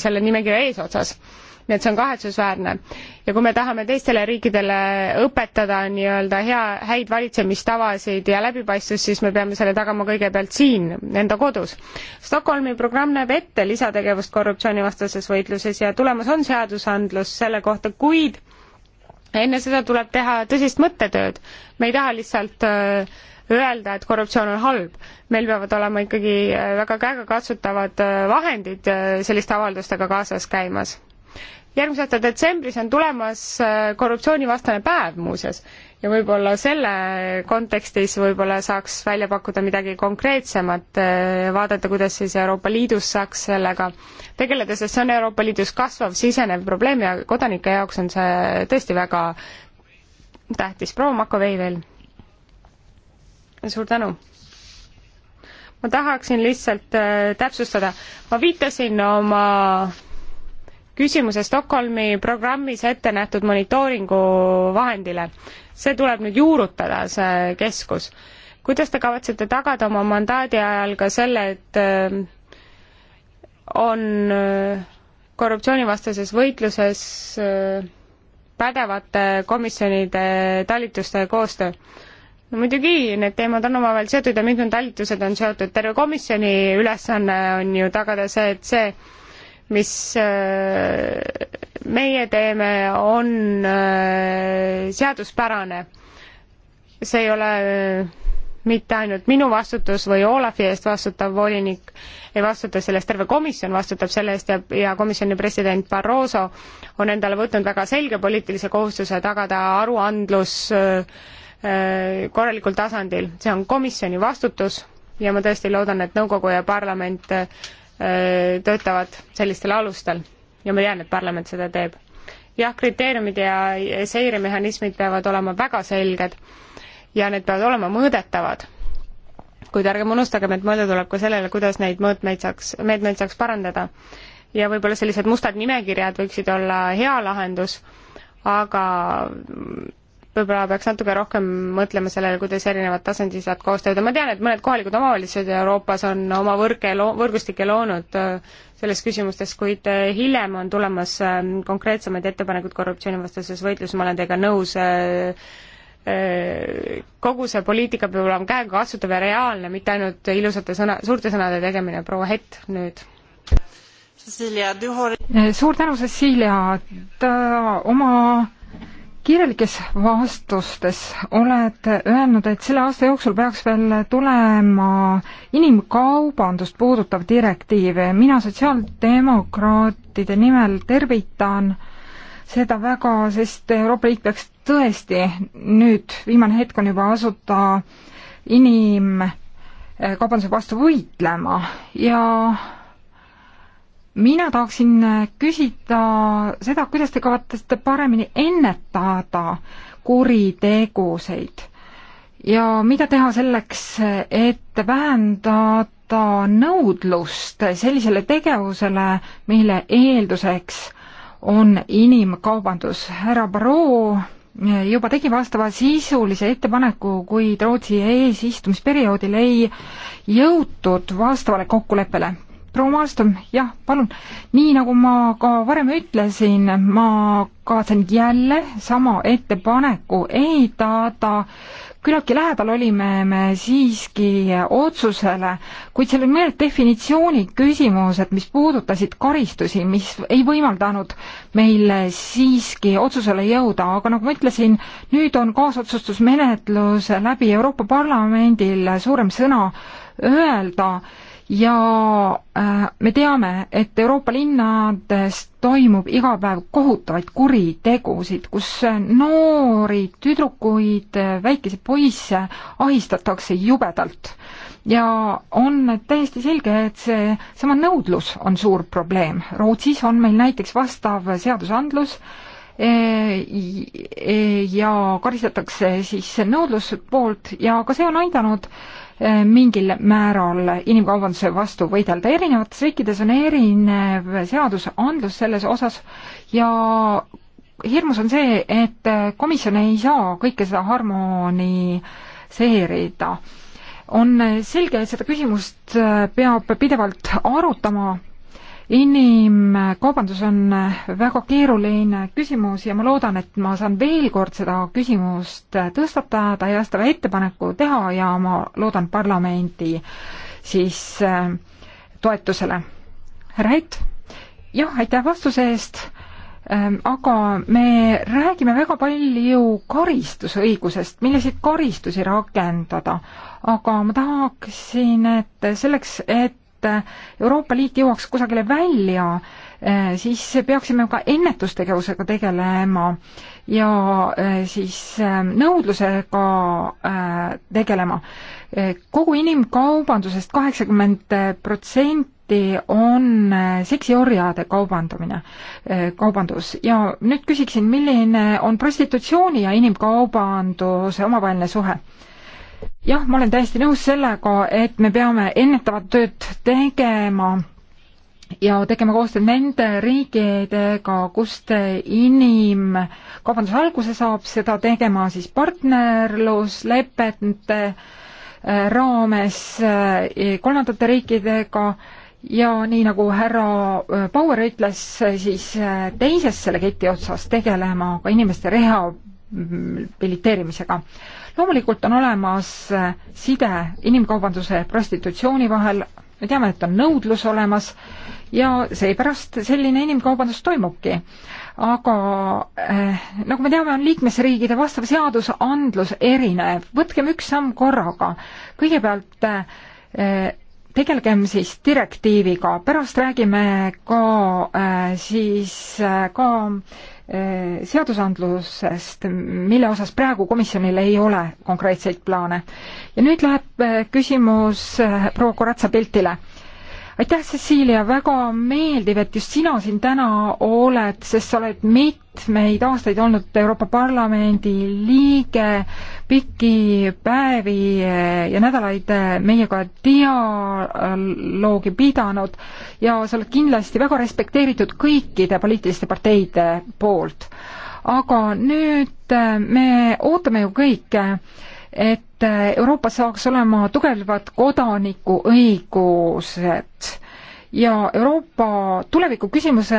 selle nimekirja eesotsas nii et see on kahetsusväärne. ja kui me tahame teistele riikidele õpetada nii-öelda hea, häid valitsemistavasid ja läbipaistvust, siis me peame selle tagama kõigepealt siin, enda kodus. Stockholmi programm näeb ette lisategevust korruptsioonivastases võitluses ja tulemas on seadusandlus selle kohta, kuid enne seda tuleb teha tõsist mõttetööd. me ei taha lihtsalt äh, öelda, et korruptsioon on halb. meil peavad olema ikkagi äh, väga käegakatsutavad äh, vahendid selliste avaldustega kaasas käimas järgmise aasta detsembris on tulemas äh, korruptsioonivastane päev muuseas ja võib-olla selle kontekstis võib-olla saaks välja pakkuda midagi konkreetsemat, äh, vaadata, kuidas siis Euroopa Liidus saaks sellega tegeleda, sest see on Euroopa Liidus kasvav sisenev probleem ja kodanike jaoks on see tõesti väga tähtis. proua Makovei veel. suur tänu ma tahaksin lihtsalt äh, täpsustada, ma viitasin oma küsimuse Stockholmi programmis ette nähtud monitooringu vahendile. see tuleb nüüd juurutada, see keskus. kuidas te kavatsete tagada oma mandaadi ajal ka selle, et äh, on äh, korruptsioonivastases võitluses äh, pädevate komisjonide talituste koostöö? no muidugi, need teemad on omavahel seotud ja mitmed talitused on seotud, terve komisjoni ülesanne on ju tagada see, et see mis äh, meie teeme, on äh, seaduspärane. see ei ole äh, mitte ainult minu vastutus või Olafi eest vastutav volinik ei vastuta selle eest, terve komisjon vastutab selle eest ja, ja komisjoni president Barroso on endale võtnud väga selge poliitilise kohustuse tagada aruandlus korralikul tasandil, see on komisjoni vastutus ja ma tõesti loodan, et nõukogu ja parlament Äh, töötavad sellistel alustel ja ma tean, et parlament seda teeb. jah, kriteeriumid ja seiremehhanismid peavad olema väga selged ja need peavad olema mõõdetavad, kuid ärgem unustagem, et mõelda tuleb ka sellele, kuidas neid mõõtmeid saaks, meetmeid saaks parandada. ja võib-olla sellised mustad nimekirjad võiksid olla hea lahendus, aga võib-olla peaks natuke rohkem mõtlema sellele, kuidas erinevad tasandid saab koos töötada, ma tean, et mõned kohalikud omavalitsused Euroopas on oma võrge loo-, võrgustikke loonud äh, selles küsimustes, kuid äh, hiljem on tulemas ähm, konkreetsemaid ettepanekuid korruptsioonivastases võitluses, ma olen teiega nõus, äh, kogu see poliitika peab olema käegakatsutav ja reaalne, mitte ainult ilusate sõna, suurte sõnade tegemine, proua Hett nüüd. suur tänu, Cecilia, ta oma kirjalikes vastustes oled öelnud, et selle aasta jooksul peaks veel tulema inimkaubandust puudutav direktiiv. mina sotsiaaldemokraatide nimel tervitan seda väga, sest Euroopa Liit peaks tõesti nüüd, viimane hetk on juba asuda inimkaubanduse vastu võitlema ja mina tahaksin äh, küsida seda, kuidas te kavatsete paremini ennetada kuritegusid ja mida teha selleks, et vähendada nõudlust sellisele tegevusele, mille eelduseks on inimkaubandus. härra Barrot äh, juba tegi vastava sisulise ettepaneku, kuid Rootsi eesistumisperioodil ei jõutud vastavale kokkuleppele proua Maastam, jah, palun. nii nagu ma ka varem ütlesin, ma kavatsen jälle sama ettepaneku eitada. küllaltki lähedal olime me siiski otsusele, kuid seal on mõned definitsiooni küsimused, mis puudutasid karistusi, mis ei võimaldanud meil siiski otsusele jõuda, aga nagu ma ütlesin, nüüd on kaasotsustusmenetlus läbi Euroopa Parlamendil suurem sõna öelda ja äh, me teame, et Euroopa linnades toimub iga päev kohutavaid kuritegusid, kus noori tüdrukuid, väikesi poisse ahistatakse jubedalt. ja on täiesti selge, et seesama nõudlus on suur probleem. Rootsis on meil näiteks vastav seadusandlus, e, e, ja karistatakse siis nõudluspoolt ja ka see on aidanud mingil määral inimkaubanduse vastu võidelda. erinevates riikides on erinev seadusandlus selles osas ja hirmus on see, et komisjon ei saa kõike seda harmoniseerida. on selge, et seda küsimust peab pidevalt arutama inimkaubandus on väga keeruline küsimus ja ma loodan, et ma saan veel kord seda küsimust tõstatada ja vastava ettepaneku teha ja ma loodan parlamendi siis äh, toetusele. härra Heit? jah, aitäh vastuse eest ähm, aga me räägime väga palju karistusõigusest, milliseid karistusi rakendada, aga ma tahaksin, et selleks, et et äh, Euroopa Liit jõuaks kusagile välja, äh, siis peaksime ka ennetustegevusega tegelema ja äh, siis nõudlusega tegelema. kogu inimkaubandusest kaheksakümmend protsenti on seksiorjade kaubandamine, kaubandus ja nüüd küsiksin, milline on prostitutsiooni ja inimkaubanduse omavaheline suhe? jah, ma olen täiesti nõus sellega, et me peame ennetavat tööd tegema ja tegema koostööd nende riikidega, kust inimkaubandus alguse saab, seda tegema siis partnerluslepete äh, raames äh, kolmandate riikidega ja nii, nagu härra äh, Bauer ütles, siis teises selle keti otsas tegelema ka inimeste rehabiliteerimisega loomulikult on olemas äh, side inimkaubanduse ja prostitutsiooni vahel, me teame, et on nõudlus olemas ja seepärast selline inimkaubandus toimubki. aga eh, nagu me teame, on liikmesriigide vastav seadusandlus erinev, võtkem üks samm korraga. kõigepealt eh, tegelgem siis direktiiviga, pärast räägime ka eh, siis eh, ka eh, Eh, seadusandlusest, mille osas praegu komisjonil ei ole konkreetseid plaane. ja nüüd läheb eh, küsimus eh, proua Koratsa piltile aitäh, Cecilia, väga meeldiv, et just sina siin täna oled, sest sa oled mitmeid aastaid olnud Euroopa Parlamendi liige, pikki päevi eh, ja nädalaid eh, meiega dialoogi pidanud ja sa oled kindlasti väga respekteeritud kõikide poliitiliste parteide poolt. aga nüüd eh, me ootame ju kõike et äh, Euroopas saaks olema tugevad kodanikuõigused ja Euroopa tuleviku küsimuse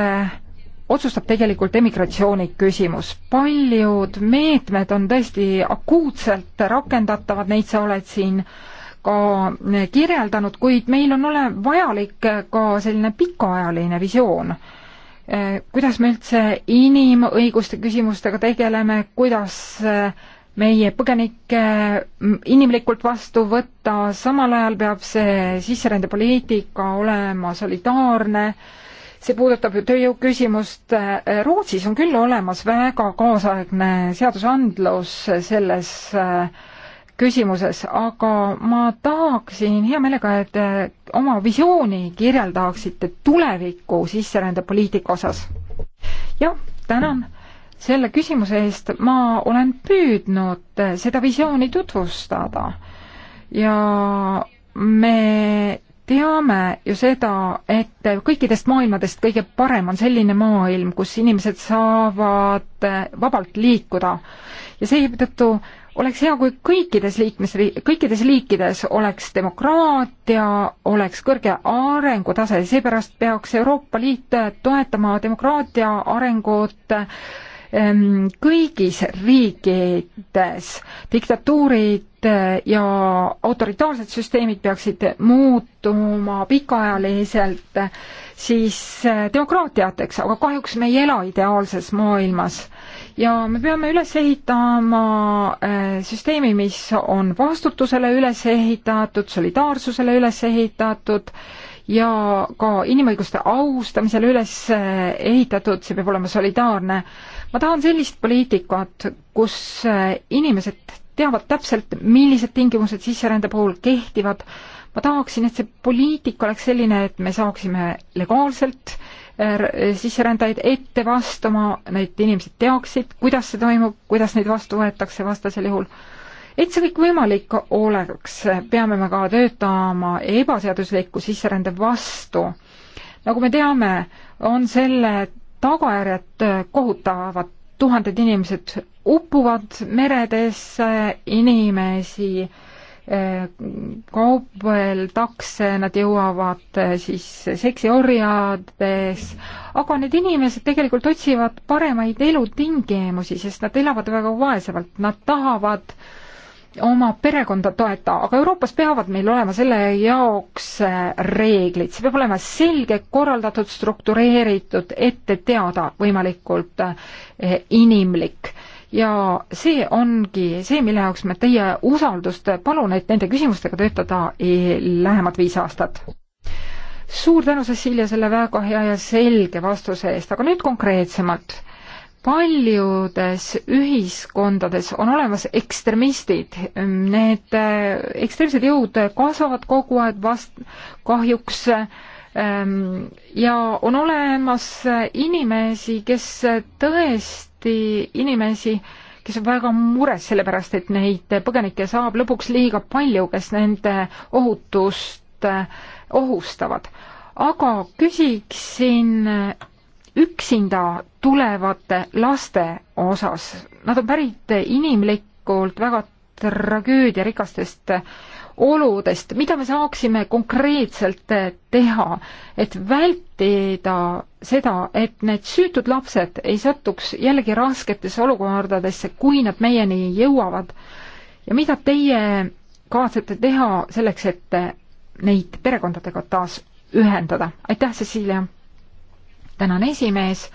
otsustab tegelikult emigratsiooni küsimus. paljud meetmed on tõesti akuutselt rakendatavad, neid sa oled siin ka kirjeldanud, kuid meil on ole-, vajalik ka selline pikaajaline visioon äh, kuidas me üldse inimõiguste küsimustega tegeleme, kuidas äh, meie põgenikke mm, inimlikult vastu võtta, samal ajal peab see sisserändepoliitika olema solidaarne, see puudutab ju tööjõu küsimust, Rootsis on küll olemas väga kaasaegne seadusandlus selles äh, küsimuses, aga ma tahaksin hea meelega, et äh, oma visiooni kirjeldaksite tuleviku sisserändepoliitika osas. jah, tänan mm selle küsimuse eest, ma olen püüdnud seda visiooni tutvustada ja me teame ju seda, et kõikidest maailmadest kõige parem on selline maailm, kus inimesed saavad vabalt liikuda ja seetõttu oleks hea, kui kõikides liikmesriik, kõikides liikides oleks demokraatia, oleks kõrge arengutase, seepärast peaks Euroopa Liit toetama demokraatia arengut Ehm, kõigis riikides. diktatuurid eh, ja autoritaarsed süsteemid peaksid muutuma pikaajaliselt eh, siis eh, demokraatiateks, aga kahjuks me ei ela ideaalses maailmas. ja me peame üles ehitama süsteemi, mis on vastutusele üles ehitatud, solidaarsusele üles ehitatud, ja ka inimõiguste austamisele üles ehitatud, see peab olema solidaarne äh, ma tahan sellist poliitikat, kus äh, inimesed teavad täpselt, millised tingimused sisserände puhul kehtivad, ma tahaksin, et see poliitika oleks selline, et me saaksime legaalselt äh, sisserändajaid ette vastama, need inimesed teaksid, kuidas see toimub, kuidas neid vastu võetakse vastasel juhul. et see kõik võimalik oleks, peame me ka töötama ebaseadusliku sisserände vastu. nagu me teame, on selle tagajärjed kohutavad, tuhanded inimesed upuvad meredesse, inimesi eh, kaubeldakse, nad jõuavad eh, siis seksiorjades, aga need inimesed tegelikult otsivad paremaid elutingimusi, sest nad elavad väga vaesevalt, nad tahavad äh, oma perekonda toeta, aga Euroopas peavad meil olema selle jaoks äh, reeglid, see peab olema selge, korraldatud, struktureeritud, ette teada, võimalikult äh, inimlik. ja see ongi see, mille jaoks ma teie usaldust palun, et nende küsimustega töötada e, lähemad viis aastat suur tänu, Cecilia, selle väga hea ja selge vastuse eest, aga nüüd konkreetsemalt paljudes ühiskondades on olemas ekstremistid, need äh, ekstreemsed jõud kasvavad kogu aeg vast-, kahjuks ähm, ja on olemas inimesi, kes tõesti, inimesi, kes on väga mures selle pärast, et neid põgenikke saab lõpuks liiga palju, kes nende ohutust äh, ohustavad. aga küsiksin üksinda tulevate laste osas. Nad on pärit inimlikult väga tragöödiarikastest oludest, mida me saaksime konkreetselt teha, et vältida seda, et need süütud lapsed ei satuks jällegi rasketesse olukordadesse, kui nad meieni jõuavad. ja mida teie kavatsete teha selleks, et neid perekondadega taas ühendada? aitäh, Cecilia! tänan, esimees!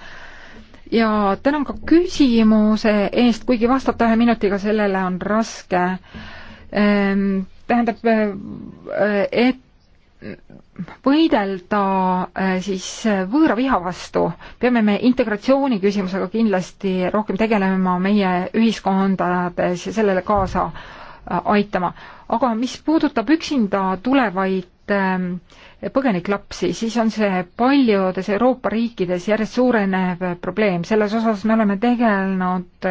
ja tänan ka küsimuse eest, kuigi vastata ühe minutiga sellele on raske ehm,. tähendab, eh, et võidelda eh, siis võõra viha vastu, peame me integratsiooni küsimusega kindlasti rohkem tegelema meie ühiskondades ja sellele kaasa eh, aitama. aga mis puudutab üksinda tulevaid äh, põgeniklapsi, siis on see paljudes Euroopa riikides järjest suurenev probleem. selles osas me oleme tegelenud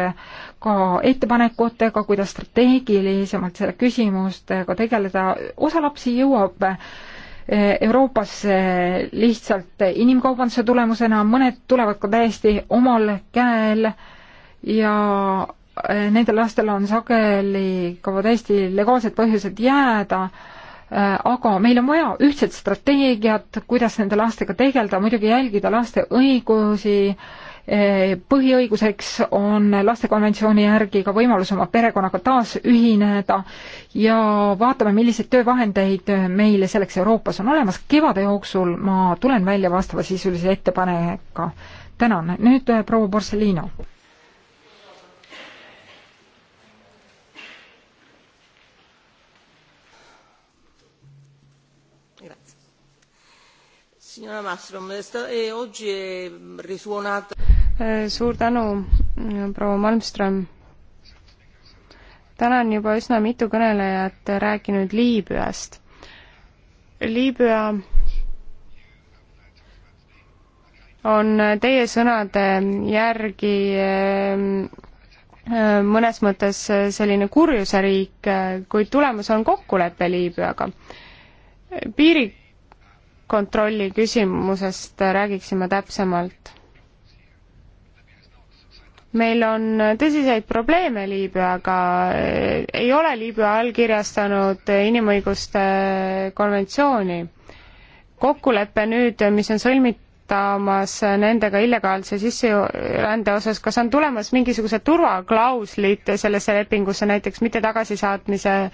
ka ettepanekutega, kuidas strateegilisemalt selle küsimustega tegeleda. osa lapsi jõuab eh, Euroopasse lihtsalt inimkaubanduse tulemusena, mõned tulevad ka täiesti omal käel ja eh, nendel lastel on sageli ka täiesti legaalsed põhjused jääda Äh, aga meil on vaja ühtset strateegiat, kuidas nende lastega tegeleda, muidugi jälgida laste õigusi, äh, põhiõiguseks on lastekonventsiooni järgi ka võimalus oma perekonnaga taas ühineda ja vaatame, milliseid töövahendeid meil selleks Euroopas on olemas. kevade jooksul ma tulen välja vastavasisulise ettepanekuga. tänan, nüüd äh, proua Borsellino signora Malmström, e oggi è risuonato. Eh, suur tänu, proua Malmström. täna on juba üsna mitu kõnelejat rääkinud Liibüast. Liibüa on teie sõnade järgi ehm, ehm, mõnes mõttes selline kurjuse riik, kuid tulemus on kokkulepe Liibüaga. piiri kontrolli küsimusest räägiksime täpsemalt. meil on tõsiseid probleeme Liibüaga, eh, ei ole Liibüa allkirjastanud inimõiguste konventsiooni. kokkulepe nüüd, mis on sõlmitamas nendega illegaalse sisserände osas, kas on tulemas mingisugused turvaklauslid sellesse lepingusse, näiteks mitte tagasisaatmise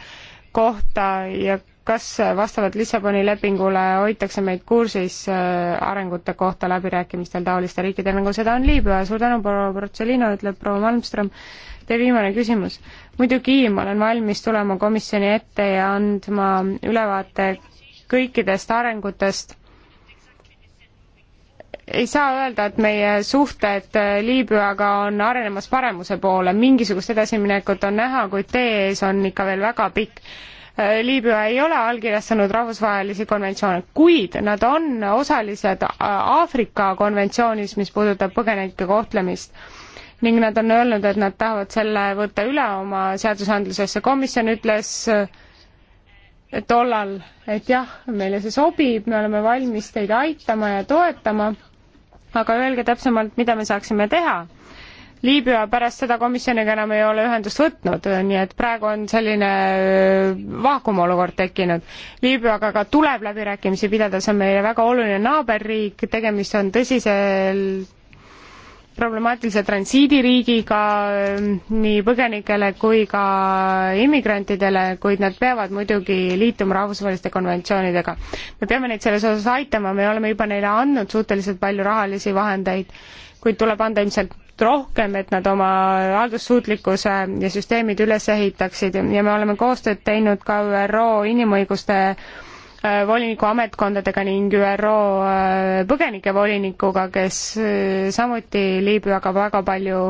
kohta ja kas vastavalt Lissaboni lepingule hoitakse meid kursis äh, arengute kohta läbirääkimistel taoliste riikide nagu seda on Liibüa, suur tänu, proua Brotselino, ütleb proua Malmström. Teie viimane küsimus. muidugi, ma olen valmis tulema komisjoni ette ja andma ülevaate kõikidest arengutest. ei saa öelda, et meie suhted Liibüaga on arenemas paremuse poole, mingisugust edasiminekut on näha, kuid tee ees on ikka veel väga pikk Liibüa ei ole allkirjastanud rahvusvahelisi konventsioone, kuid nad on osalised Aafrika konventsioonis, mis puudutab põgenike kohtlemist ning nad on öelnud, et nad tahavad selle võtta üle oma seadusandlusesse. komisjon ütles äh, tollal, et jah, meile see sobib, me oleme valmis teid aitama ja toetama, aga öelge täpsemalt, mida me saaksime teha Liibüa pärast seda komisjoniga enam ei ole ühendust võtnud, nii et praegu on selline äh, vaakumolukord tekkinud. Liibüaga ka tuleb läbirääkimisi pidada, see on meie väga oluline naaberriik, tegemist on tõsisel problemaatilise transiidiriigiga äh, nii põgenikele kui ka immigrantidele, kuid nad peavad muidugi liituma rahvusvaheliste konventsioonidega. me peame neid selles osas aitama, me oleme juba neile andnud suhteliselt palju rahalisi vahendeid, kuid tuleb anda ilmselt rohkem, et nad oma haldussuutlikkuse ja süsteemid üles ehitaksid ja me oleme koostööd teinud ka ÜRO inimõiguste äh, voliniku ametkondadega ning ÜRO äh, põgenikevolinikuga, kes äh, samuti Liibüaga väga palju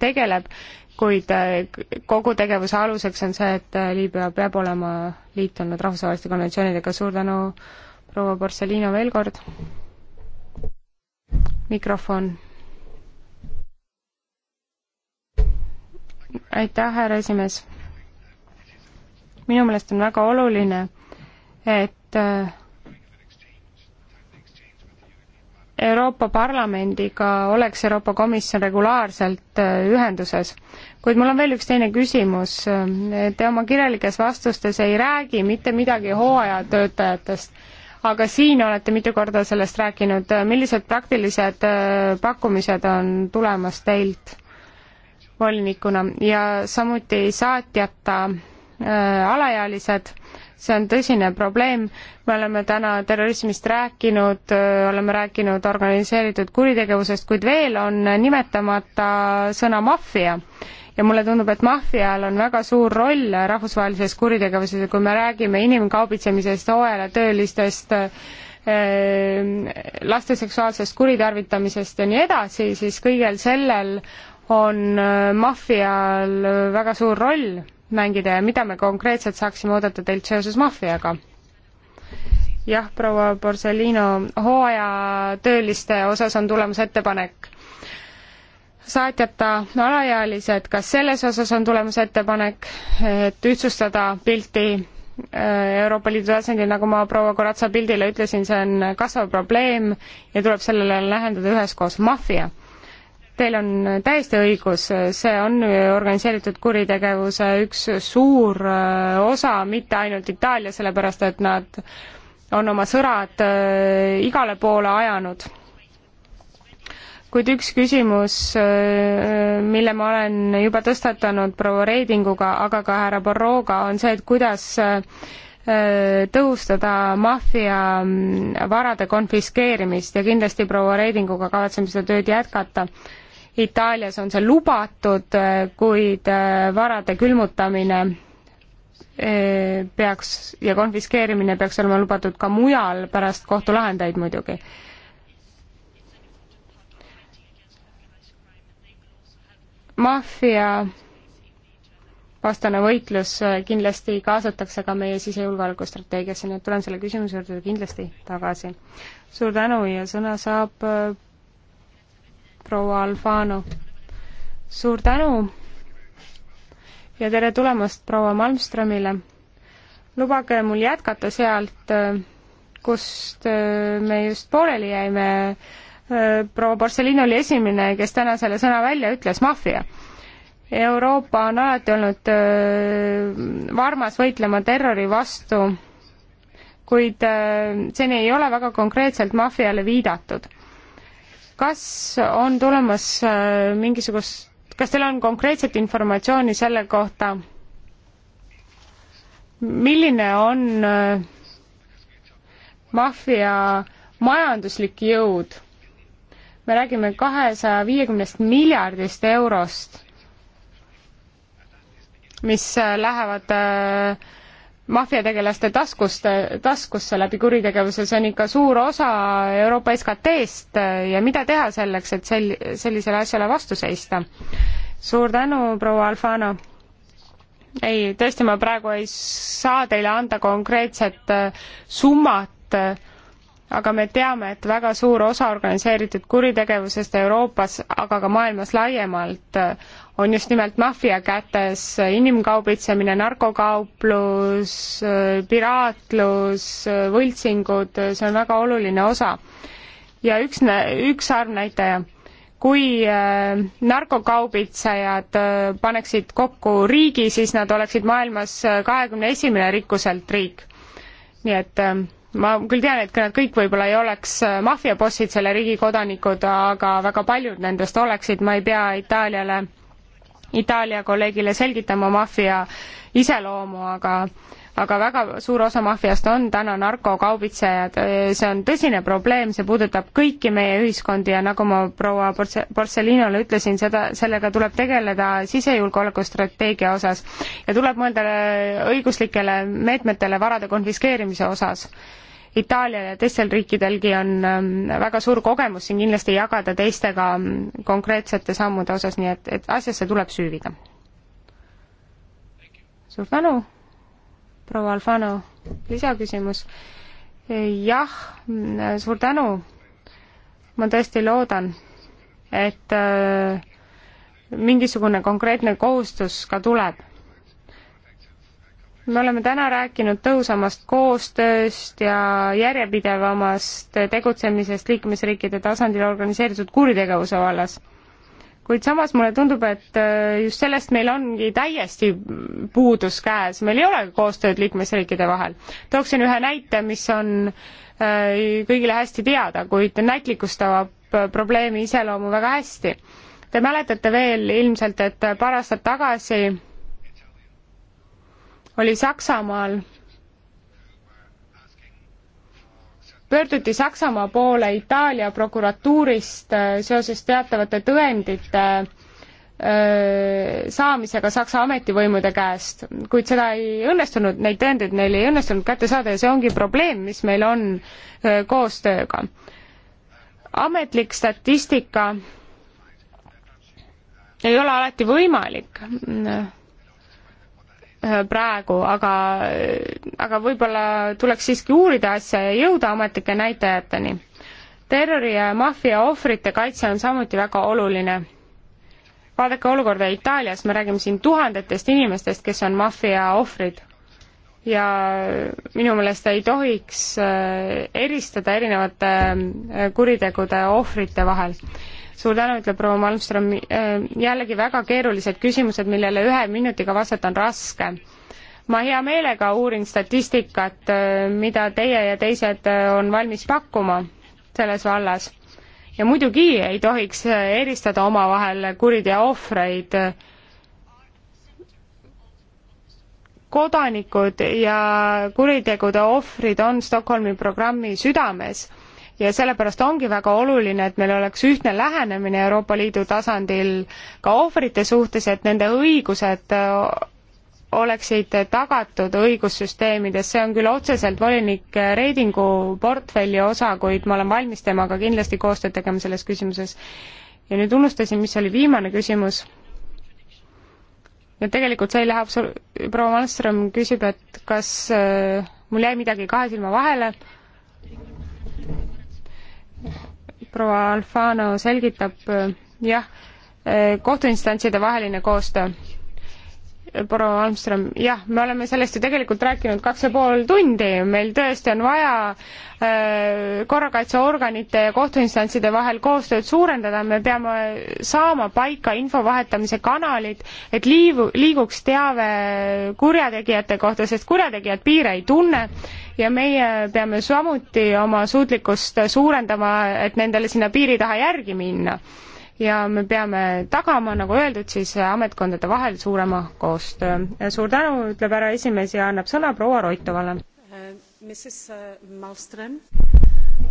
tegeleb, kuid kogu tegevuse aluseks on see, et Liibüa peab olema liitunud rahvusvaheliste konventsioonidega. suur tänu, proua Borsellino, veel kord. mikrofon aitäh, härra esimees. minu meelest on väga oluline, et äh, Euroopa Parlamendiga oleks Euroopa Komisjon regulaarselt äh, ühenduses. kuid mul on veel üks teine küsimus. Äh, te oma kirjalikes vastustes ei räägi mitte midagi hooajatöötajatest, aga siin olete mitu korda sellest rääkinud. millised praktilised pakkumised on tulemas teilt? volinikuna ja samuti saatjata äh, alaealised, see on tõsine probleem, me oleme täna terrorismist rääkinud, äh, oleme rääkinud organiseeritud kuritegevusest, kuid veel on nimetamata sõna maffia. ja mulle tundub, et maffial on väga suur roll rahvusvahelises kuritegevuses ja kui me räägime inimkaubitsemisest, hooajalatöölistest, äh, laste seksuaalsest kuritarvitamisest ja nii edasi, siis kõigel sellel on äh, maffial äh, väga suur roll mängida ja mida me konkreetselt saaksime oodata teilt seoses maffiaga? jah, proua Borsellino, hooajatööliste osas on tulemas ettepanek saatjata alaealised, kas selles osas on tulemas ettepanek, et ühtsustada pilti äh, Euroopa Liidu tasandil, nagu ma proua Koratsa pildile ütlesin, see on kasvav probleem ja tuleb sellele lähendada üheskoos maffia Teil on täiesti õigus, see on organiseeritud kuritegevuse üks suur äh, osa, mitte ainult Itaalia, sellepärast et nad on oma sõrad äh, igale poole ajanud. kuid üks küsimus, äh, mille ma olen juba tõstatanud proua Reidinguga, aga ka härra Borroga, on see, et kuidas tõhustada maffia mm, varade konfiskeerimist ja kindlasti proua Reidinguga kavatseme seda tööd jätkata Itaalias on see lubatud, äh, kuid äh, varade külmutamine äh, peaks ja konfiskeerimine peaks olema lubatud ka mujal pärast kohtulahendeid muidugi. maffia vastane võitlus kindlasti kaasatakse ka meie sisejulgeolekustrateegiasse, nii et tulen selle küsimuse juurde kindlasti tagasi. suur tänu ja sõna saab proua Alfano. suur tänu ja tere tulemast proua Malmströmile. lubage mul jätkata sealt, äh, kust äh, me just pooleli jäime. Äh, proua Porcelin oli esimene, kes täna selle sõna välja ütles, maffia Euroopa on alati olnud varmas võitlema terrori vastu, kuid seni ei ole väga konkreetselt maffiale viidatud kas on tulemas äh, mingisugust, kas teil on konkreetset informatsiooni selle kohta, milline on äh, maffia majanduslik jõud? me räägime kahesaja viiekümnest miljardist eurost, mis äh, lähevad äh, maffiategelaste taskust, taskusse läbi kuritegevuse, see on ikka suur osa Euroopa SKT-st ja mida teha selleks, et sel-, sellisele asjale vastu seista? suur tänu, proua Alfano! ei, tõesti, ma praegu ei saa teile anda konkreetset äh, summat, äh, aga me teame, et väga suur osa organiseeritud kuritegevusest Euroopas, aga ka maailmas laiemalt on just nimelt maffia kätes, inimkaubitsemine, narkokauplus, piraatlus, võltsingud, see on väga oluline osa. ja üks, üks arvnäitaja, kui äh, narkokaubitsejad äh, paneksid kokku riigi, siis nad oleksid maailmas äh, kahekümne esimene rikkuselt riik. nii et ma küll tean, et ka nad kõik võib-olla ei oleks äh, maffiabossid selle riigi kodanikud, aga väga paljud nendest oleksid, ma ei pea Itaaliale, Itaalia kolleegile selgitama maffia iseloomu, aga äh, aga väga suur osa maffiast on täna narkokaubitsejad, see on tõsine probleem, see puudutab kõiki meie ühiskondi ja nagu ma proua Porce-, Porcelinole ütlesin, seda, sellega tuleb tegeleda sisejulgeolekustrateegia osas ja tuleb mõelda äh, õiguslikele meetmetele varade konfiskeerimise osas. Itaalial ja teistel riikidelgi on ähm, väga suur kogemus siin kindlasti jagada teistega ähm, konkreetsete sammude osas, nii et, et asjasse tuleb süüvida. suur tänu! proua Alfano, lisaküsimus. jah, suur tänu. ma tõesti loodan, et äh, mingisugune konkreetne kohustus ka tuleb me oleme täna rääkinud tõhusamast koostööst ja järjepidevamast tegutsemisest liikmesriikide tasandil organiseeritud kuritegevuse vallas kuid samas mulle tundub, et äh, just sellest meil ongi täiesti puudus käes, meil ei ole koostööd liikmesriikide vahel. tooksin ühe näite, mis on äh, kõigile hästi teada, kuid näitlikustab äh, probleemi iseloomu väga hästi. Te mäletate veel ilmselt, et paar aastat tagasi oli Saksamaal pöörduti Saksamaa poole Itaalia prokuratuurist äh, seoses teatavate tõendite äh, saamisega Saksa ametivõimude käest, kuid seda ei õnnestunud, neid tõendeid neil ei õnnestunud kätte saada ja see ongi probleem, mis meil on äh, koostööga. ametlik statistika ei ole alati võimalik Äh, praegu, aga, aga võib-olla tuleks siiski uurida asja ja jõuda ametlike näitajateni. terrori ja maffia ohvrite kaitse on samuti väga oluline. vaadake olukorda Itaalias, me räägime siin tuhandetest inimestest, kes on maffia ohvrid. ja minu meelest ei tohiks äh, eristada erinevate äh, kuritegude ohvrite vahel suur tänu, ütleb proua Malmström, äh, jällegi väga keerulised küsimused, millele ühe minutiga vastata on raske. ma hea meelega uurin statistikat, äh, mida teie ja teised äh, on valmis pakkuma selles vallas. ja muidugi ei tohiks eristada omavahel kuriteo ohvreid kodanikud ja kuritegude ohvrid on Stockholmi programmi südames ja sellepärast ongi väga oluline, et meil oleks ühtne lähenemine Euroopa Liidu tasandil ka ohvrite suhtes, et nende õigused äh, oleksid tagatud õigussüsteemides, see on küll otseselt volinik Reidingu portfelli osa, kuid ma olen valmis temaga kindlasti koostööd tegema selles küsimuses. ja nüüd unustasin, mis oli viimane küsimus. ja tegelikult see läheb sul, proua Malmström küsib, et kas äh, mul jäi midagi kahe silma vahele proua Alfano selgitab, jah, eh, kohtuinstantside vaheline koostöö proua Malmström, jah, me oleme sellest ju tegelikult rääkinud kaks ja pool tundi, meil tõesti on vaja äh, korrakaitseorganite ja kohtuinstantside vahel koostööd suurendada, me peame saama paika info vahetamise kanalid, et liivu, liiguks teave kurjategijate kohta, sest kurjategijad piire ei tunne ja meie peame samuti oma suutlikkust suurendama, et nendele sinna piiri taha järgi minna ja me peame tagama, nagu öeldud, siis ametkondade vahel suurema koostöö. suur tänu, ütleb härra esimees ja annab sõna proua Roitovale. Äh, äh,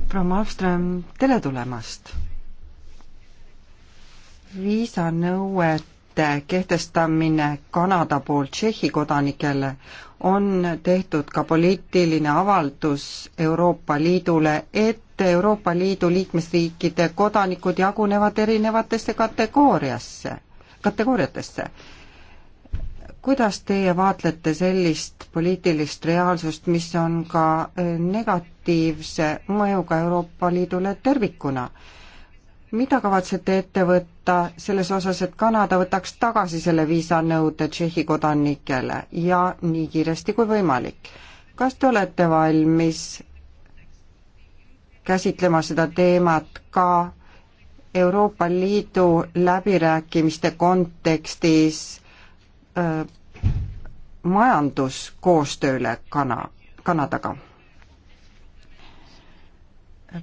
proua Malmström, tere tulemast! viisanõuete kehtestamine Kanada poolt Tšehhi kodanikele on tehtud ka poliitiline avaldus Euroopa Liidule, et et Euroopa Liidu liikmesriikide kodanikud jagunevad erinevatesse kategooriasse, kategooriatesse. kuidas teie vaatlete sellist poliitilist reaalsust, mis on ka eh, negatiivse mõjuga Euroopa Liidule tervikuna? mida kavatsete ette võtta selles osas, et Kanada võtaks tagasi selle viisanõude Tšehhi kodanikele ja nii kiiresti kui võimalik? kas te olete valmis käsitlema seda teemat ka Euroopa Liidu läbirääkimiste kontekstis öö, majanduskoostööle kana-, Kanadaga.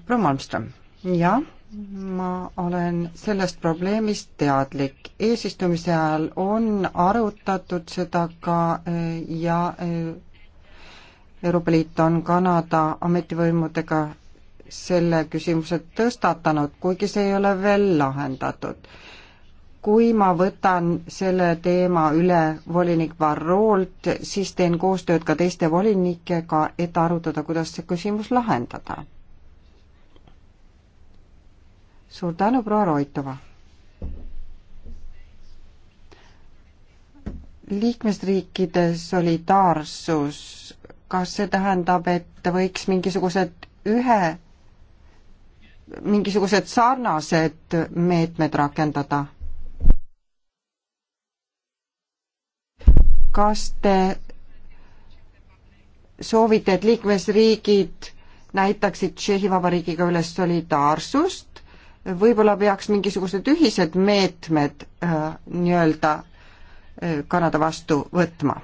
proua Malmström, jah, ma olen sellest probleemist teadlik. eesistumise ajal on arutatud seda ka ja Euroopa Liit on Kanada ametivõimudega selle küsimuse tõstatanud, kuigi see ei ole veel lahendatud. kui ma võtan selle teema üle volinik Varroolt, siis teen koostööd ka teiste volinikega, et arutada, kuidas see küsimus lahendada. suur tänu, proua Roitova! liikmesriikide solidaarsus, kas see tähendab, et võiks mingisugused ühe mingisugused sarnased meetmed rakendada? kas te soovite, et liikmesriigid näitaksid Tšehhi Vabariigiga üles solidaarsust, võib-olla peaks mingisugused ühised meetmed äh, nii-öelda äh, Kanada vastu võtma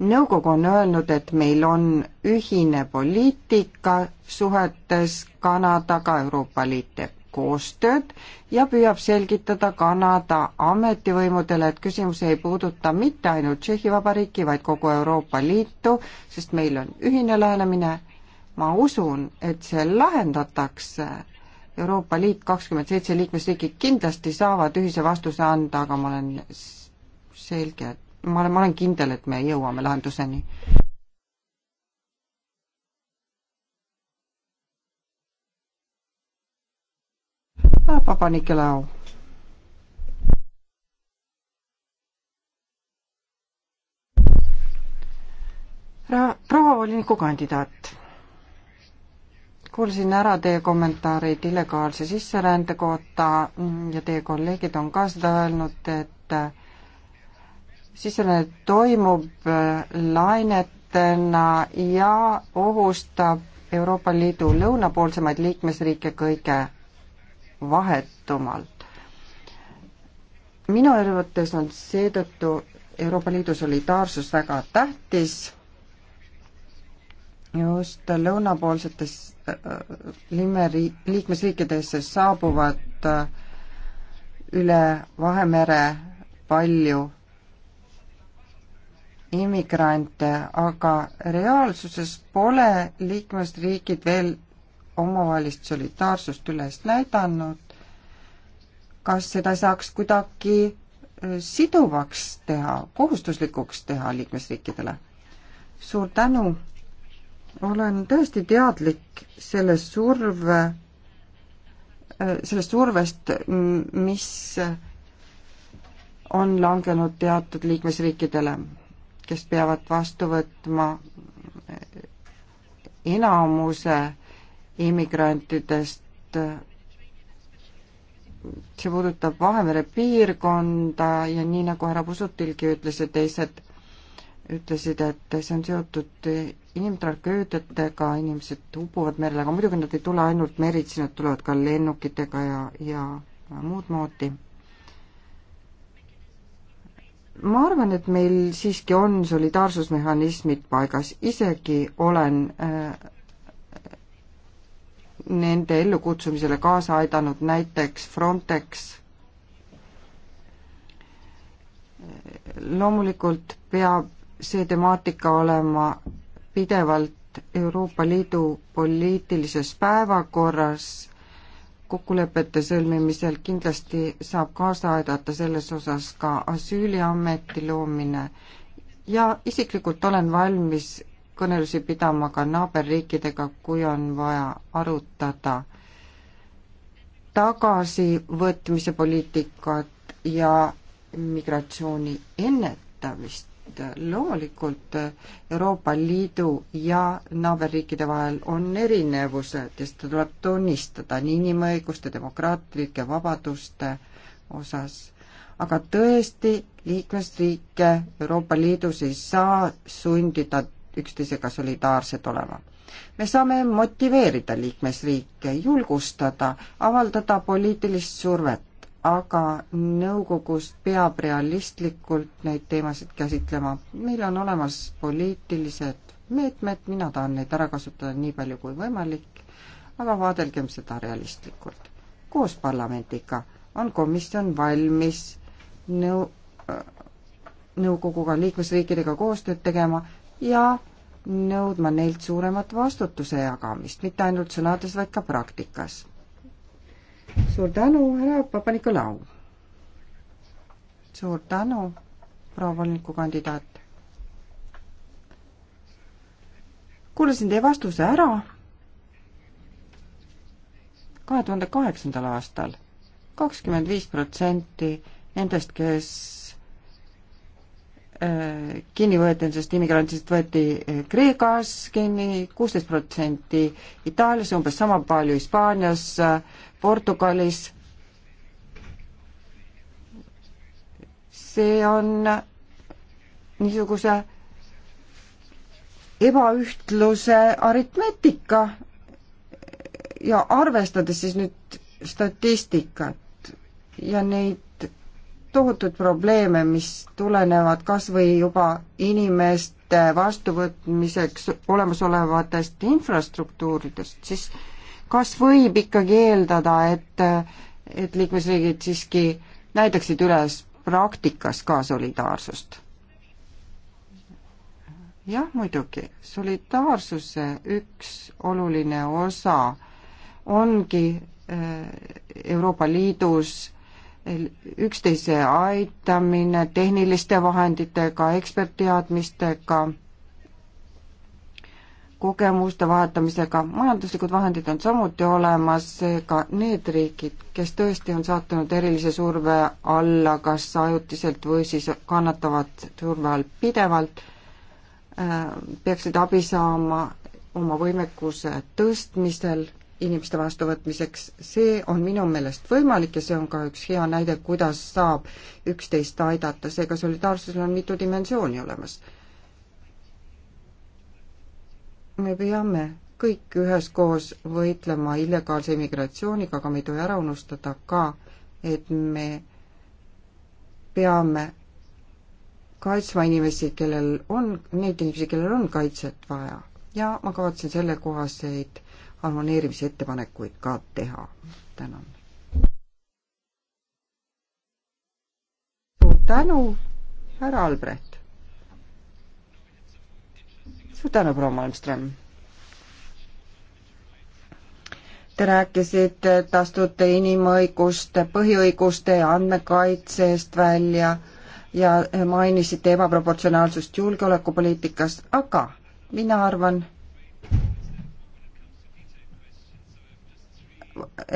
nõukogu on öelnud, et meil on ühine poliitika suhetes Kanadaga, Euroopa Liit teeb koostööd ja püüab selgitada Kanada ametivõimudele, et küsimus ei puuduta mitte ainult Tšehhi Vabariiki, vaid kogu Euroopa Liitu, sest meil on ühine lähenemine. ma usun, et see lahendatakse. Euroopa Liit, kakskümmend seitse liikmesriiki kindlasti saavad ühise vastuse anda, aga ma olen selge, et ma olen, ma olen kindel, et me jõuame lahenduseni. Papa Nicolau. proua volinikukandidaat, kuulsin ära teie kommentaarid illegaalse sisserände kohta ja teie kolleegid on ka seda öelnud, et sisenemine toimub äh, lainetena ja ohustab Euroopa Liidu lõunapoolsemaid liikmesriike kõige vahetumalt. minu arvates on seetõttu Euroopa Liidu solidaarsus väga tähtis just lõunapoolsetes äh, limeri-, liikmesriikidesse saabuvad äh, üle Vahemere palju immigrante, aga reaalsuses pole liikmesriigid veel omavahelist solidaarsust üles näidanud. kas seda saaks kuidagi äh, siduvaks teha, kohustuslikuks teha liikmesriikidele? suur tänu, olen tõesti teadlik sellest surve, äh, sellest survest, mis on langenud teatud liikmesriikidele kes peavad vastu võtma enamuse immigrantidest. see puudutab Vahemere piirkonda ja nii nagu härra Pusutilgi ütles ja teised ütlesid, et see on seotud inimtragöödiatega, inimesed upuvad merele, aga muidugi nad ei tule ainult meritsi, nad tulevad ka lennukitega ja, ja muud moodi ma arvan, et meil siiski on solidaarsusmehhanismid paigas, isegi olen äh, nende ellukutsumisele kaasa aidanud näiteks Frontex. loomulikult peab see temaatika olema pidevalt Euroopa Liidu poliitilises päevakorras kokkulepete sõlmimisel kindlasti saab kaasa aidata selles osas ka asüüliameti loomine ja isiklikult olen valmis kõnelusi pidama ka naaberriikidega, kui on vaja arutada tagasivõtmise poliitikat ja migratsiooni ennetamist loomulikult Euroopa Liidu ja naaberriikide vahel on erinevused ja seda tuleb tunnistada nii inimõiguste, demokraatlike vabaduste osas. aga tõesti, liikmesriike Euroopa Liidus ei saa sundida üksteisega solidaarsed olema. me saame motiveerida liikmesriike, julgustada, avaldada poliitilist survet aga nõukogus peab realistlikult neid teemasid käsitlema. meil on olemas poliitilised meetmed, mina tahan neid ära kasutada nii palju kui võimalik, aga vaadelgem seda realistlikult. koos parlamendiga on komisjon valmis nõu-, nõukoguga, liikmesriikidega koostööd tegema ja nõudma neilt suuremat vastutuse jagamist, mitte ainult sõnades, vaid ka praktikas suur tänu, härra Papa-Nikolau. suur tänu, proua volinikukandidaat. kuulasin teie vastuse ära kahe tuhande kaheksandal aastal kakskümmend viis protsenti nendest, kes äh, kinni võeti, sest immigrantidest võeti Kreekas kinni kuusteist protsenti Itaalias, umbes sama palju Hispaanias, Portugalis. see on niisuguse ebaühtluse aritmeetika ja arvestades siis nüüd statistikat ja neid tohutuid probleeme, mis tulenevad kas või juba inimeste vastuvõtmiseks olemasolevatest infrastruktuuridest, siis kas võib ikkagi eeldada, et, et liikmesriigid siiski näitaksid üles praktikas ka solidaarsust? jah, muidugi, solidaarsuse üks oluline osa ongi äh, Euroopa Liidus üksteise aitamine tehniliste vahenditega, ekspertteadmistega kogemuste vahetamisega, majanduslikud vahendid on samuti olemas, seega need riigid, kes tõesti on sattunud erilise surve alla kas ajutiselt või siis kannatavad surve all pidevalt, äh, peaksid abi saama oma võimekuse tõstmisel inimeste vastuvõtmiseks, see on minu meelest võimalik ja see on ka üks hea näide, kuidas saab üksteist aidata, seega solidaarsusel on mitu dimensiooni olemas me peame kõik üheskoos võitlema illegaalse immigratsiooniga, aga me ei tohi ära unustada ka, et me peame kaitsma inimesi, kellel on, neid inimesi, kellel on kaitset vaja. ja ma kavatsen sellekohaseid harmoneerimise ettepanekuid ka teha. tänan. suur tänu, härra Albrecht suur tänu, proua Malmström! Te rääkisite, et astute inimõiguste, põhiõiguste ja andmekaitse eest välja ja mainisite ebaproportsionaalsust julgeolekupoliitikas, aga mina arvan,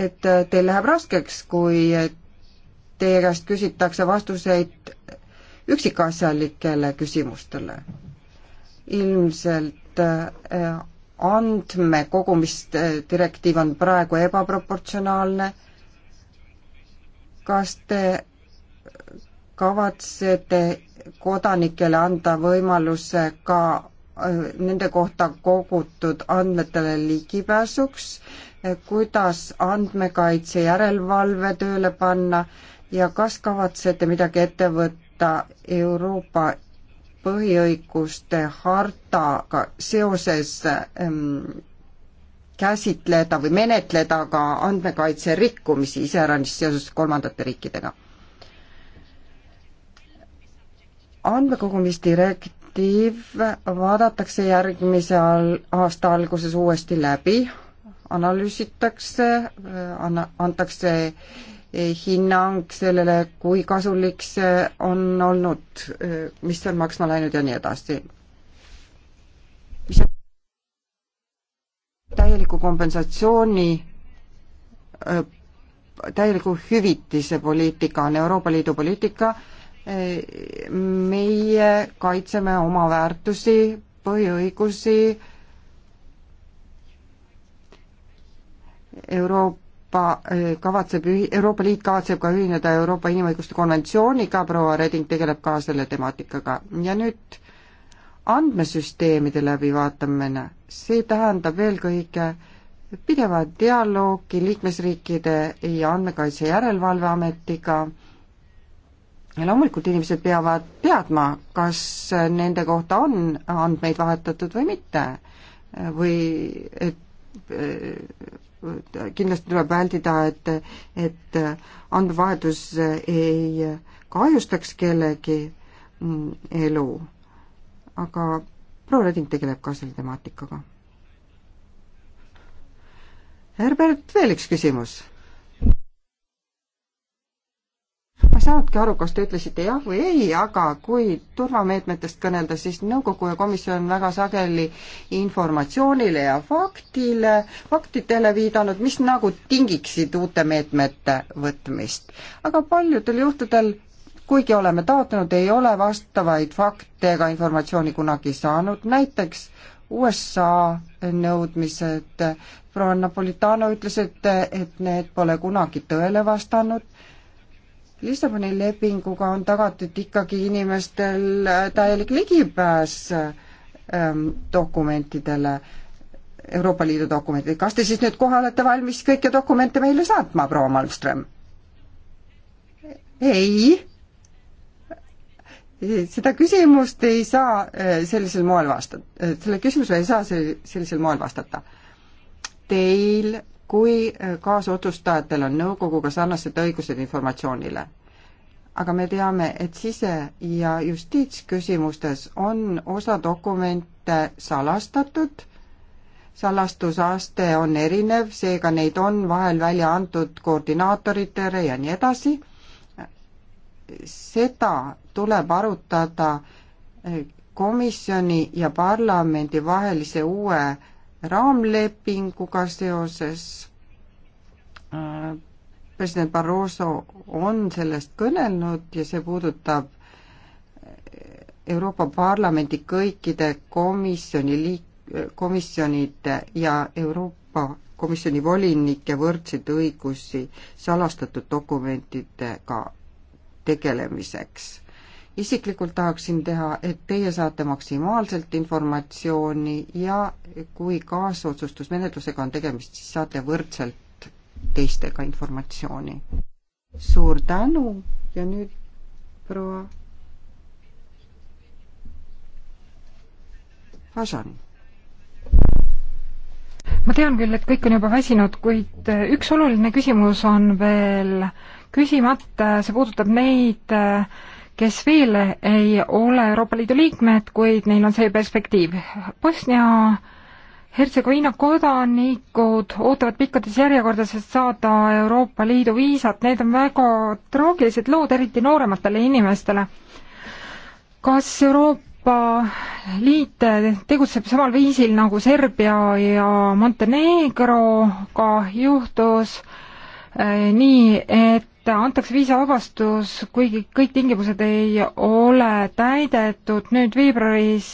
et teil läheb raskeks, kui teie käest küsitakse vastuseid üksikasjalikele küsimustele ilmselt äh, andmekogumist äh, direktiiv on praegu ebaproportsionaalne. kas te kavatsete kodanikele anda võimaluse ka äh, nende kohta kogutud andmetele ligipääsuks, kuidas andmekaitse järelevalve tööle panna ja kas kavatsete midagi ette võtta Euroopa põhiõiguste hartaga seoses ähm, käsitleda või menetleda ka andmekaitse rikkumisi iseäranis seoses kolmandate riikidega. andmekogumisdirektiiv vaadatakse järgmise aasta alguses uuesti läbi, analüüsitakse, äh, anna-, antakse Eh, hinnang sellele, kui kasulik see on olnud, eh, mis see on maksma läinud ja nii edasi. mis on täieliku kompensatsiooni, eh, täieliku hüvitise poliitika on Euroopa Liidu poliitika, meie kaitseme oma väärtusi, põhiõigusi, Euroopa Euroopa eh, kavatseb, Euroopa Liit kavatseb ka ühineda Euroopa Inimõiguste konventsiooniga, proua Reding tegeleb ka selle temaatikaga ja nüüd andmesüsteemide läbivaatamine, see tähendab eelkõige pidevat dialoogi liikmesriikide ja Andmekaitse Järelevalveametiga ja loomulikult inimesed peavad teadma, kas nende kohta on andmeid vahetatud või mitte. või et eh, kindlasti tuleb väldida, et, et andmevahetus ei kahjustaks kellegi elu. aga proua Reding tegeleb ka selle temaatikaga. Herbert, veel üks küsimus ma ei saanudki aru, kas te ütlesite jah või ei, aga kui turvameetmetest kõnelda, siis nõukogu ja komisjon väga sageli informatsioonile ja faktile, faktidele viidanud, mis nagu tingiksid uute meetmete võtmist. aga paljudel juhtudel kuigi oleme taotlenud, ei ole vastavaid fakte ega informatsiooni kunagi saanud, näiteks USA nõudmised, proua Napolitano ütles, et, et need pole kunagi tõele vastanud Lissaboni lepinguga on tagatud ikkagi inimestel täielik ligipääs ähm, dokumentidele, Euroopa Liidu dokumentidele. kas te siis nüüd kohe olete valmis kõiki dokumente meile saatma, proua Malmström? ei. seda küsimust ei saa äh, sellisel moel vastata, äh, selle küsimusele ei saa sellisel moel vastata. Teil kui äh, kaasotsustajatel on nõukoguga sarnased õigused informatsioonile. aga me teame, et sise- ja justiitsküsimustes on osa dokumente salastatud, salastusaste on erinev, seega neid on vahel välja antud koordinaatoritele ja nii edasi, seda tuleb arutada äh, komisjoni ja parlamendi vahelise uue raamlepinguga seoses. Äh, president Barroso on sellest kõnelnud ja see puudutab äh, Euroopa Parlamendi kõikide komisjoni liik-, komisjonide ja Euroopa Komisjoni volinike võrdseid õigusi salastatud dokumentidega tegelemiseks isiklikult tahaksin teha, et teie saate maksimaalselt informatsiooni ja kui kaasotsustusmenetlusega on tegemist, siis saate võrdselt teistega informatsiooni. suur tänu ja nüüd proua Hašan. ma tean küll, et kõik on juba väsinud, kuid üks oluline küsimus on veel küsimata, see puudutab neid äh, kes veel ei ole Euroopa Liidu liikmed, kuid neil on see perspektiiv. Bosnia Hertsegoviina kodanikud ootavad pikkades järjekordades saada Euroopa Liidu viisat, need on väga traagilised lood, eriti noorematele inimestele. kas Euroopa Liit tegutseb samal viisil, nagu Serbia ja Montenegroga juhtus, eh, nii et et antakse viisavabastus, kuigi kõik tingimused ei ole täidetud, nüüd veebruaris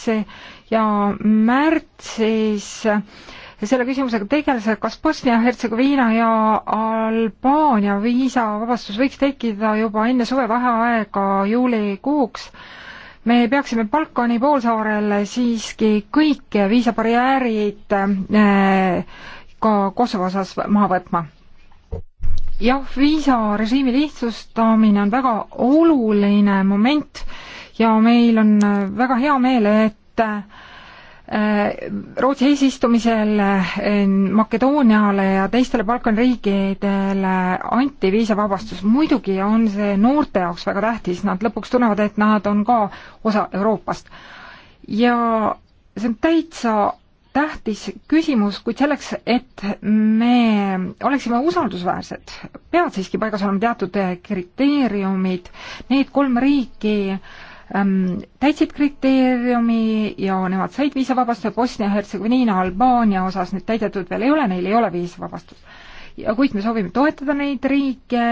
ja märtsis selle küsimusega tegeles, et kas Bosnia-Hertsegoviina ja Albaania viisavabastus võiks tekkida juba enne suvevaheaega juulikuuks me peaksime Balkani poolsaarel siiski kõik viisabarjäärid eh, ka Kosovo osas maha võtma jah, viisarežiimi lihtsustamine on väga oluline moment ja meil on äh, väga hea meel, et äh, Rootsi eesistumisel äh, Makedooniale ja teistele Balkani riikidele anti viisavabastus. muidugi on see noorte jaoks väga tähtis, nad lõpuks tunnevad, et nad on ka osa Euroopast. ja see on täitsa tähtis küsimus, kuid selleks, et me oleksime usaldusväärsed, peavad siiski paigas olema teatud kriteeriumid, need kolm riiki ähm, täitsid kriteeriumi ja nemad said viisavabastuse, Bosnia-Hertsegoviina, Albaania osas nüüd täidetud veel ei ole, neil ei ole viisavabastust. ja kuid me soovime toetada neid riike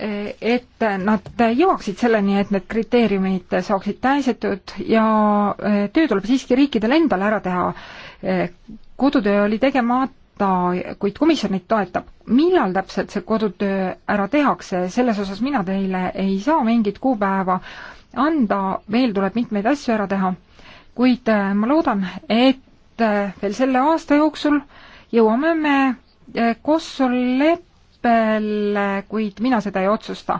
et nad jõuaksid selleni, et need kriteeriumid saaksid täisetud ja e, töö tuleb siiski riikidel endal ära teha. E, kodutöö oli tegemata, kuid komisjon neid toetab. millal täpselt see kodutöö ära tehakse, selles osas mina teile ei saa mingit kuupäeva anda, veel tuleb mitmeid asju ära teha, kuid e, ma loodan, et veel selle aasta jooksul jõuame me Kosoleppe Kosovel, kuid mina seda ei otsusta.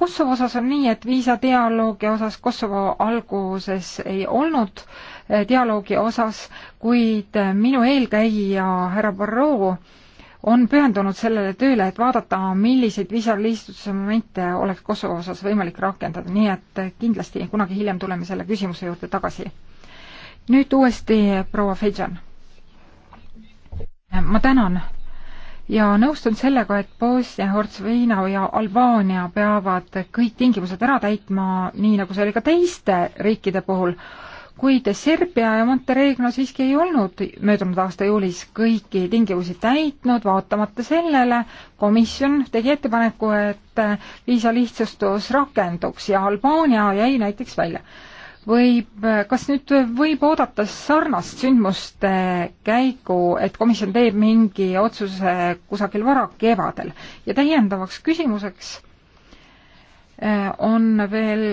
Kosovo osas on nii, et viisadialoogi osas Kosovo alguses ei olnud eh, dialoogi osas, kuid eh, minu eelkäija härra Barrot on pühendunud sellele tööle, et vaadata, milliseid viisaliistutuse momente oleks Kosovo osas võimalik rakendada, nii et eh, kindlasti kunagi hiljem tuleme selle küsimuse juurde tagasi. nüüd uuesti proua Feidžan. ma tänan ja nõustun sellega, et Bosnia-Hertsegoviina ja Albaania peavad kõik tingimused ära täitma, nii nagu see oli ka teiste riikide puhul, kuid Serbia ja Montenegro siiski ei olnud möödunud aasta juulis kõiki tingimusi täitnud, vaatamata sellele komisjon tegi ettepaneku, et viisalihtsustus rakenduks ja Albaania jäi näiteks välja võib, kas nüüd võib oodata sarnast sündmuste käigu, et komisjon teeb mingi otsuse kusagil varakevadel? ja täiendavaks küsimuseks äh, on veel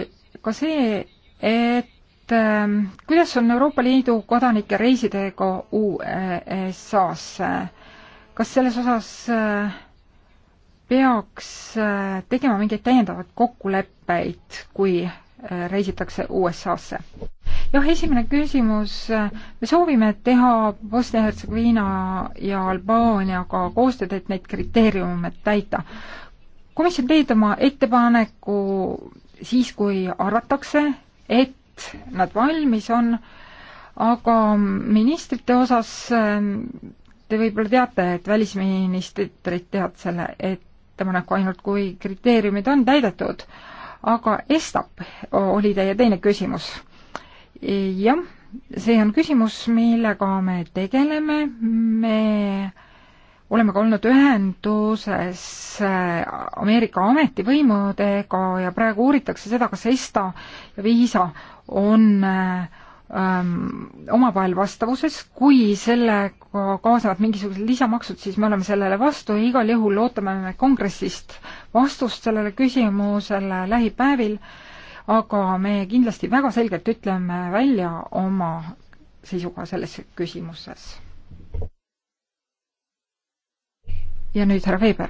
ka see, et ähm, kuidas on Euroopa Liidu kodanike reisidega USA-sse? kas selles osas äh, peaks äh, tegema mingeid täiendavaid kokkuleppeid, kui reisitakse USA-sse. jah, esimene küsimus, me soovime teha Bosnia-Hertsegoviina ja Albaaniaga koostööd, et neid kriteeriume täita. komisjon teeb oma ettepaneku siis, kui arvatakse, et nad valmis on, aga ministrite osas ähm, te võib-olla teate, et välisministrid teavad selle ettepaneku ainult, kui kriteeriumid on täidetud aga Estap oli teie teine küsimus. jah, see on küsimus, millega me tegeleme, me oleme ka olnud ühenduses äh, Ameerika ametivõimudega ja praegu uuritakse seda, kas ESTA ja Viisa on äh, ähm, omavahel vastavuses, kui sellega kaasnevad mingisugused lisamaksud, siis me oleme sellele vastu ja igal juhul ootame me kongressist äh, vastust sellele küsimusele lähipäevil, aga me kindlasti väga selgelt ütleme välja oma seisukoha selles küsimuses. ja nüüd härra Veber.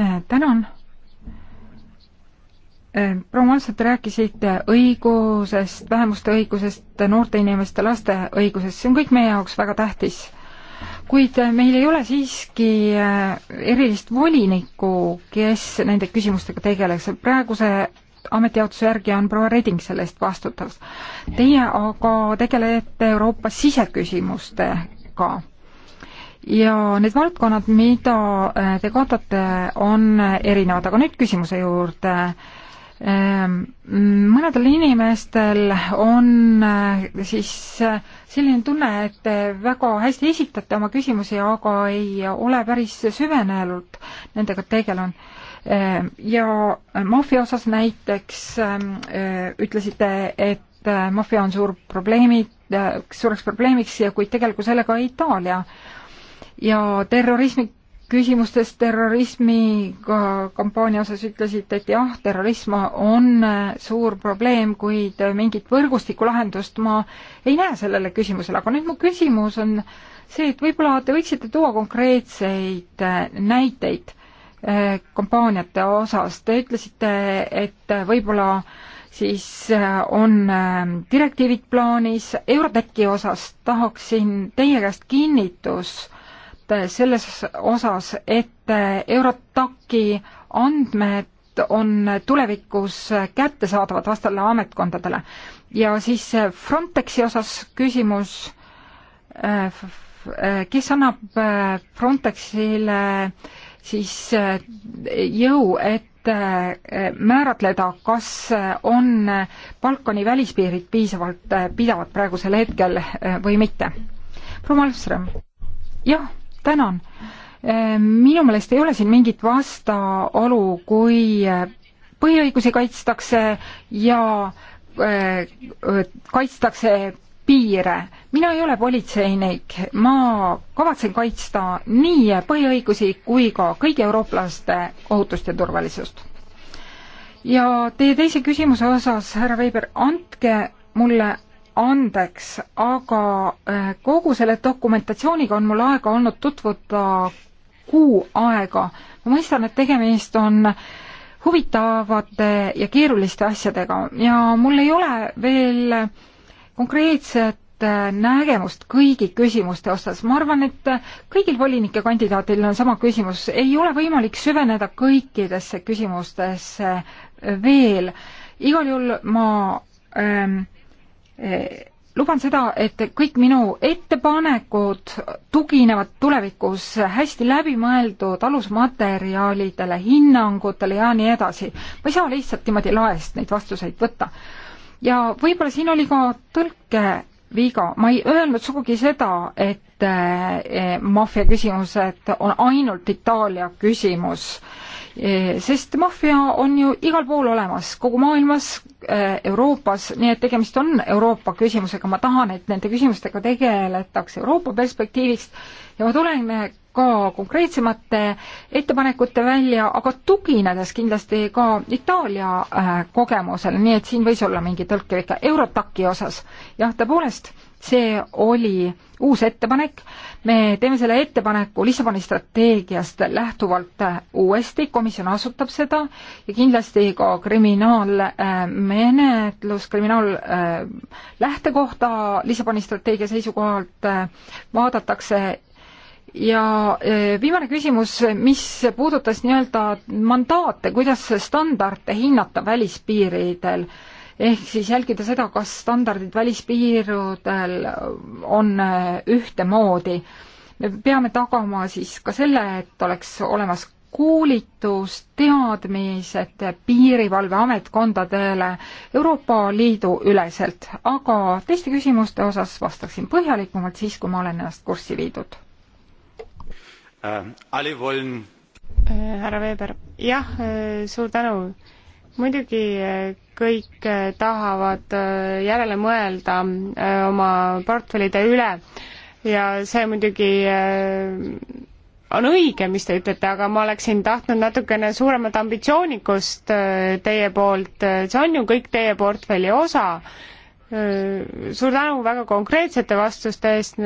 Äh, tänan äh, proua Malsat, rääkisite õigusest, vähemuste õigusest, noorte inimeste, laste õigusest, see on kõik meie jaoks väga tähtis kuid äh, meil ei ole siiski äh, erilist volinikku, kes nende küsimustega tegeleks. praeguse ametijaotuse järgi on proua Reding selle eest vastutav. Teie aga tegelete Euroopa siseküsimustega ja need valdkonnad, mida äh, te kaotate, on erinevad, aga nüüd küsimuse juurde Ehm, mõnedel inimestel on eh, siis eh, selline tunne, et te väga hästi esitate oma küsimusi, aga ei ole päris süvenenult nendega tegelenud. Ehm, ja maffia osas näiteks ehm, eh, ütlesite, et maffia on suur probleemid, suureks probleemiks, kuid tegelikult sellega Itaalia ja terrorismi küsimustes terrorismiga kampaania osas ütlesite, et jah, terrorism on äh, suur probleem, kuid äh, mingit võrgustiku lahendust ma ei näe sellele küsimusele, aga nüüd mu küsimus on see, et võib-olla te võiksite tuua konkreetseid äh, näiteid kampaaniate osas, te ütlesite, et võib-olla siis on direktiivid plaanis, Euroteki osas tahaksin teie käest kinnitust, selles osas, et Eurotaki andmed on tulevikus kättesaadavad vastale ametkondadele. ja siis Frontexi osas küsimus, äh, äh, kes annab äh, Frontexile siis jõu, et määratleda, kas on Balkani välispiirid piisavalt pidavad praegusel hetkel või mitte? proua Malmström. jah tänan. Äh, minu meelest ei ole siin mingit vastaolu, kui äh, põhiõigusi kaitstakse ja äh, kaitstakse piire. mina ei ole politseinik, ma kavatsen kaitsta nii põhiõigusi kui ka kõigi eurooplaste ohutust ja turvalisust. ja teie teise küsimuse osas, härra Veiber, andke mulle andeks, aga eh, kogu selle dokumentatsiooniga on mul aega olnud tutvuda kuu aega. ma mõistan, et tegemist on huvitavate ja keeruliste asjadega ja mul ei ole veel konkreetset eh, nägemust kõigi küsimuste osas. ma arvan, et kõigil volinike kandidaadil on sama küsimus, ei ole võimalik süveneda kõikidesse küsimustesse veel. igal juhul ma ähm, Eh, luban seda, et kõik minu ettepanekud tuginevad tulevikus hästi läbimõeldud alusmaterjalidele, hinnangutele ja nii edasi. ma ei saa lihtsalt niimoodi laest neid vastuseid võtta. ja võib-olla siin oli ka tõlkeviga, ma ei öelnud sugugi seda, et eh, eh, maffia küsimused on ainult Itaalia küsimus äh, Eh, sest maffia on ju igal pool olemas, kogu maailmas, eh, Euroopas, nii et tegemist on Euroopa küsimusega, ma tahan, et nende küsimustega tegeletakse Euroopa perspektiivist ja ma tulen ka konkreetsemate ettepanekute välja, aga tuginedes kindlasti ka Itaalia eh, kogemusele, nii et siin võis olla mingi tõlkevika Eurotaki osas. jah, tõepoolest see oli uus ettepanek, me teeme selle ettepaneku Lissaboni strateegiast lähtuvalt uuesti, komisjon asutab seda ja kindlasti ka kriminaalmenetlus, äh, kriminaallähtekohta äh, Lissaboni strateegia seisukohalt äh, vaadatakse ja viimane küsimus, mis puudutas nii-öelda mandaate, kuidas standarde hinnata välispiiridel äh, ehk siis jälgida seda, kas standardid välispiirudel äh, on äh, ühtemoodi. me peame tagama siis ka selle, et oleks olemas koolitus, teadmised piirivalve ametkondadele Euroopa Liidu üleselt, aga teiste küsimuste osas vastaksin põhjalikumalt siis, kui ma olen ennast kurssi viidud äh,. Äh, härra Veber, jah, äh, suur tänu muidugi eh, kõik eh, tahavad eh, järele mõelda oma portfellide üle ja see muidugi on õige, mis te ütlete, aga ma oleksin tahtnud natukene suuremat ambitsioonikust teie poolt, see on ju kõik teie portfelli osa. suur tänu väga konkreetsete vastuste eest,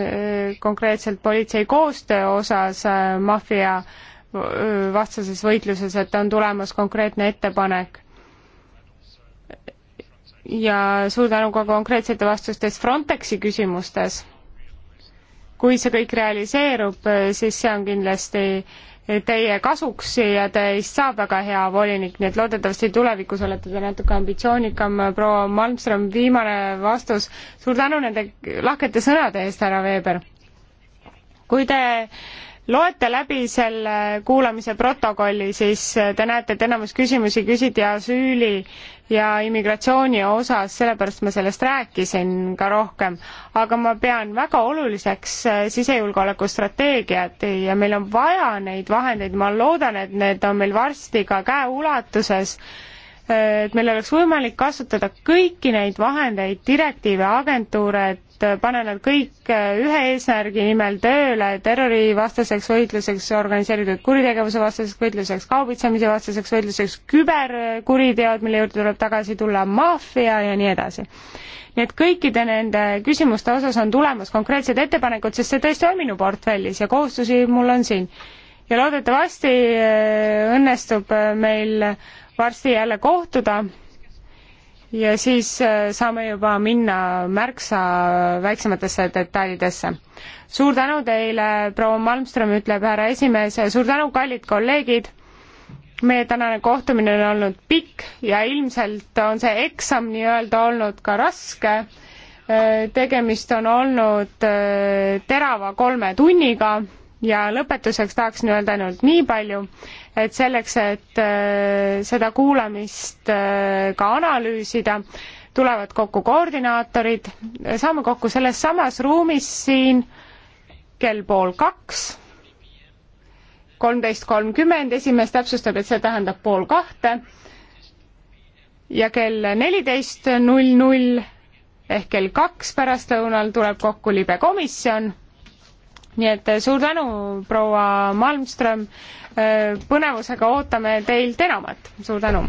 konkreetselt politsei koostöö osas maffia vastases võitluses, et on tulemas konkreetne ettepanek ja suur tänu ka konkreetsete vastustest Frontexi küsimustes. kui see kõik realiseerub, siis see on kindlasti teie kasuks ja teist saab väga hea volinik, nii et loodetavasti tulevikus olete te natuke ambitsioonikam. proua Malmström, viimane vastus. suur tänu nende lahkete sõnade eest, härra Veeber. kui te loete läbi selle kuulamise protokolli, siis te näete, et enamus küsimusi küsiti asüüli ja immigratsiooni osas, sellepärast ma sellest rääkisin ka rohkem, aga ma pean väga oluliseks äh, sisejulgeoleku strateegiat ja meil on vaja neid vahendeid, ma loodan, et need on meil varsti ka käeulatuses, äh, et meil oleks võimalik kasutada kõiki neid vahendeid, direktiive, agentuure, et et pane nad kõik äh, ühe eesmärgi nimel tööle, terrorivastaseks võitluseks, organiseeritud kuritegevuse vastaseks võitluseks, kaubitsemise vastaseks võitluseks, küberkuriteod, mille juurde tuleb tagasi tulla, maffia ja nii edasi. nii et kõikide nende küsimuste osas on tulemas konkreetsed ettepanekud, sest see tõesti on minu portfellis ja kohustusi mul on siin. ja loodetavasti äh, õnnestub äh, meil varsti jälle kohtuda ja siis äh, saame juba minna märksa väiksematesse detailidesse. suur tänu teile, proua Malmström, ütleb härra esimees, suur tänu, kallid kolleegid, meie tänane kohtumine on olnud pikk ja ilmselt on see eksam nii-öelda olnud ka raske, äh, tegemist on olnud äh, terava kolme tunniga ja lõpetuseks tahaksin öelda ainult nii palju, et selleks, et äh, seda kuulamist äh, ka analüüsida, tulevad kokku koordinaatorid, saame kokku selles samas ruumis siin kell pool kaks, kolmteist kolmkümmend, esimees täpsustab, et see tähendab pool kahte ja kell neliteist null null ehk kell kaks pärastlõunal tuleb kokku libe komisjon nii et äh, suur tänu, proua Malmström, Äh, põnevusega ootame teilt enamat, suur tänu!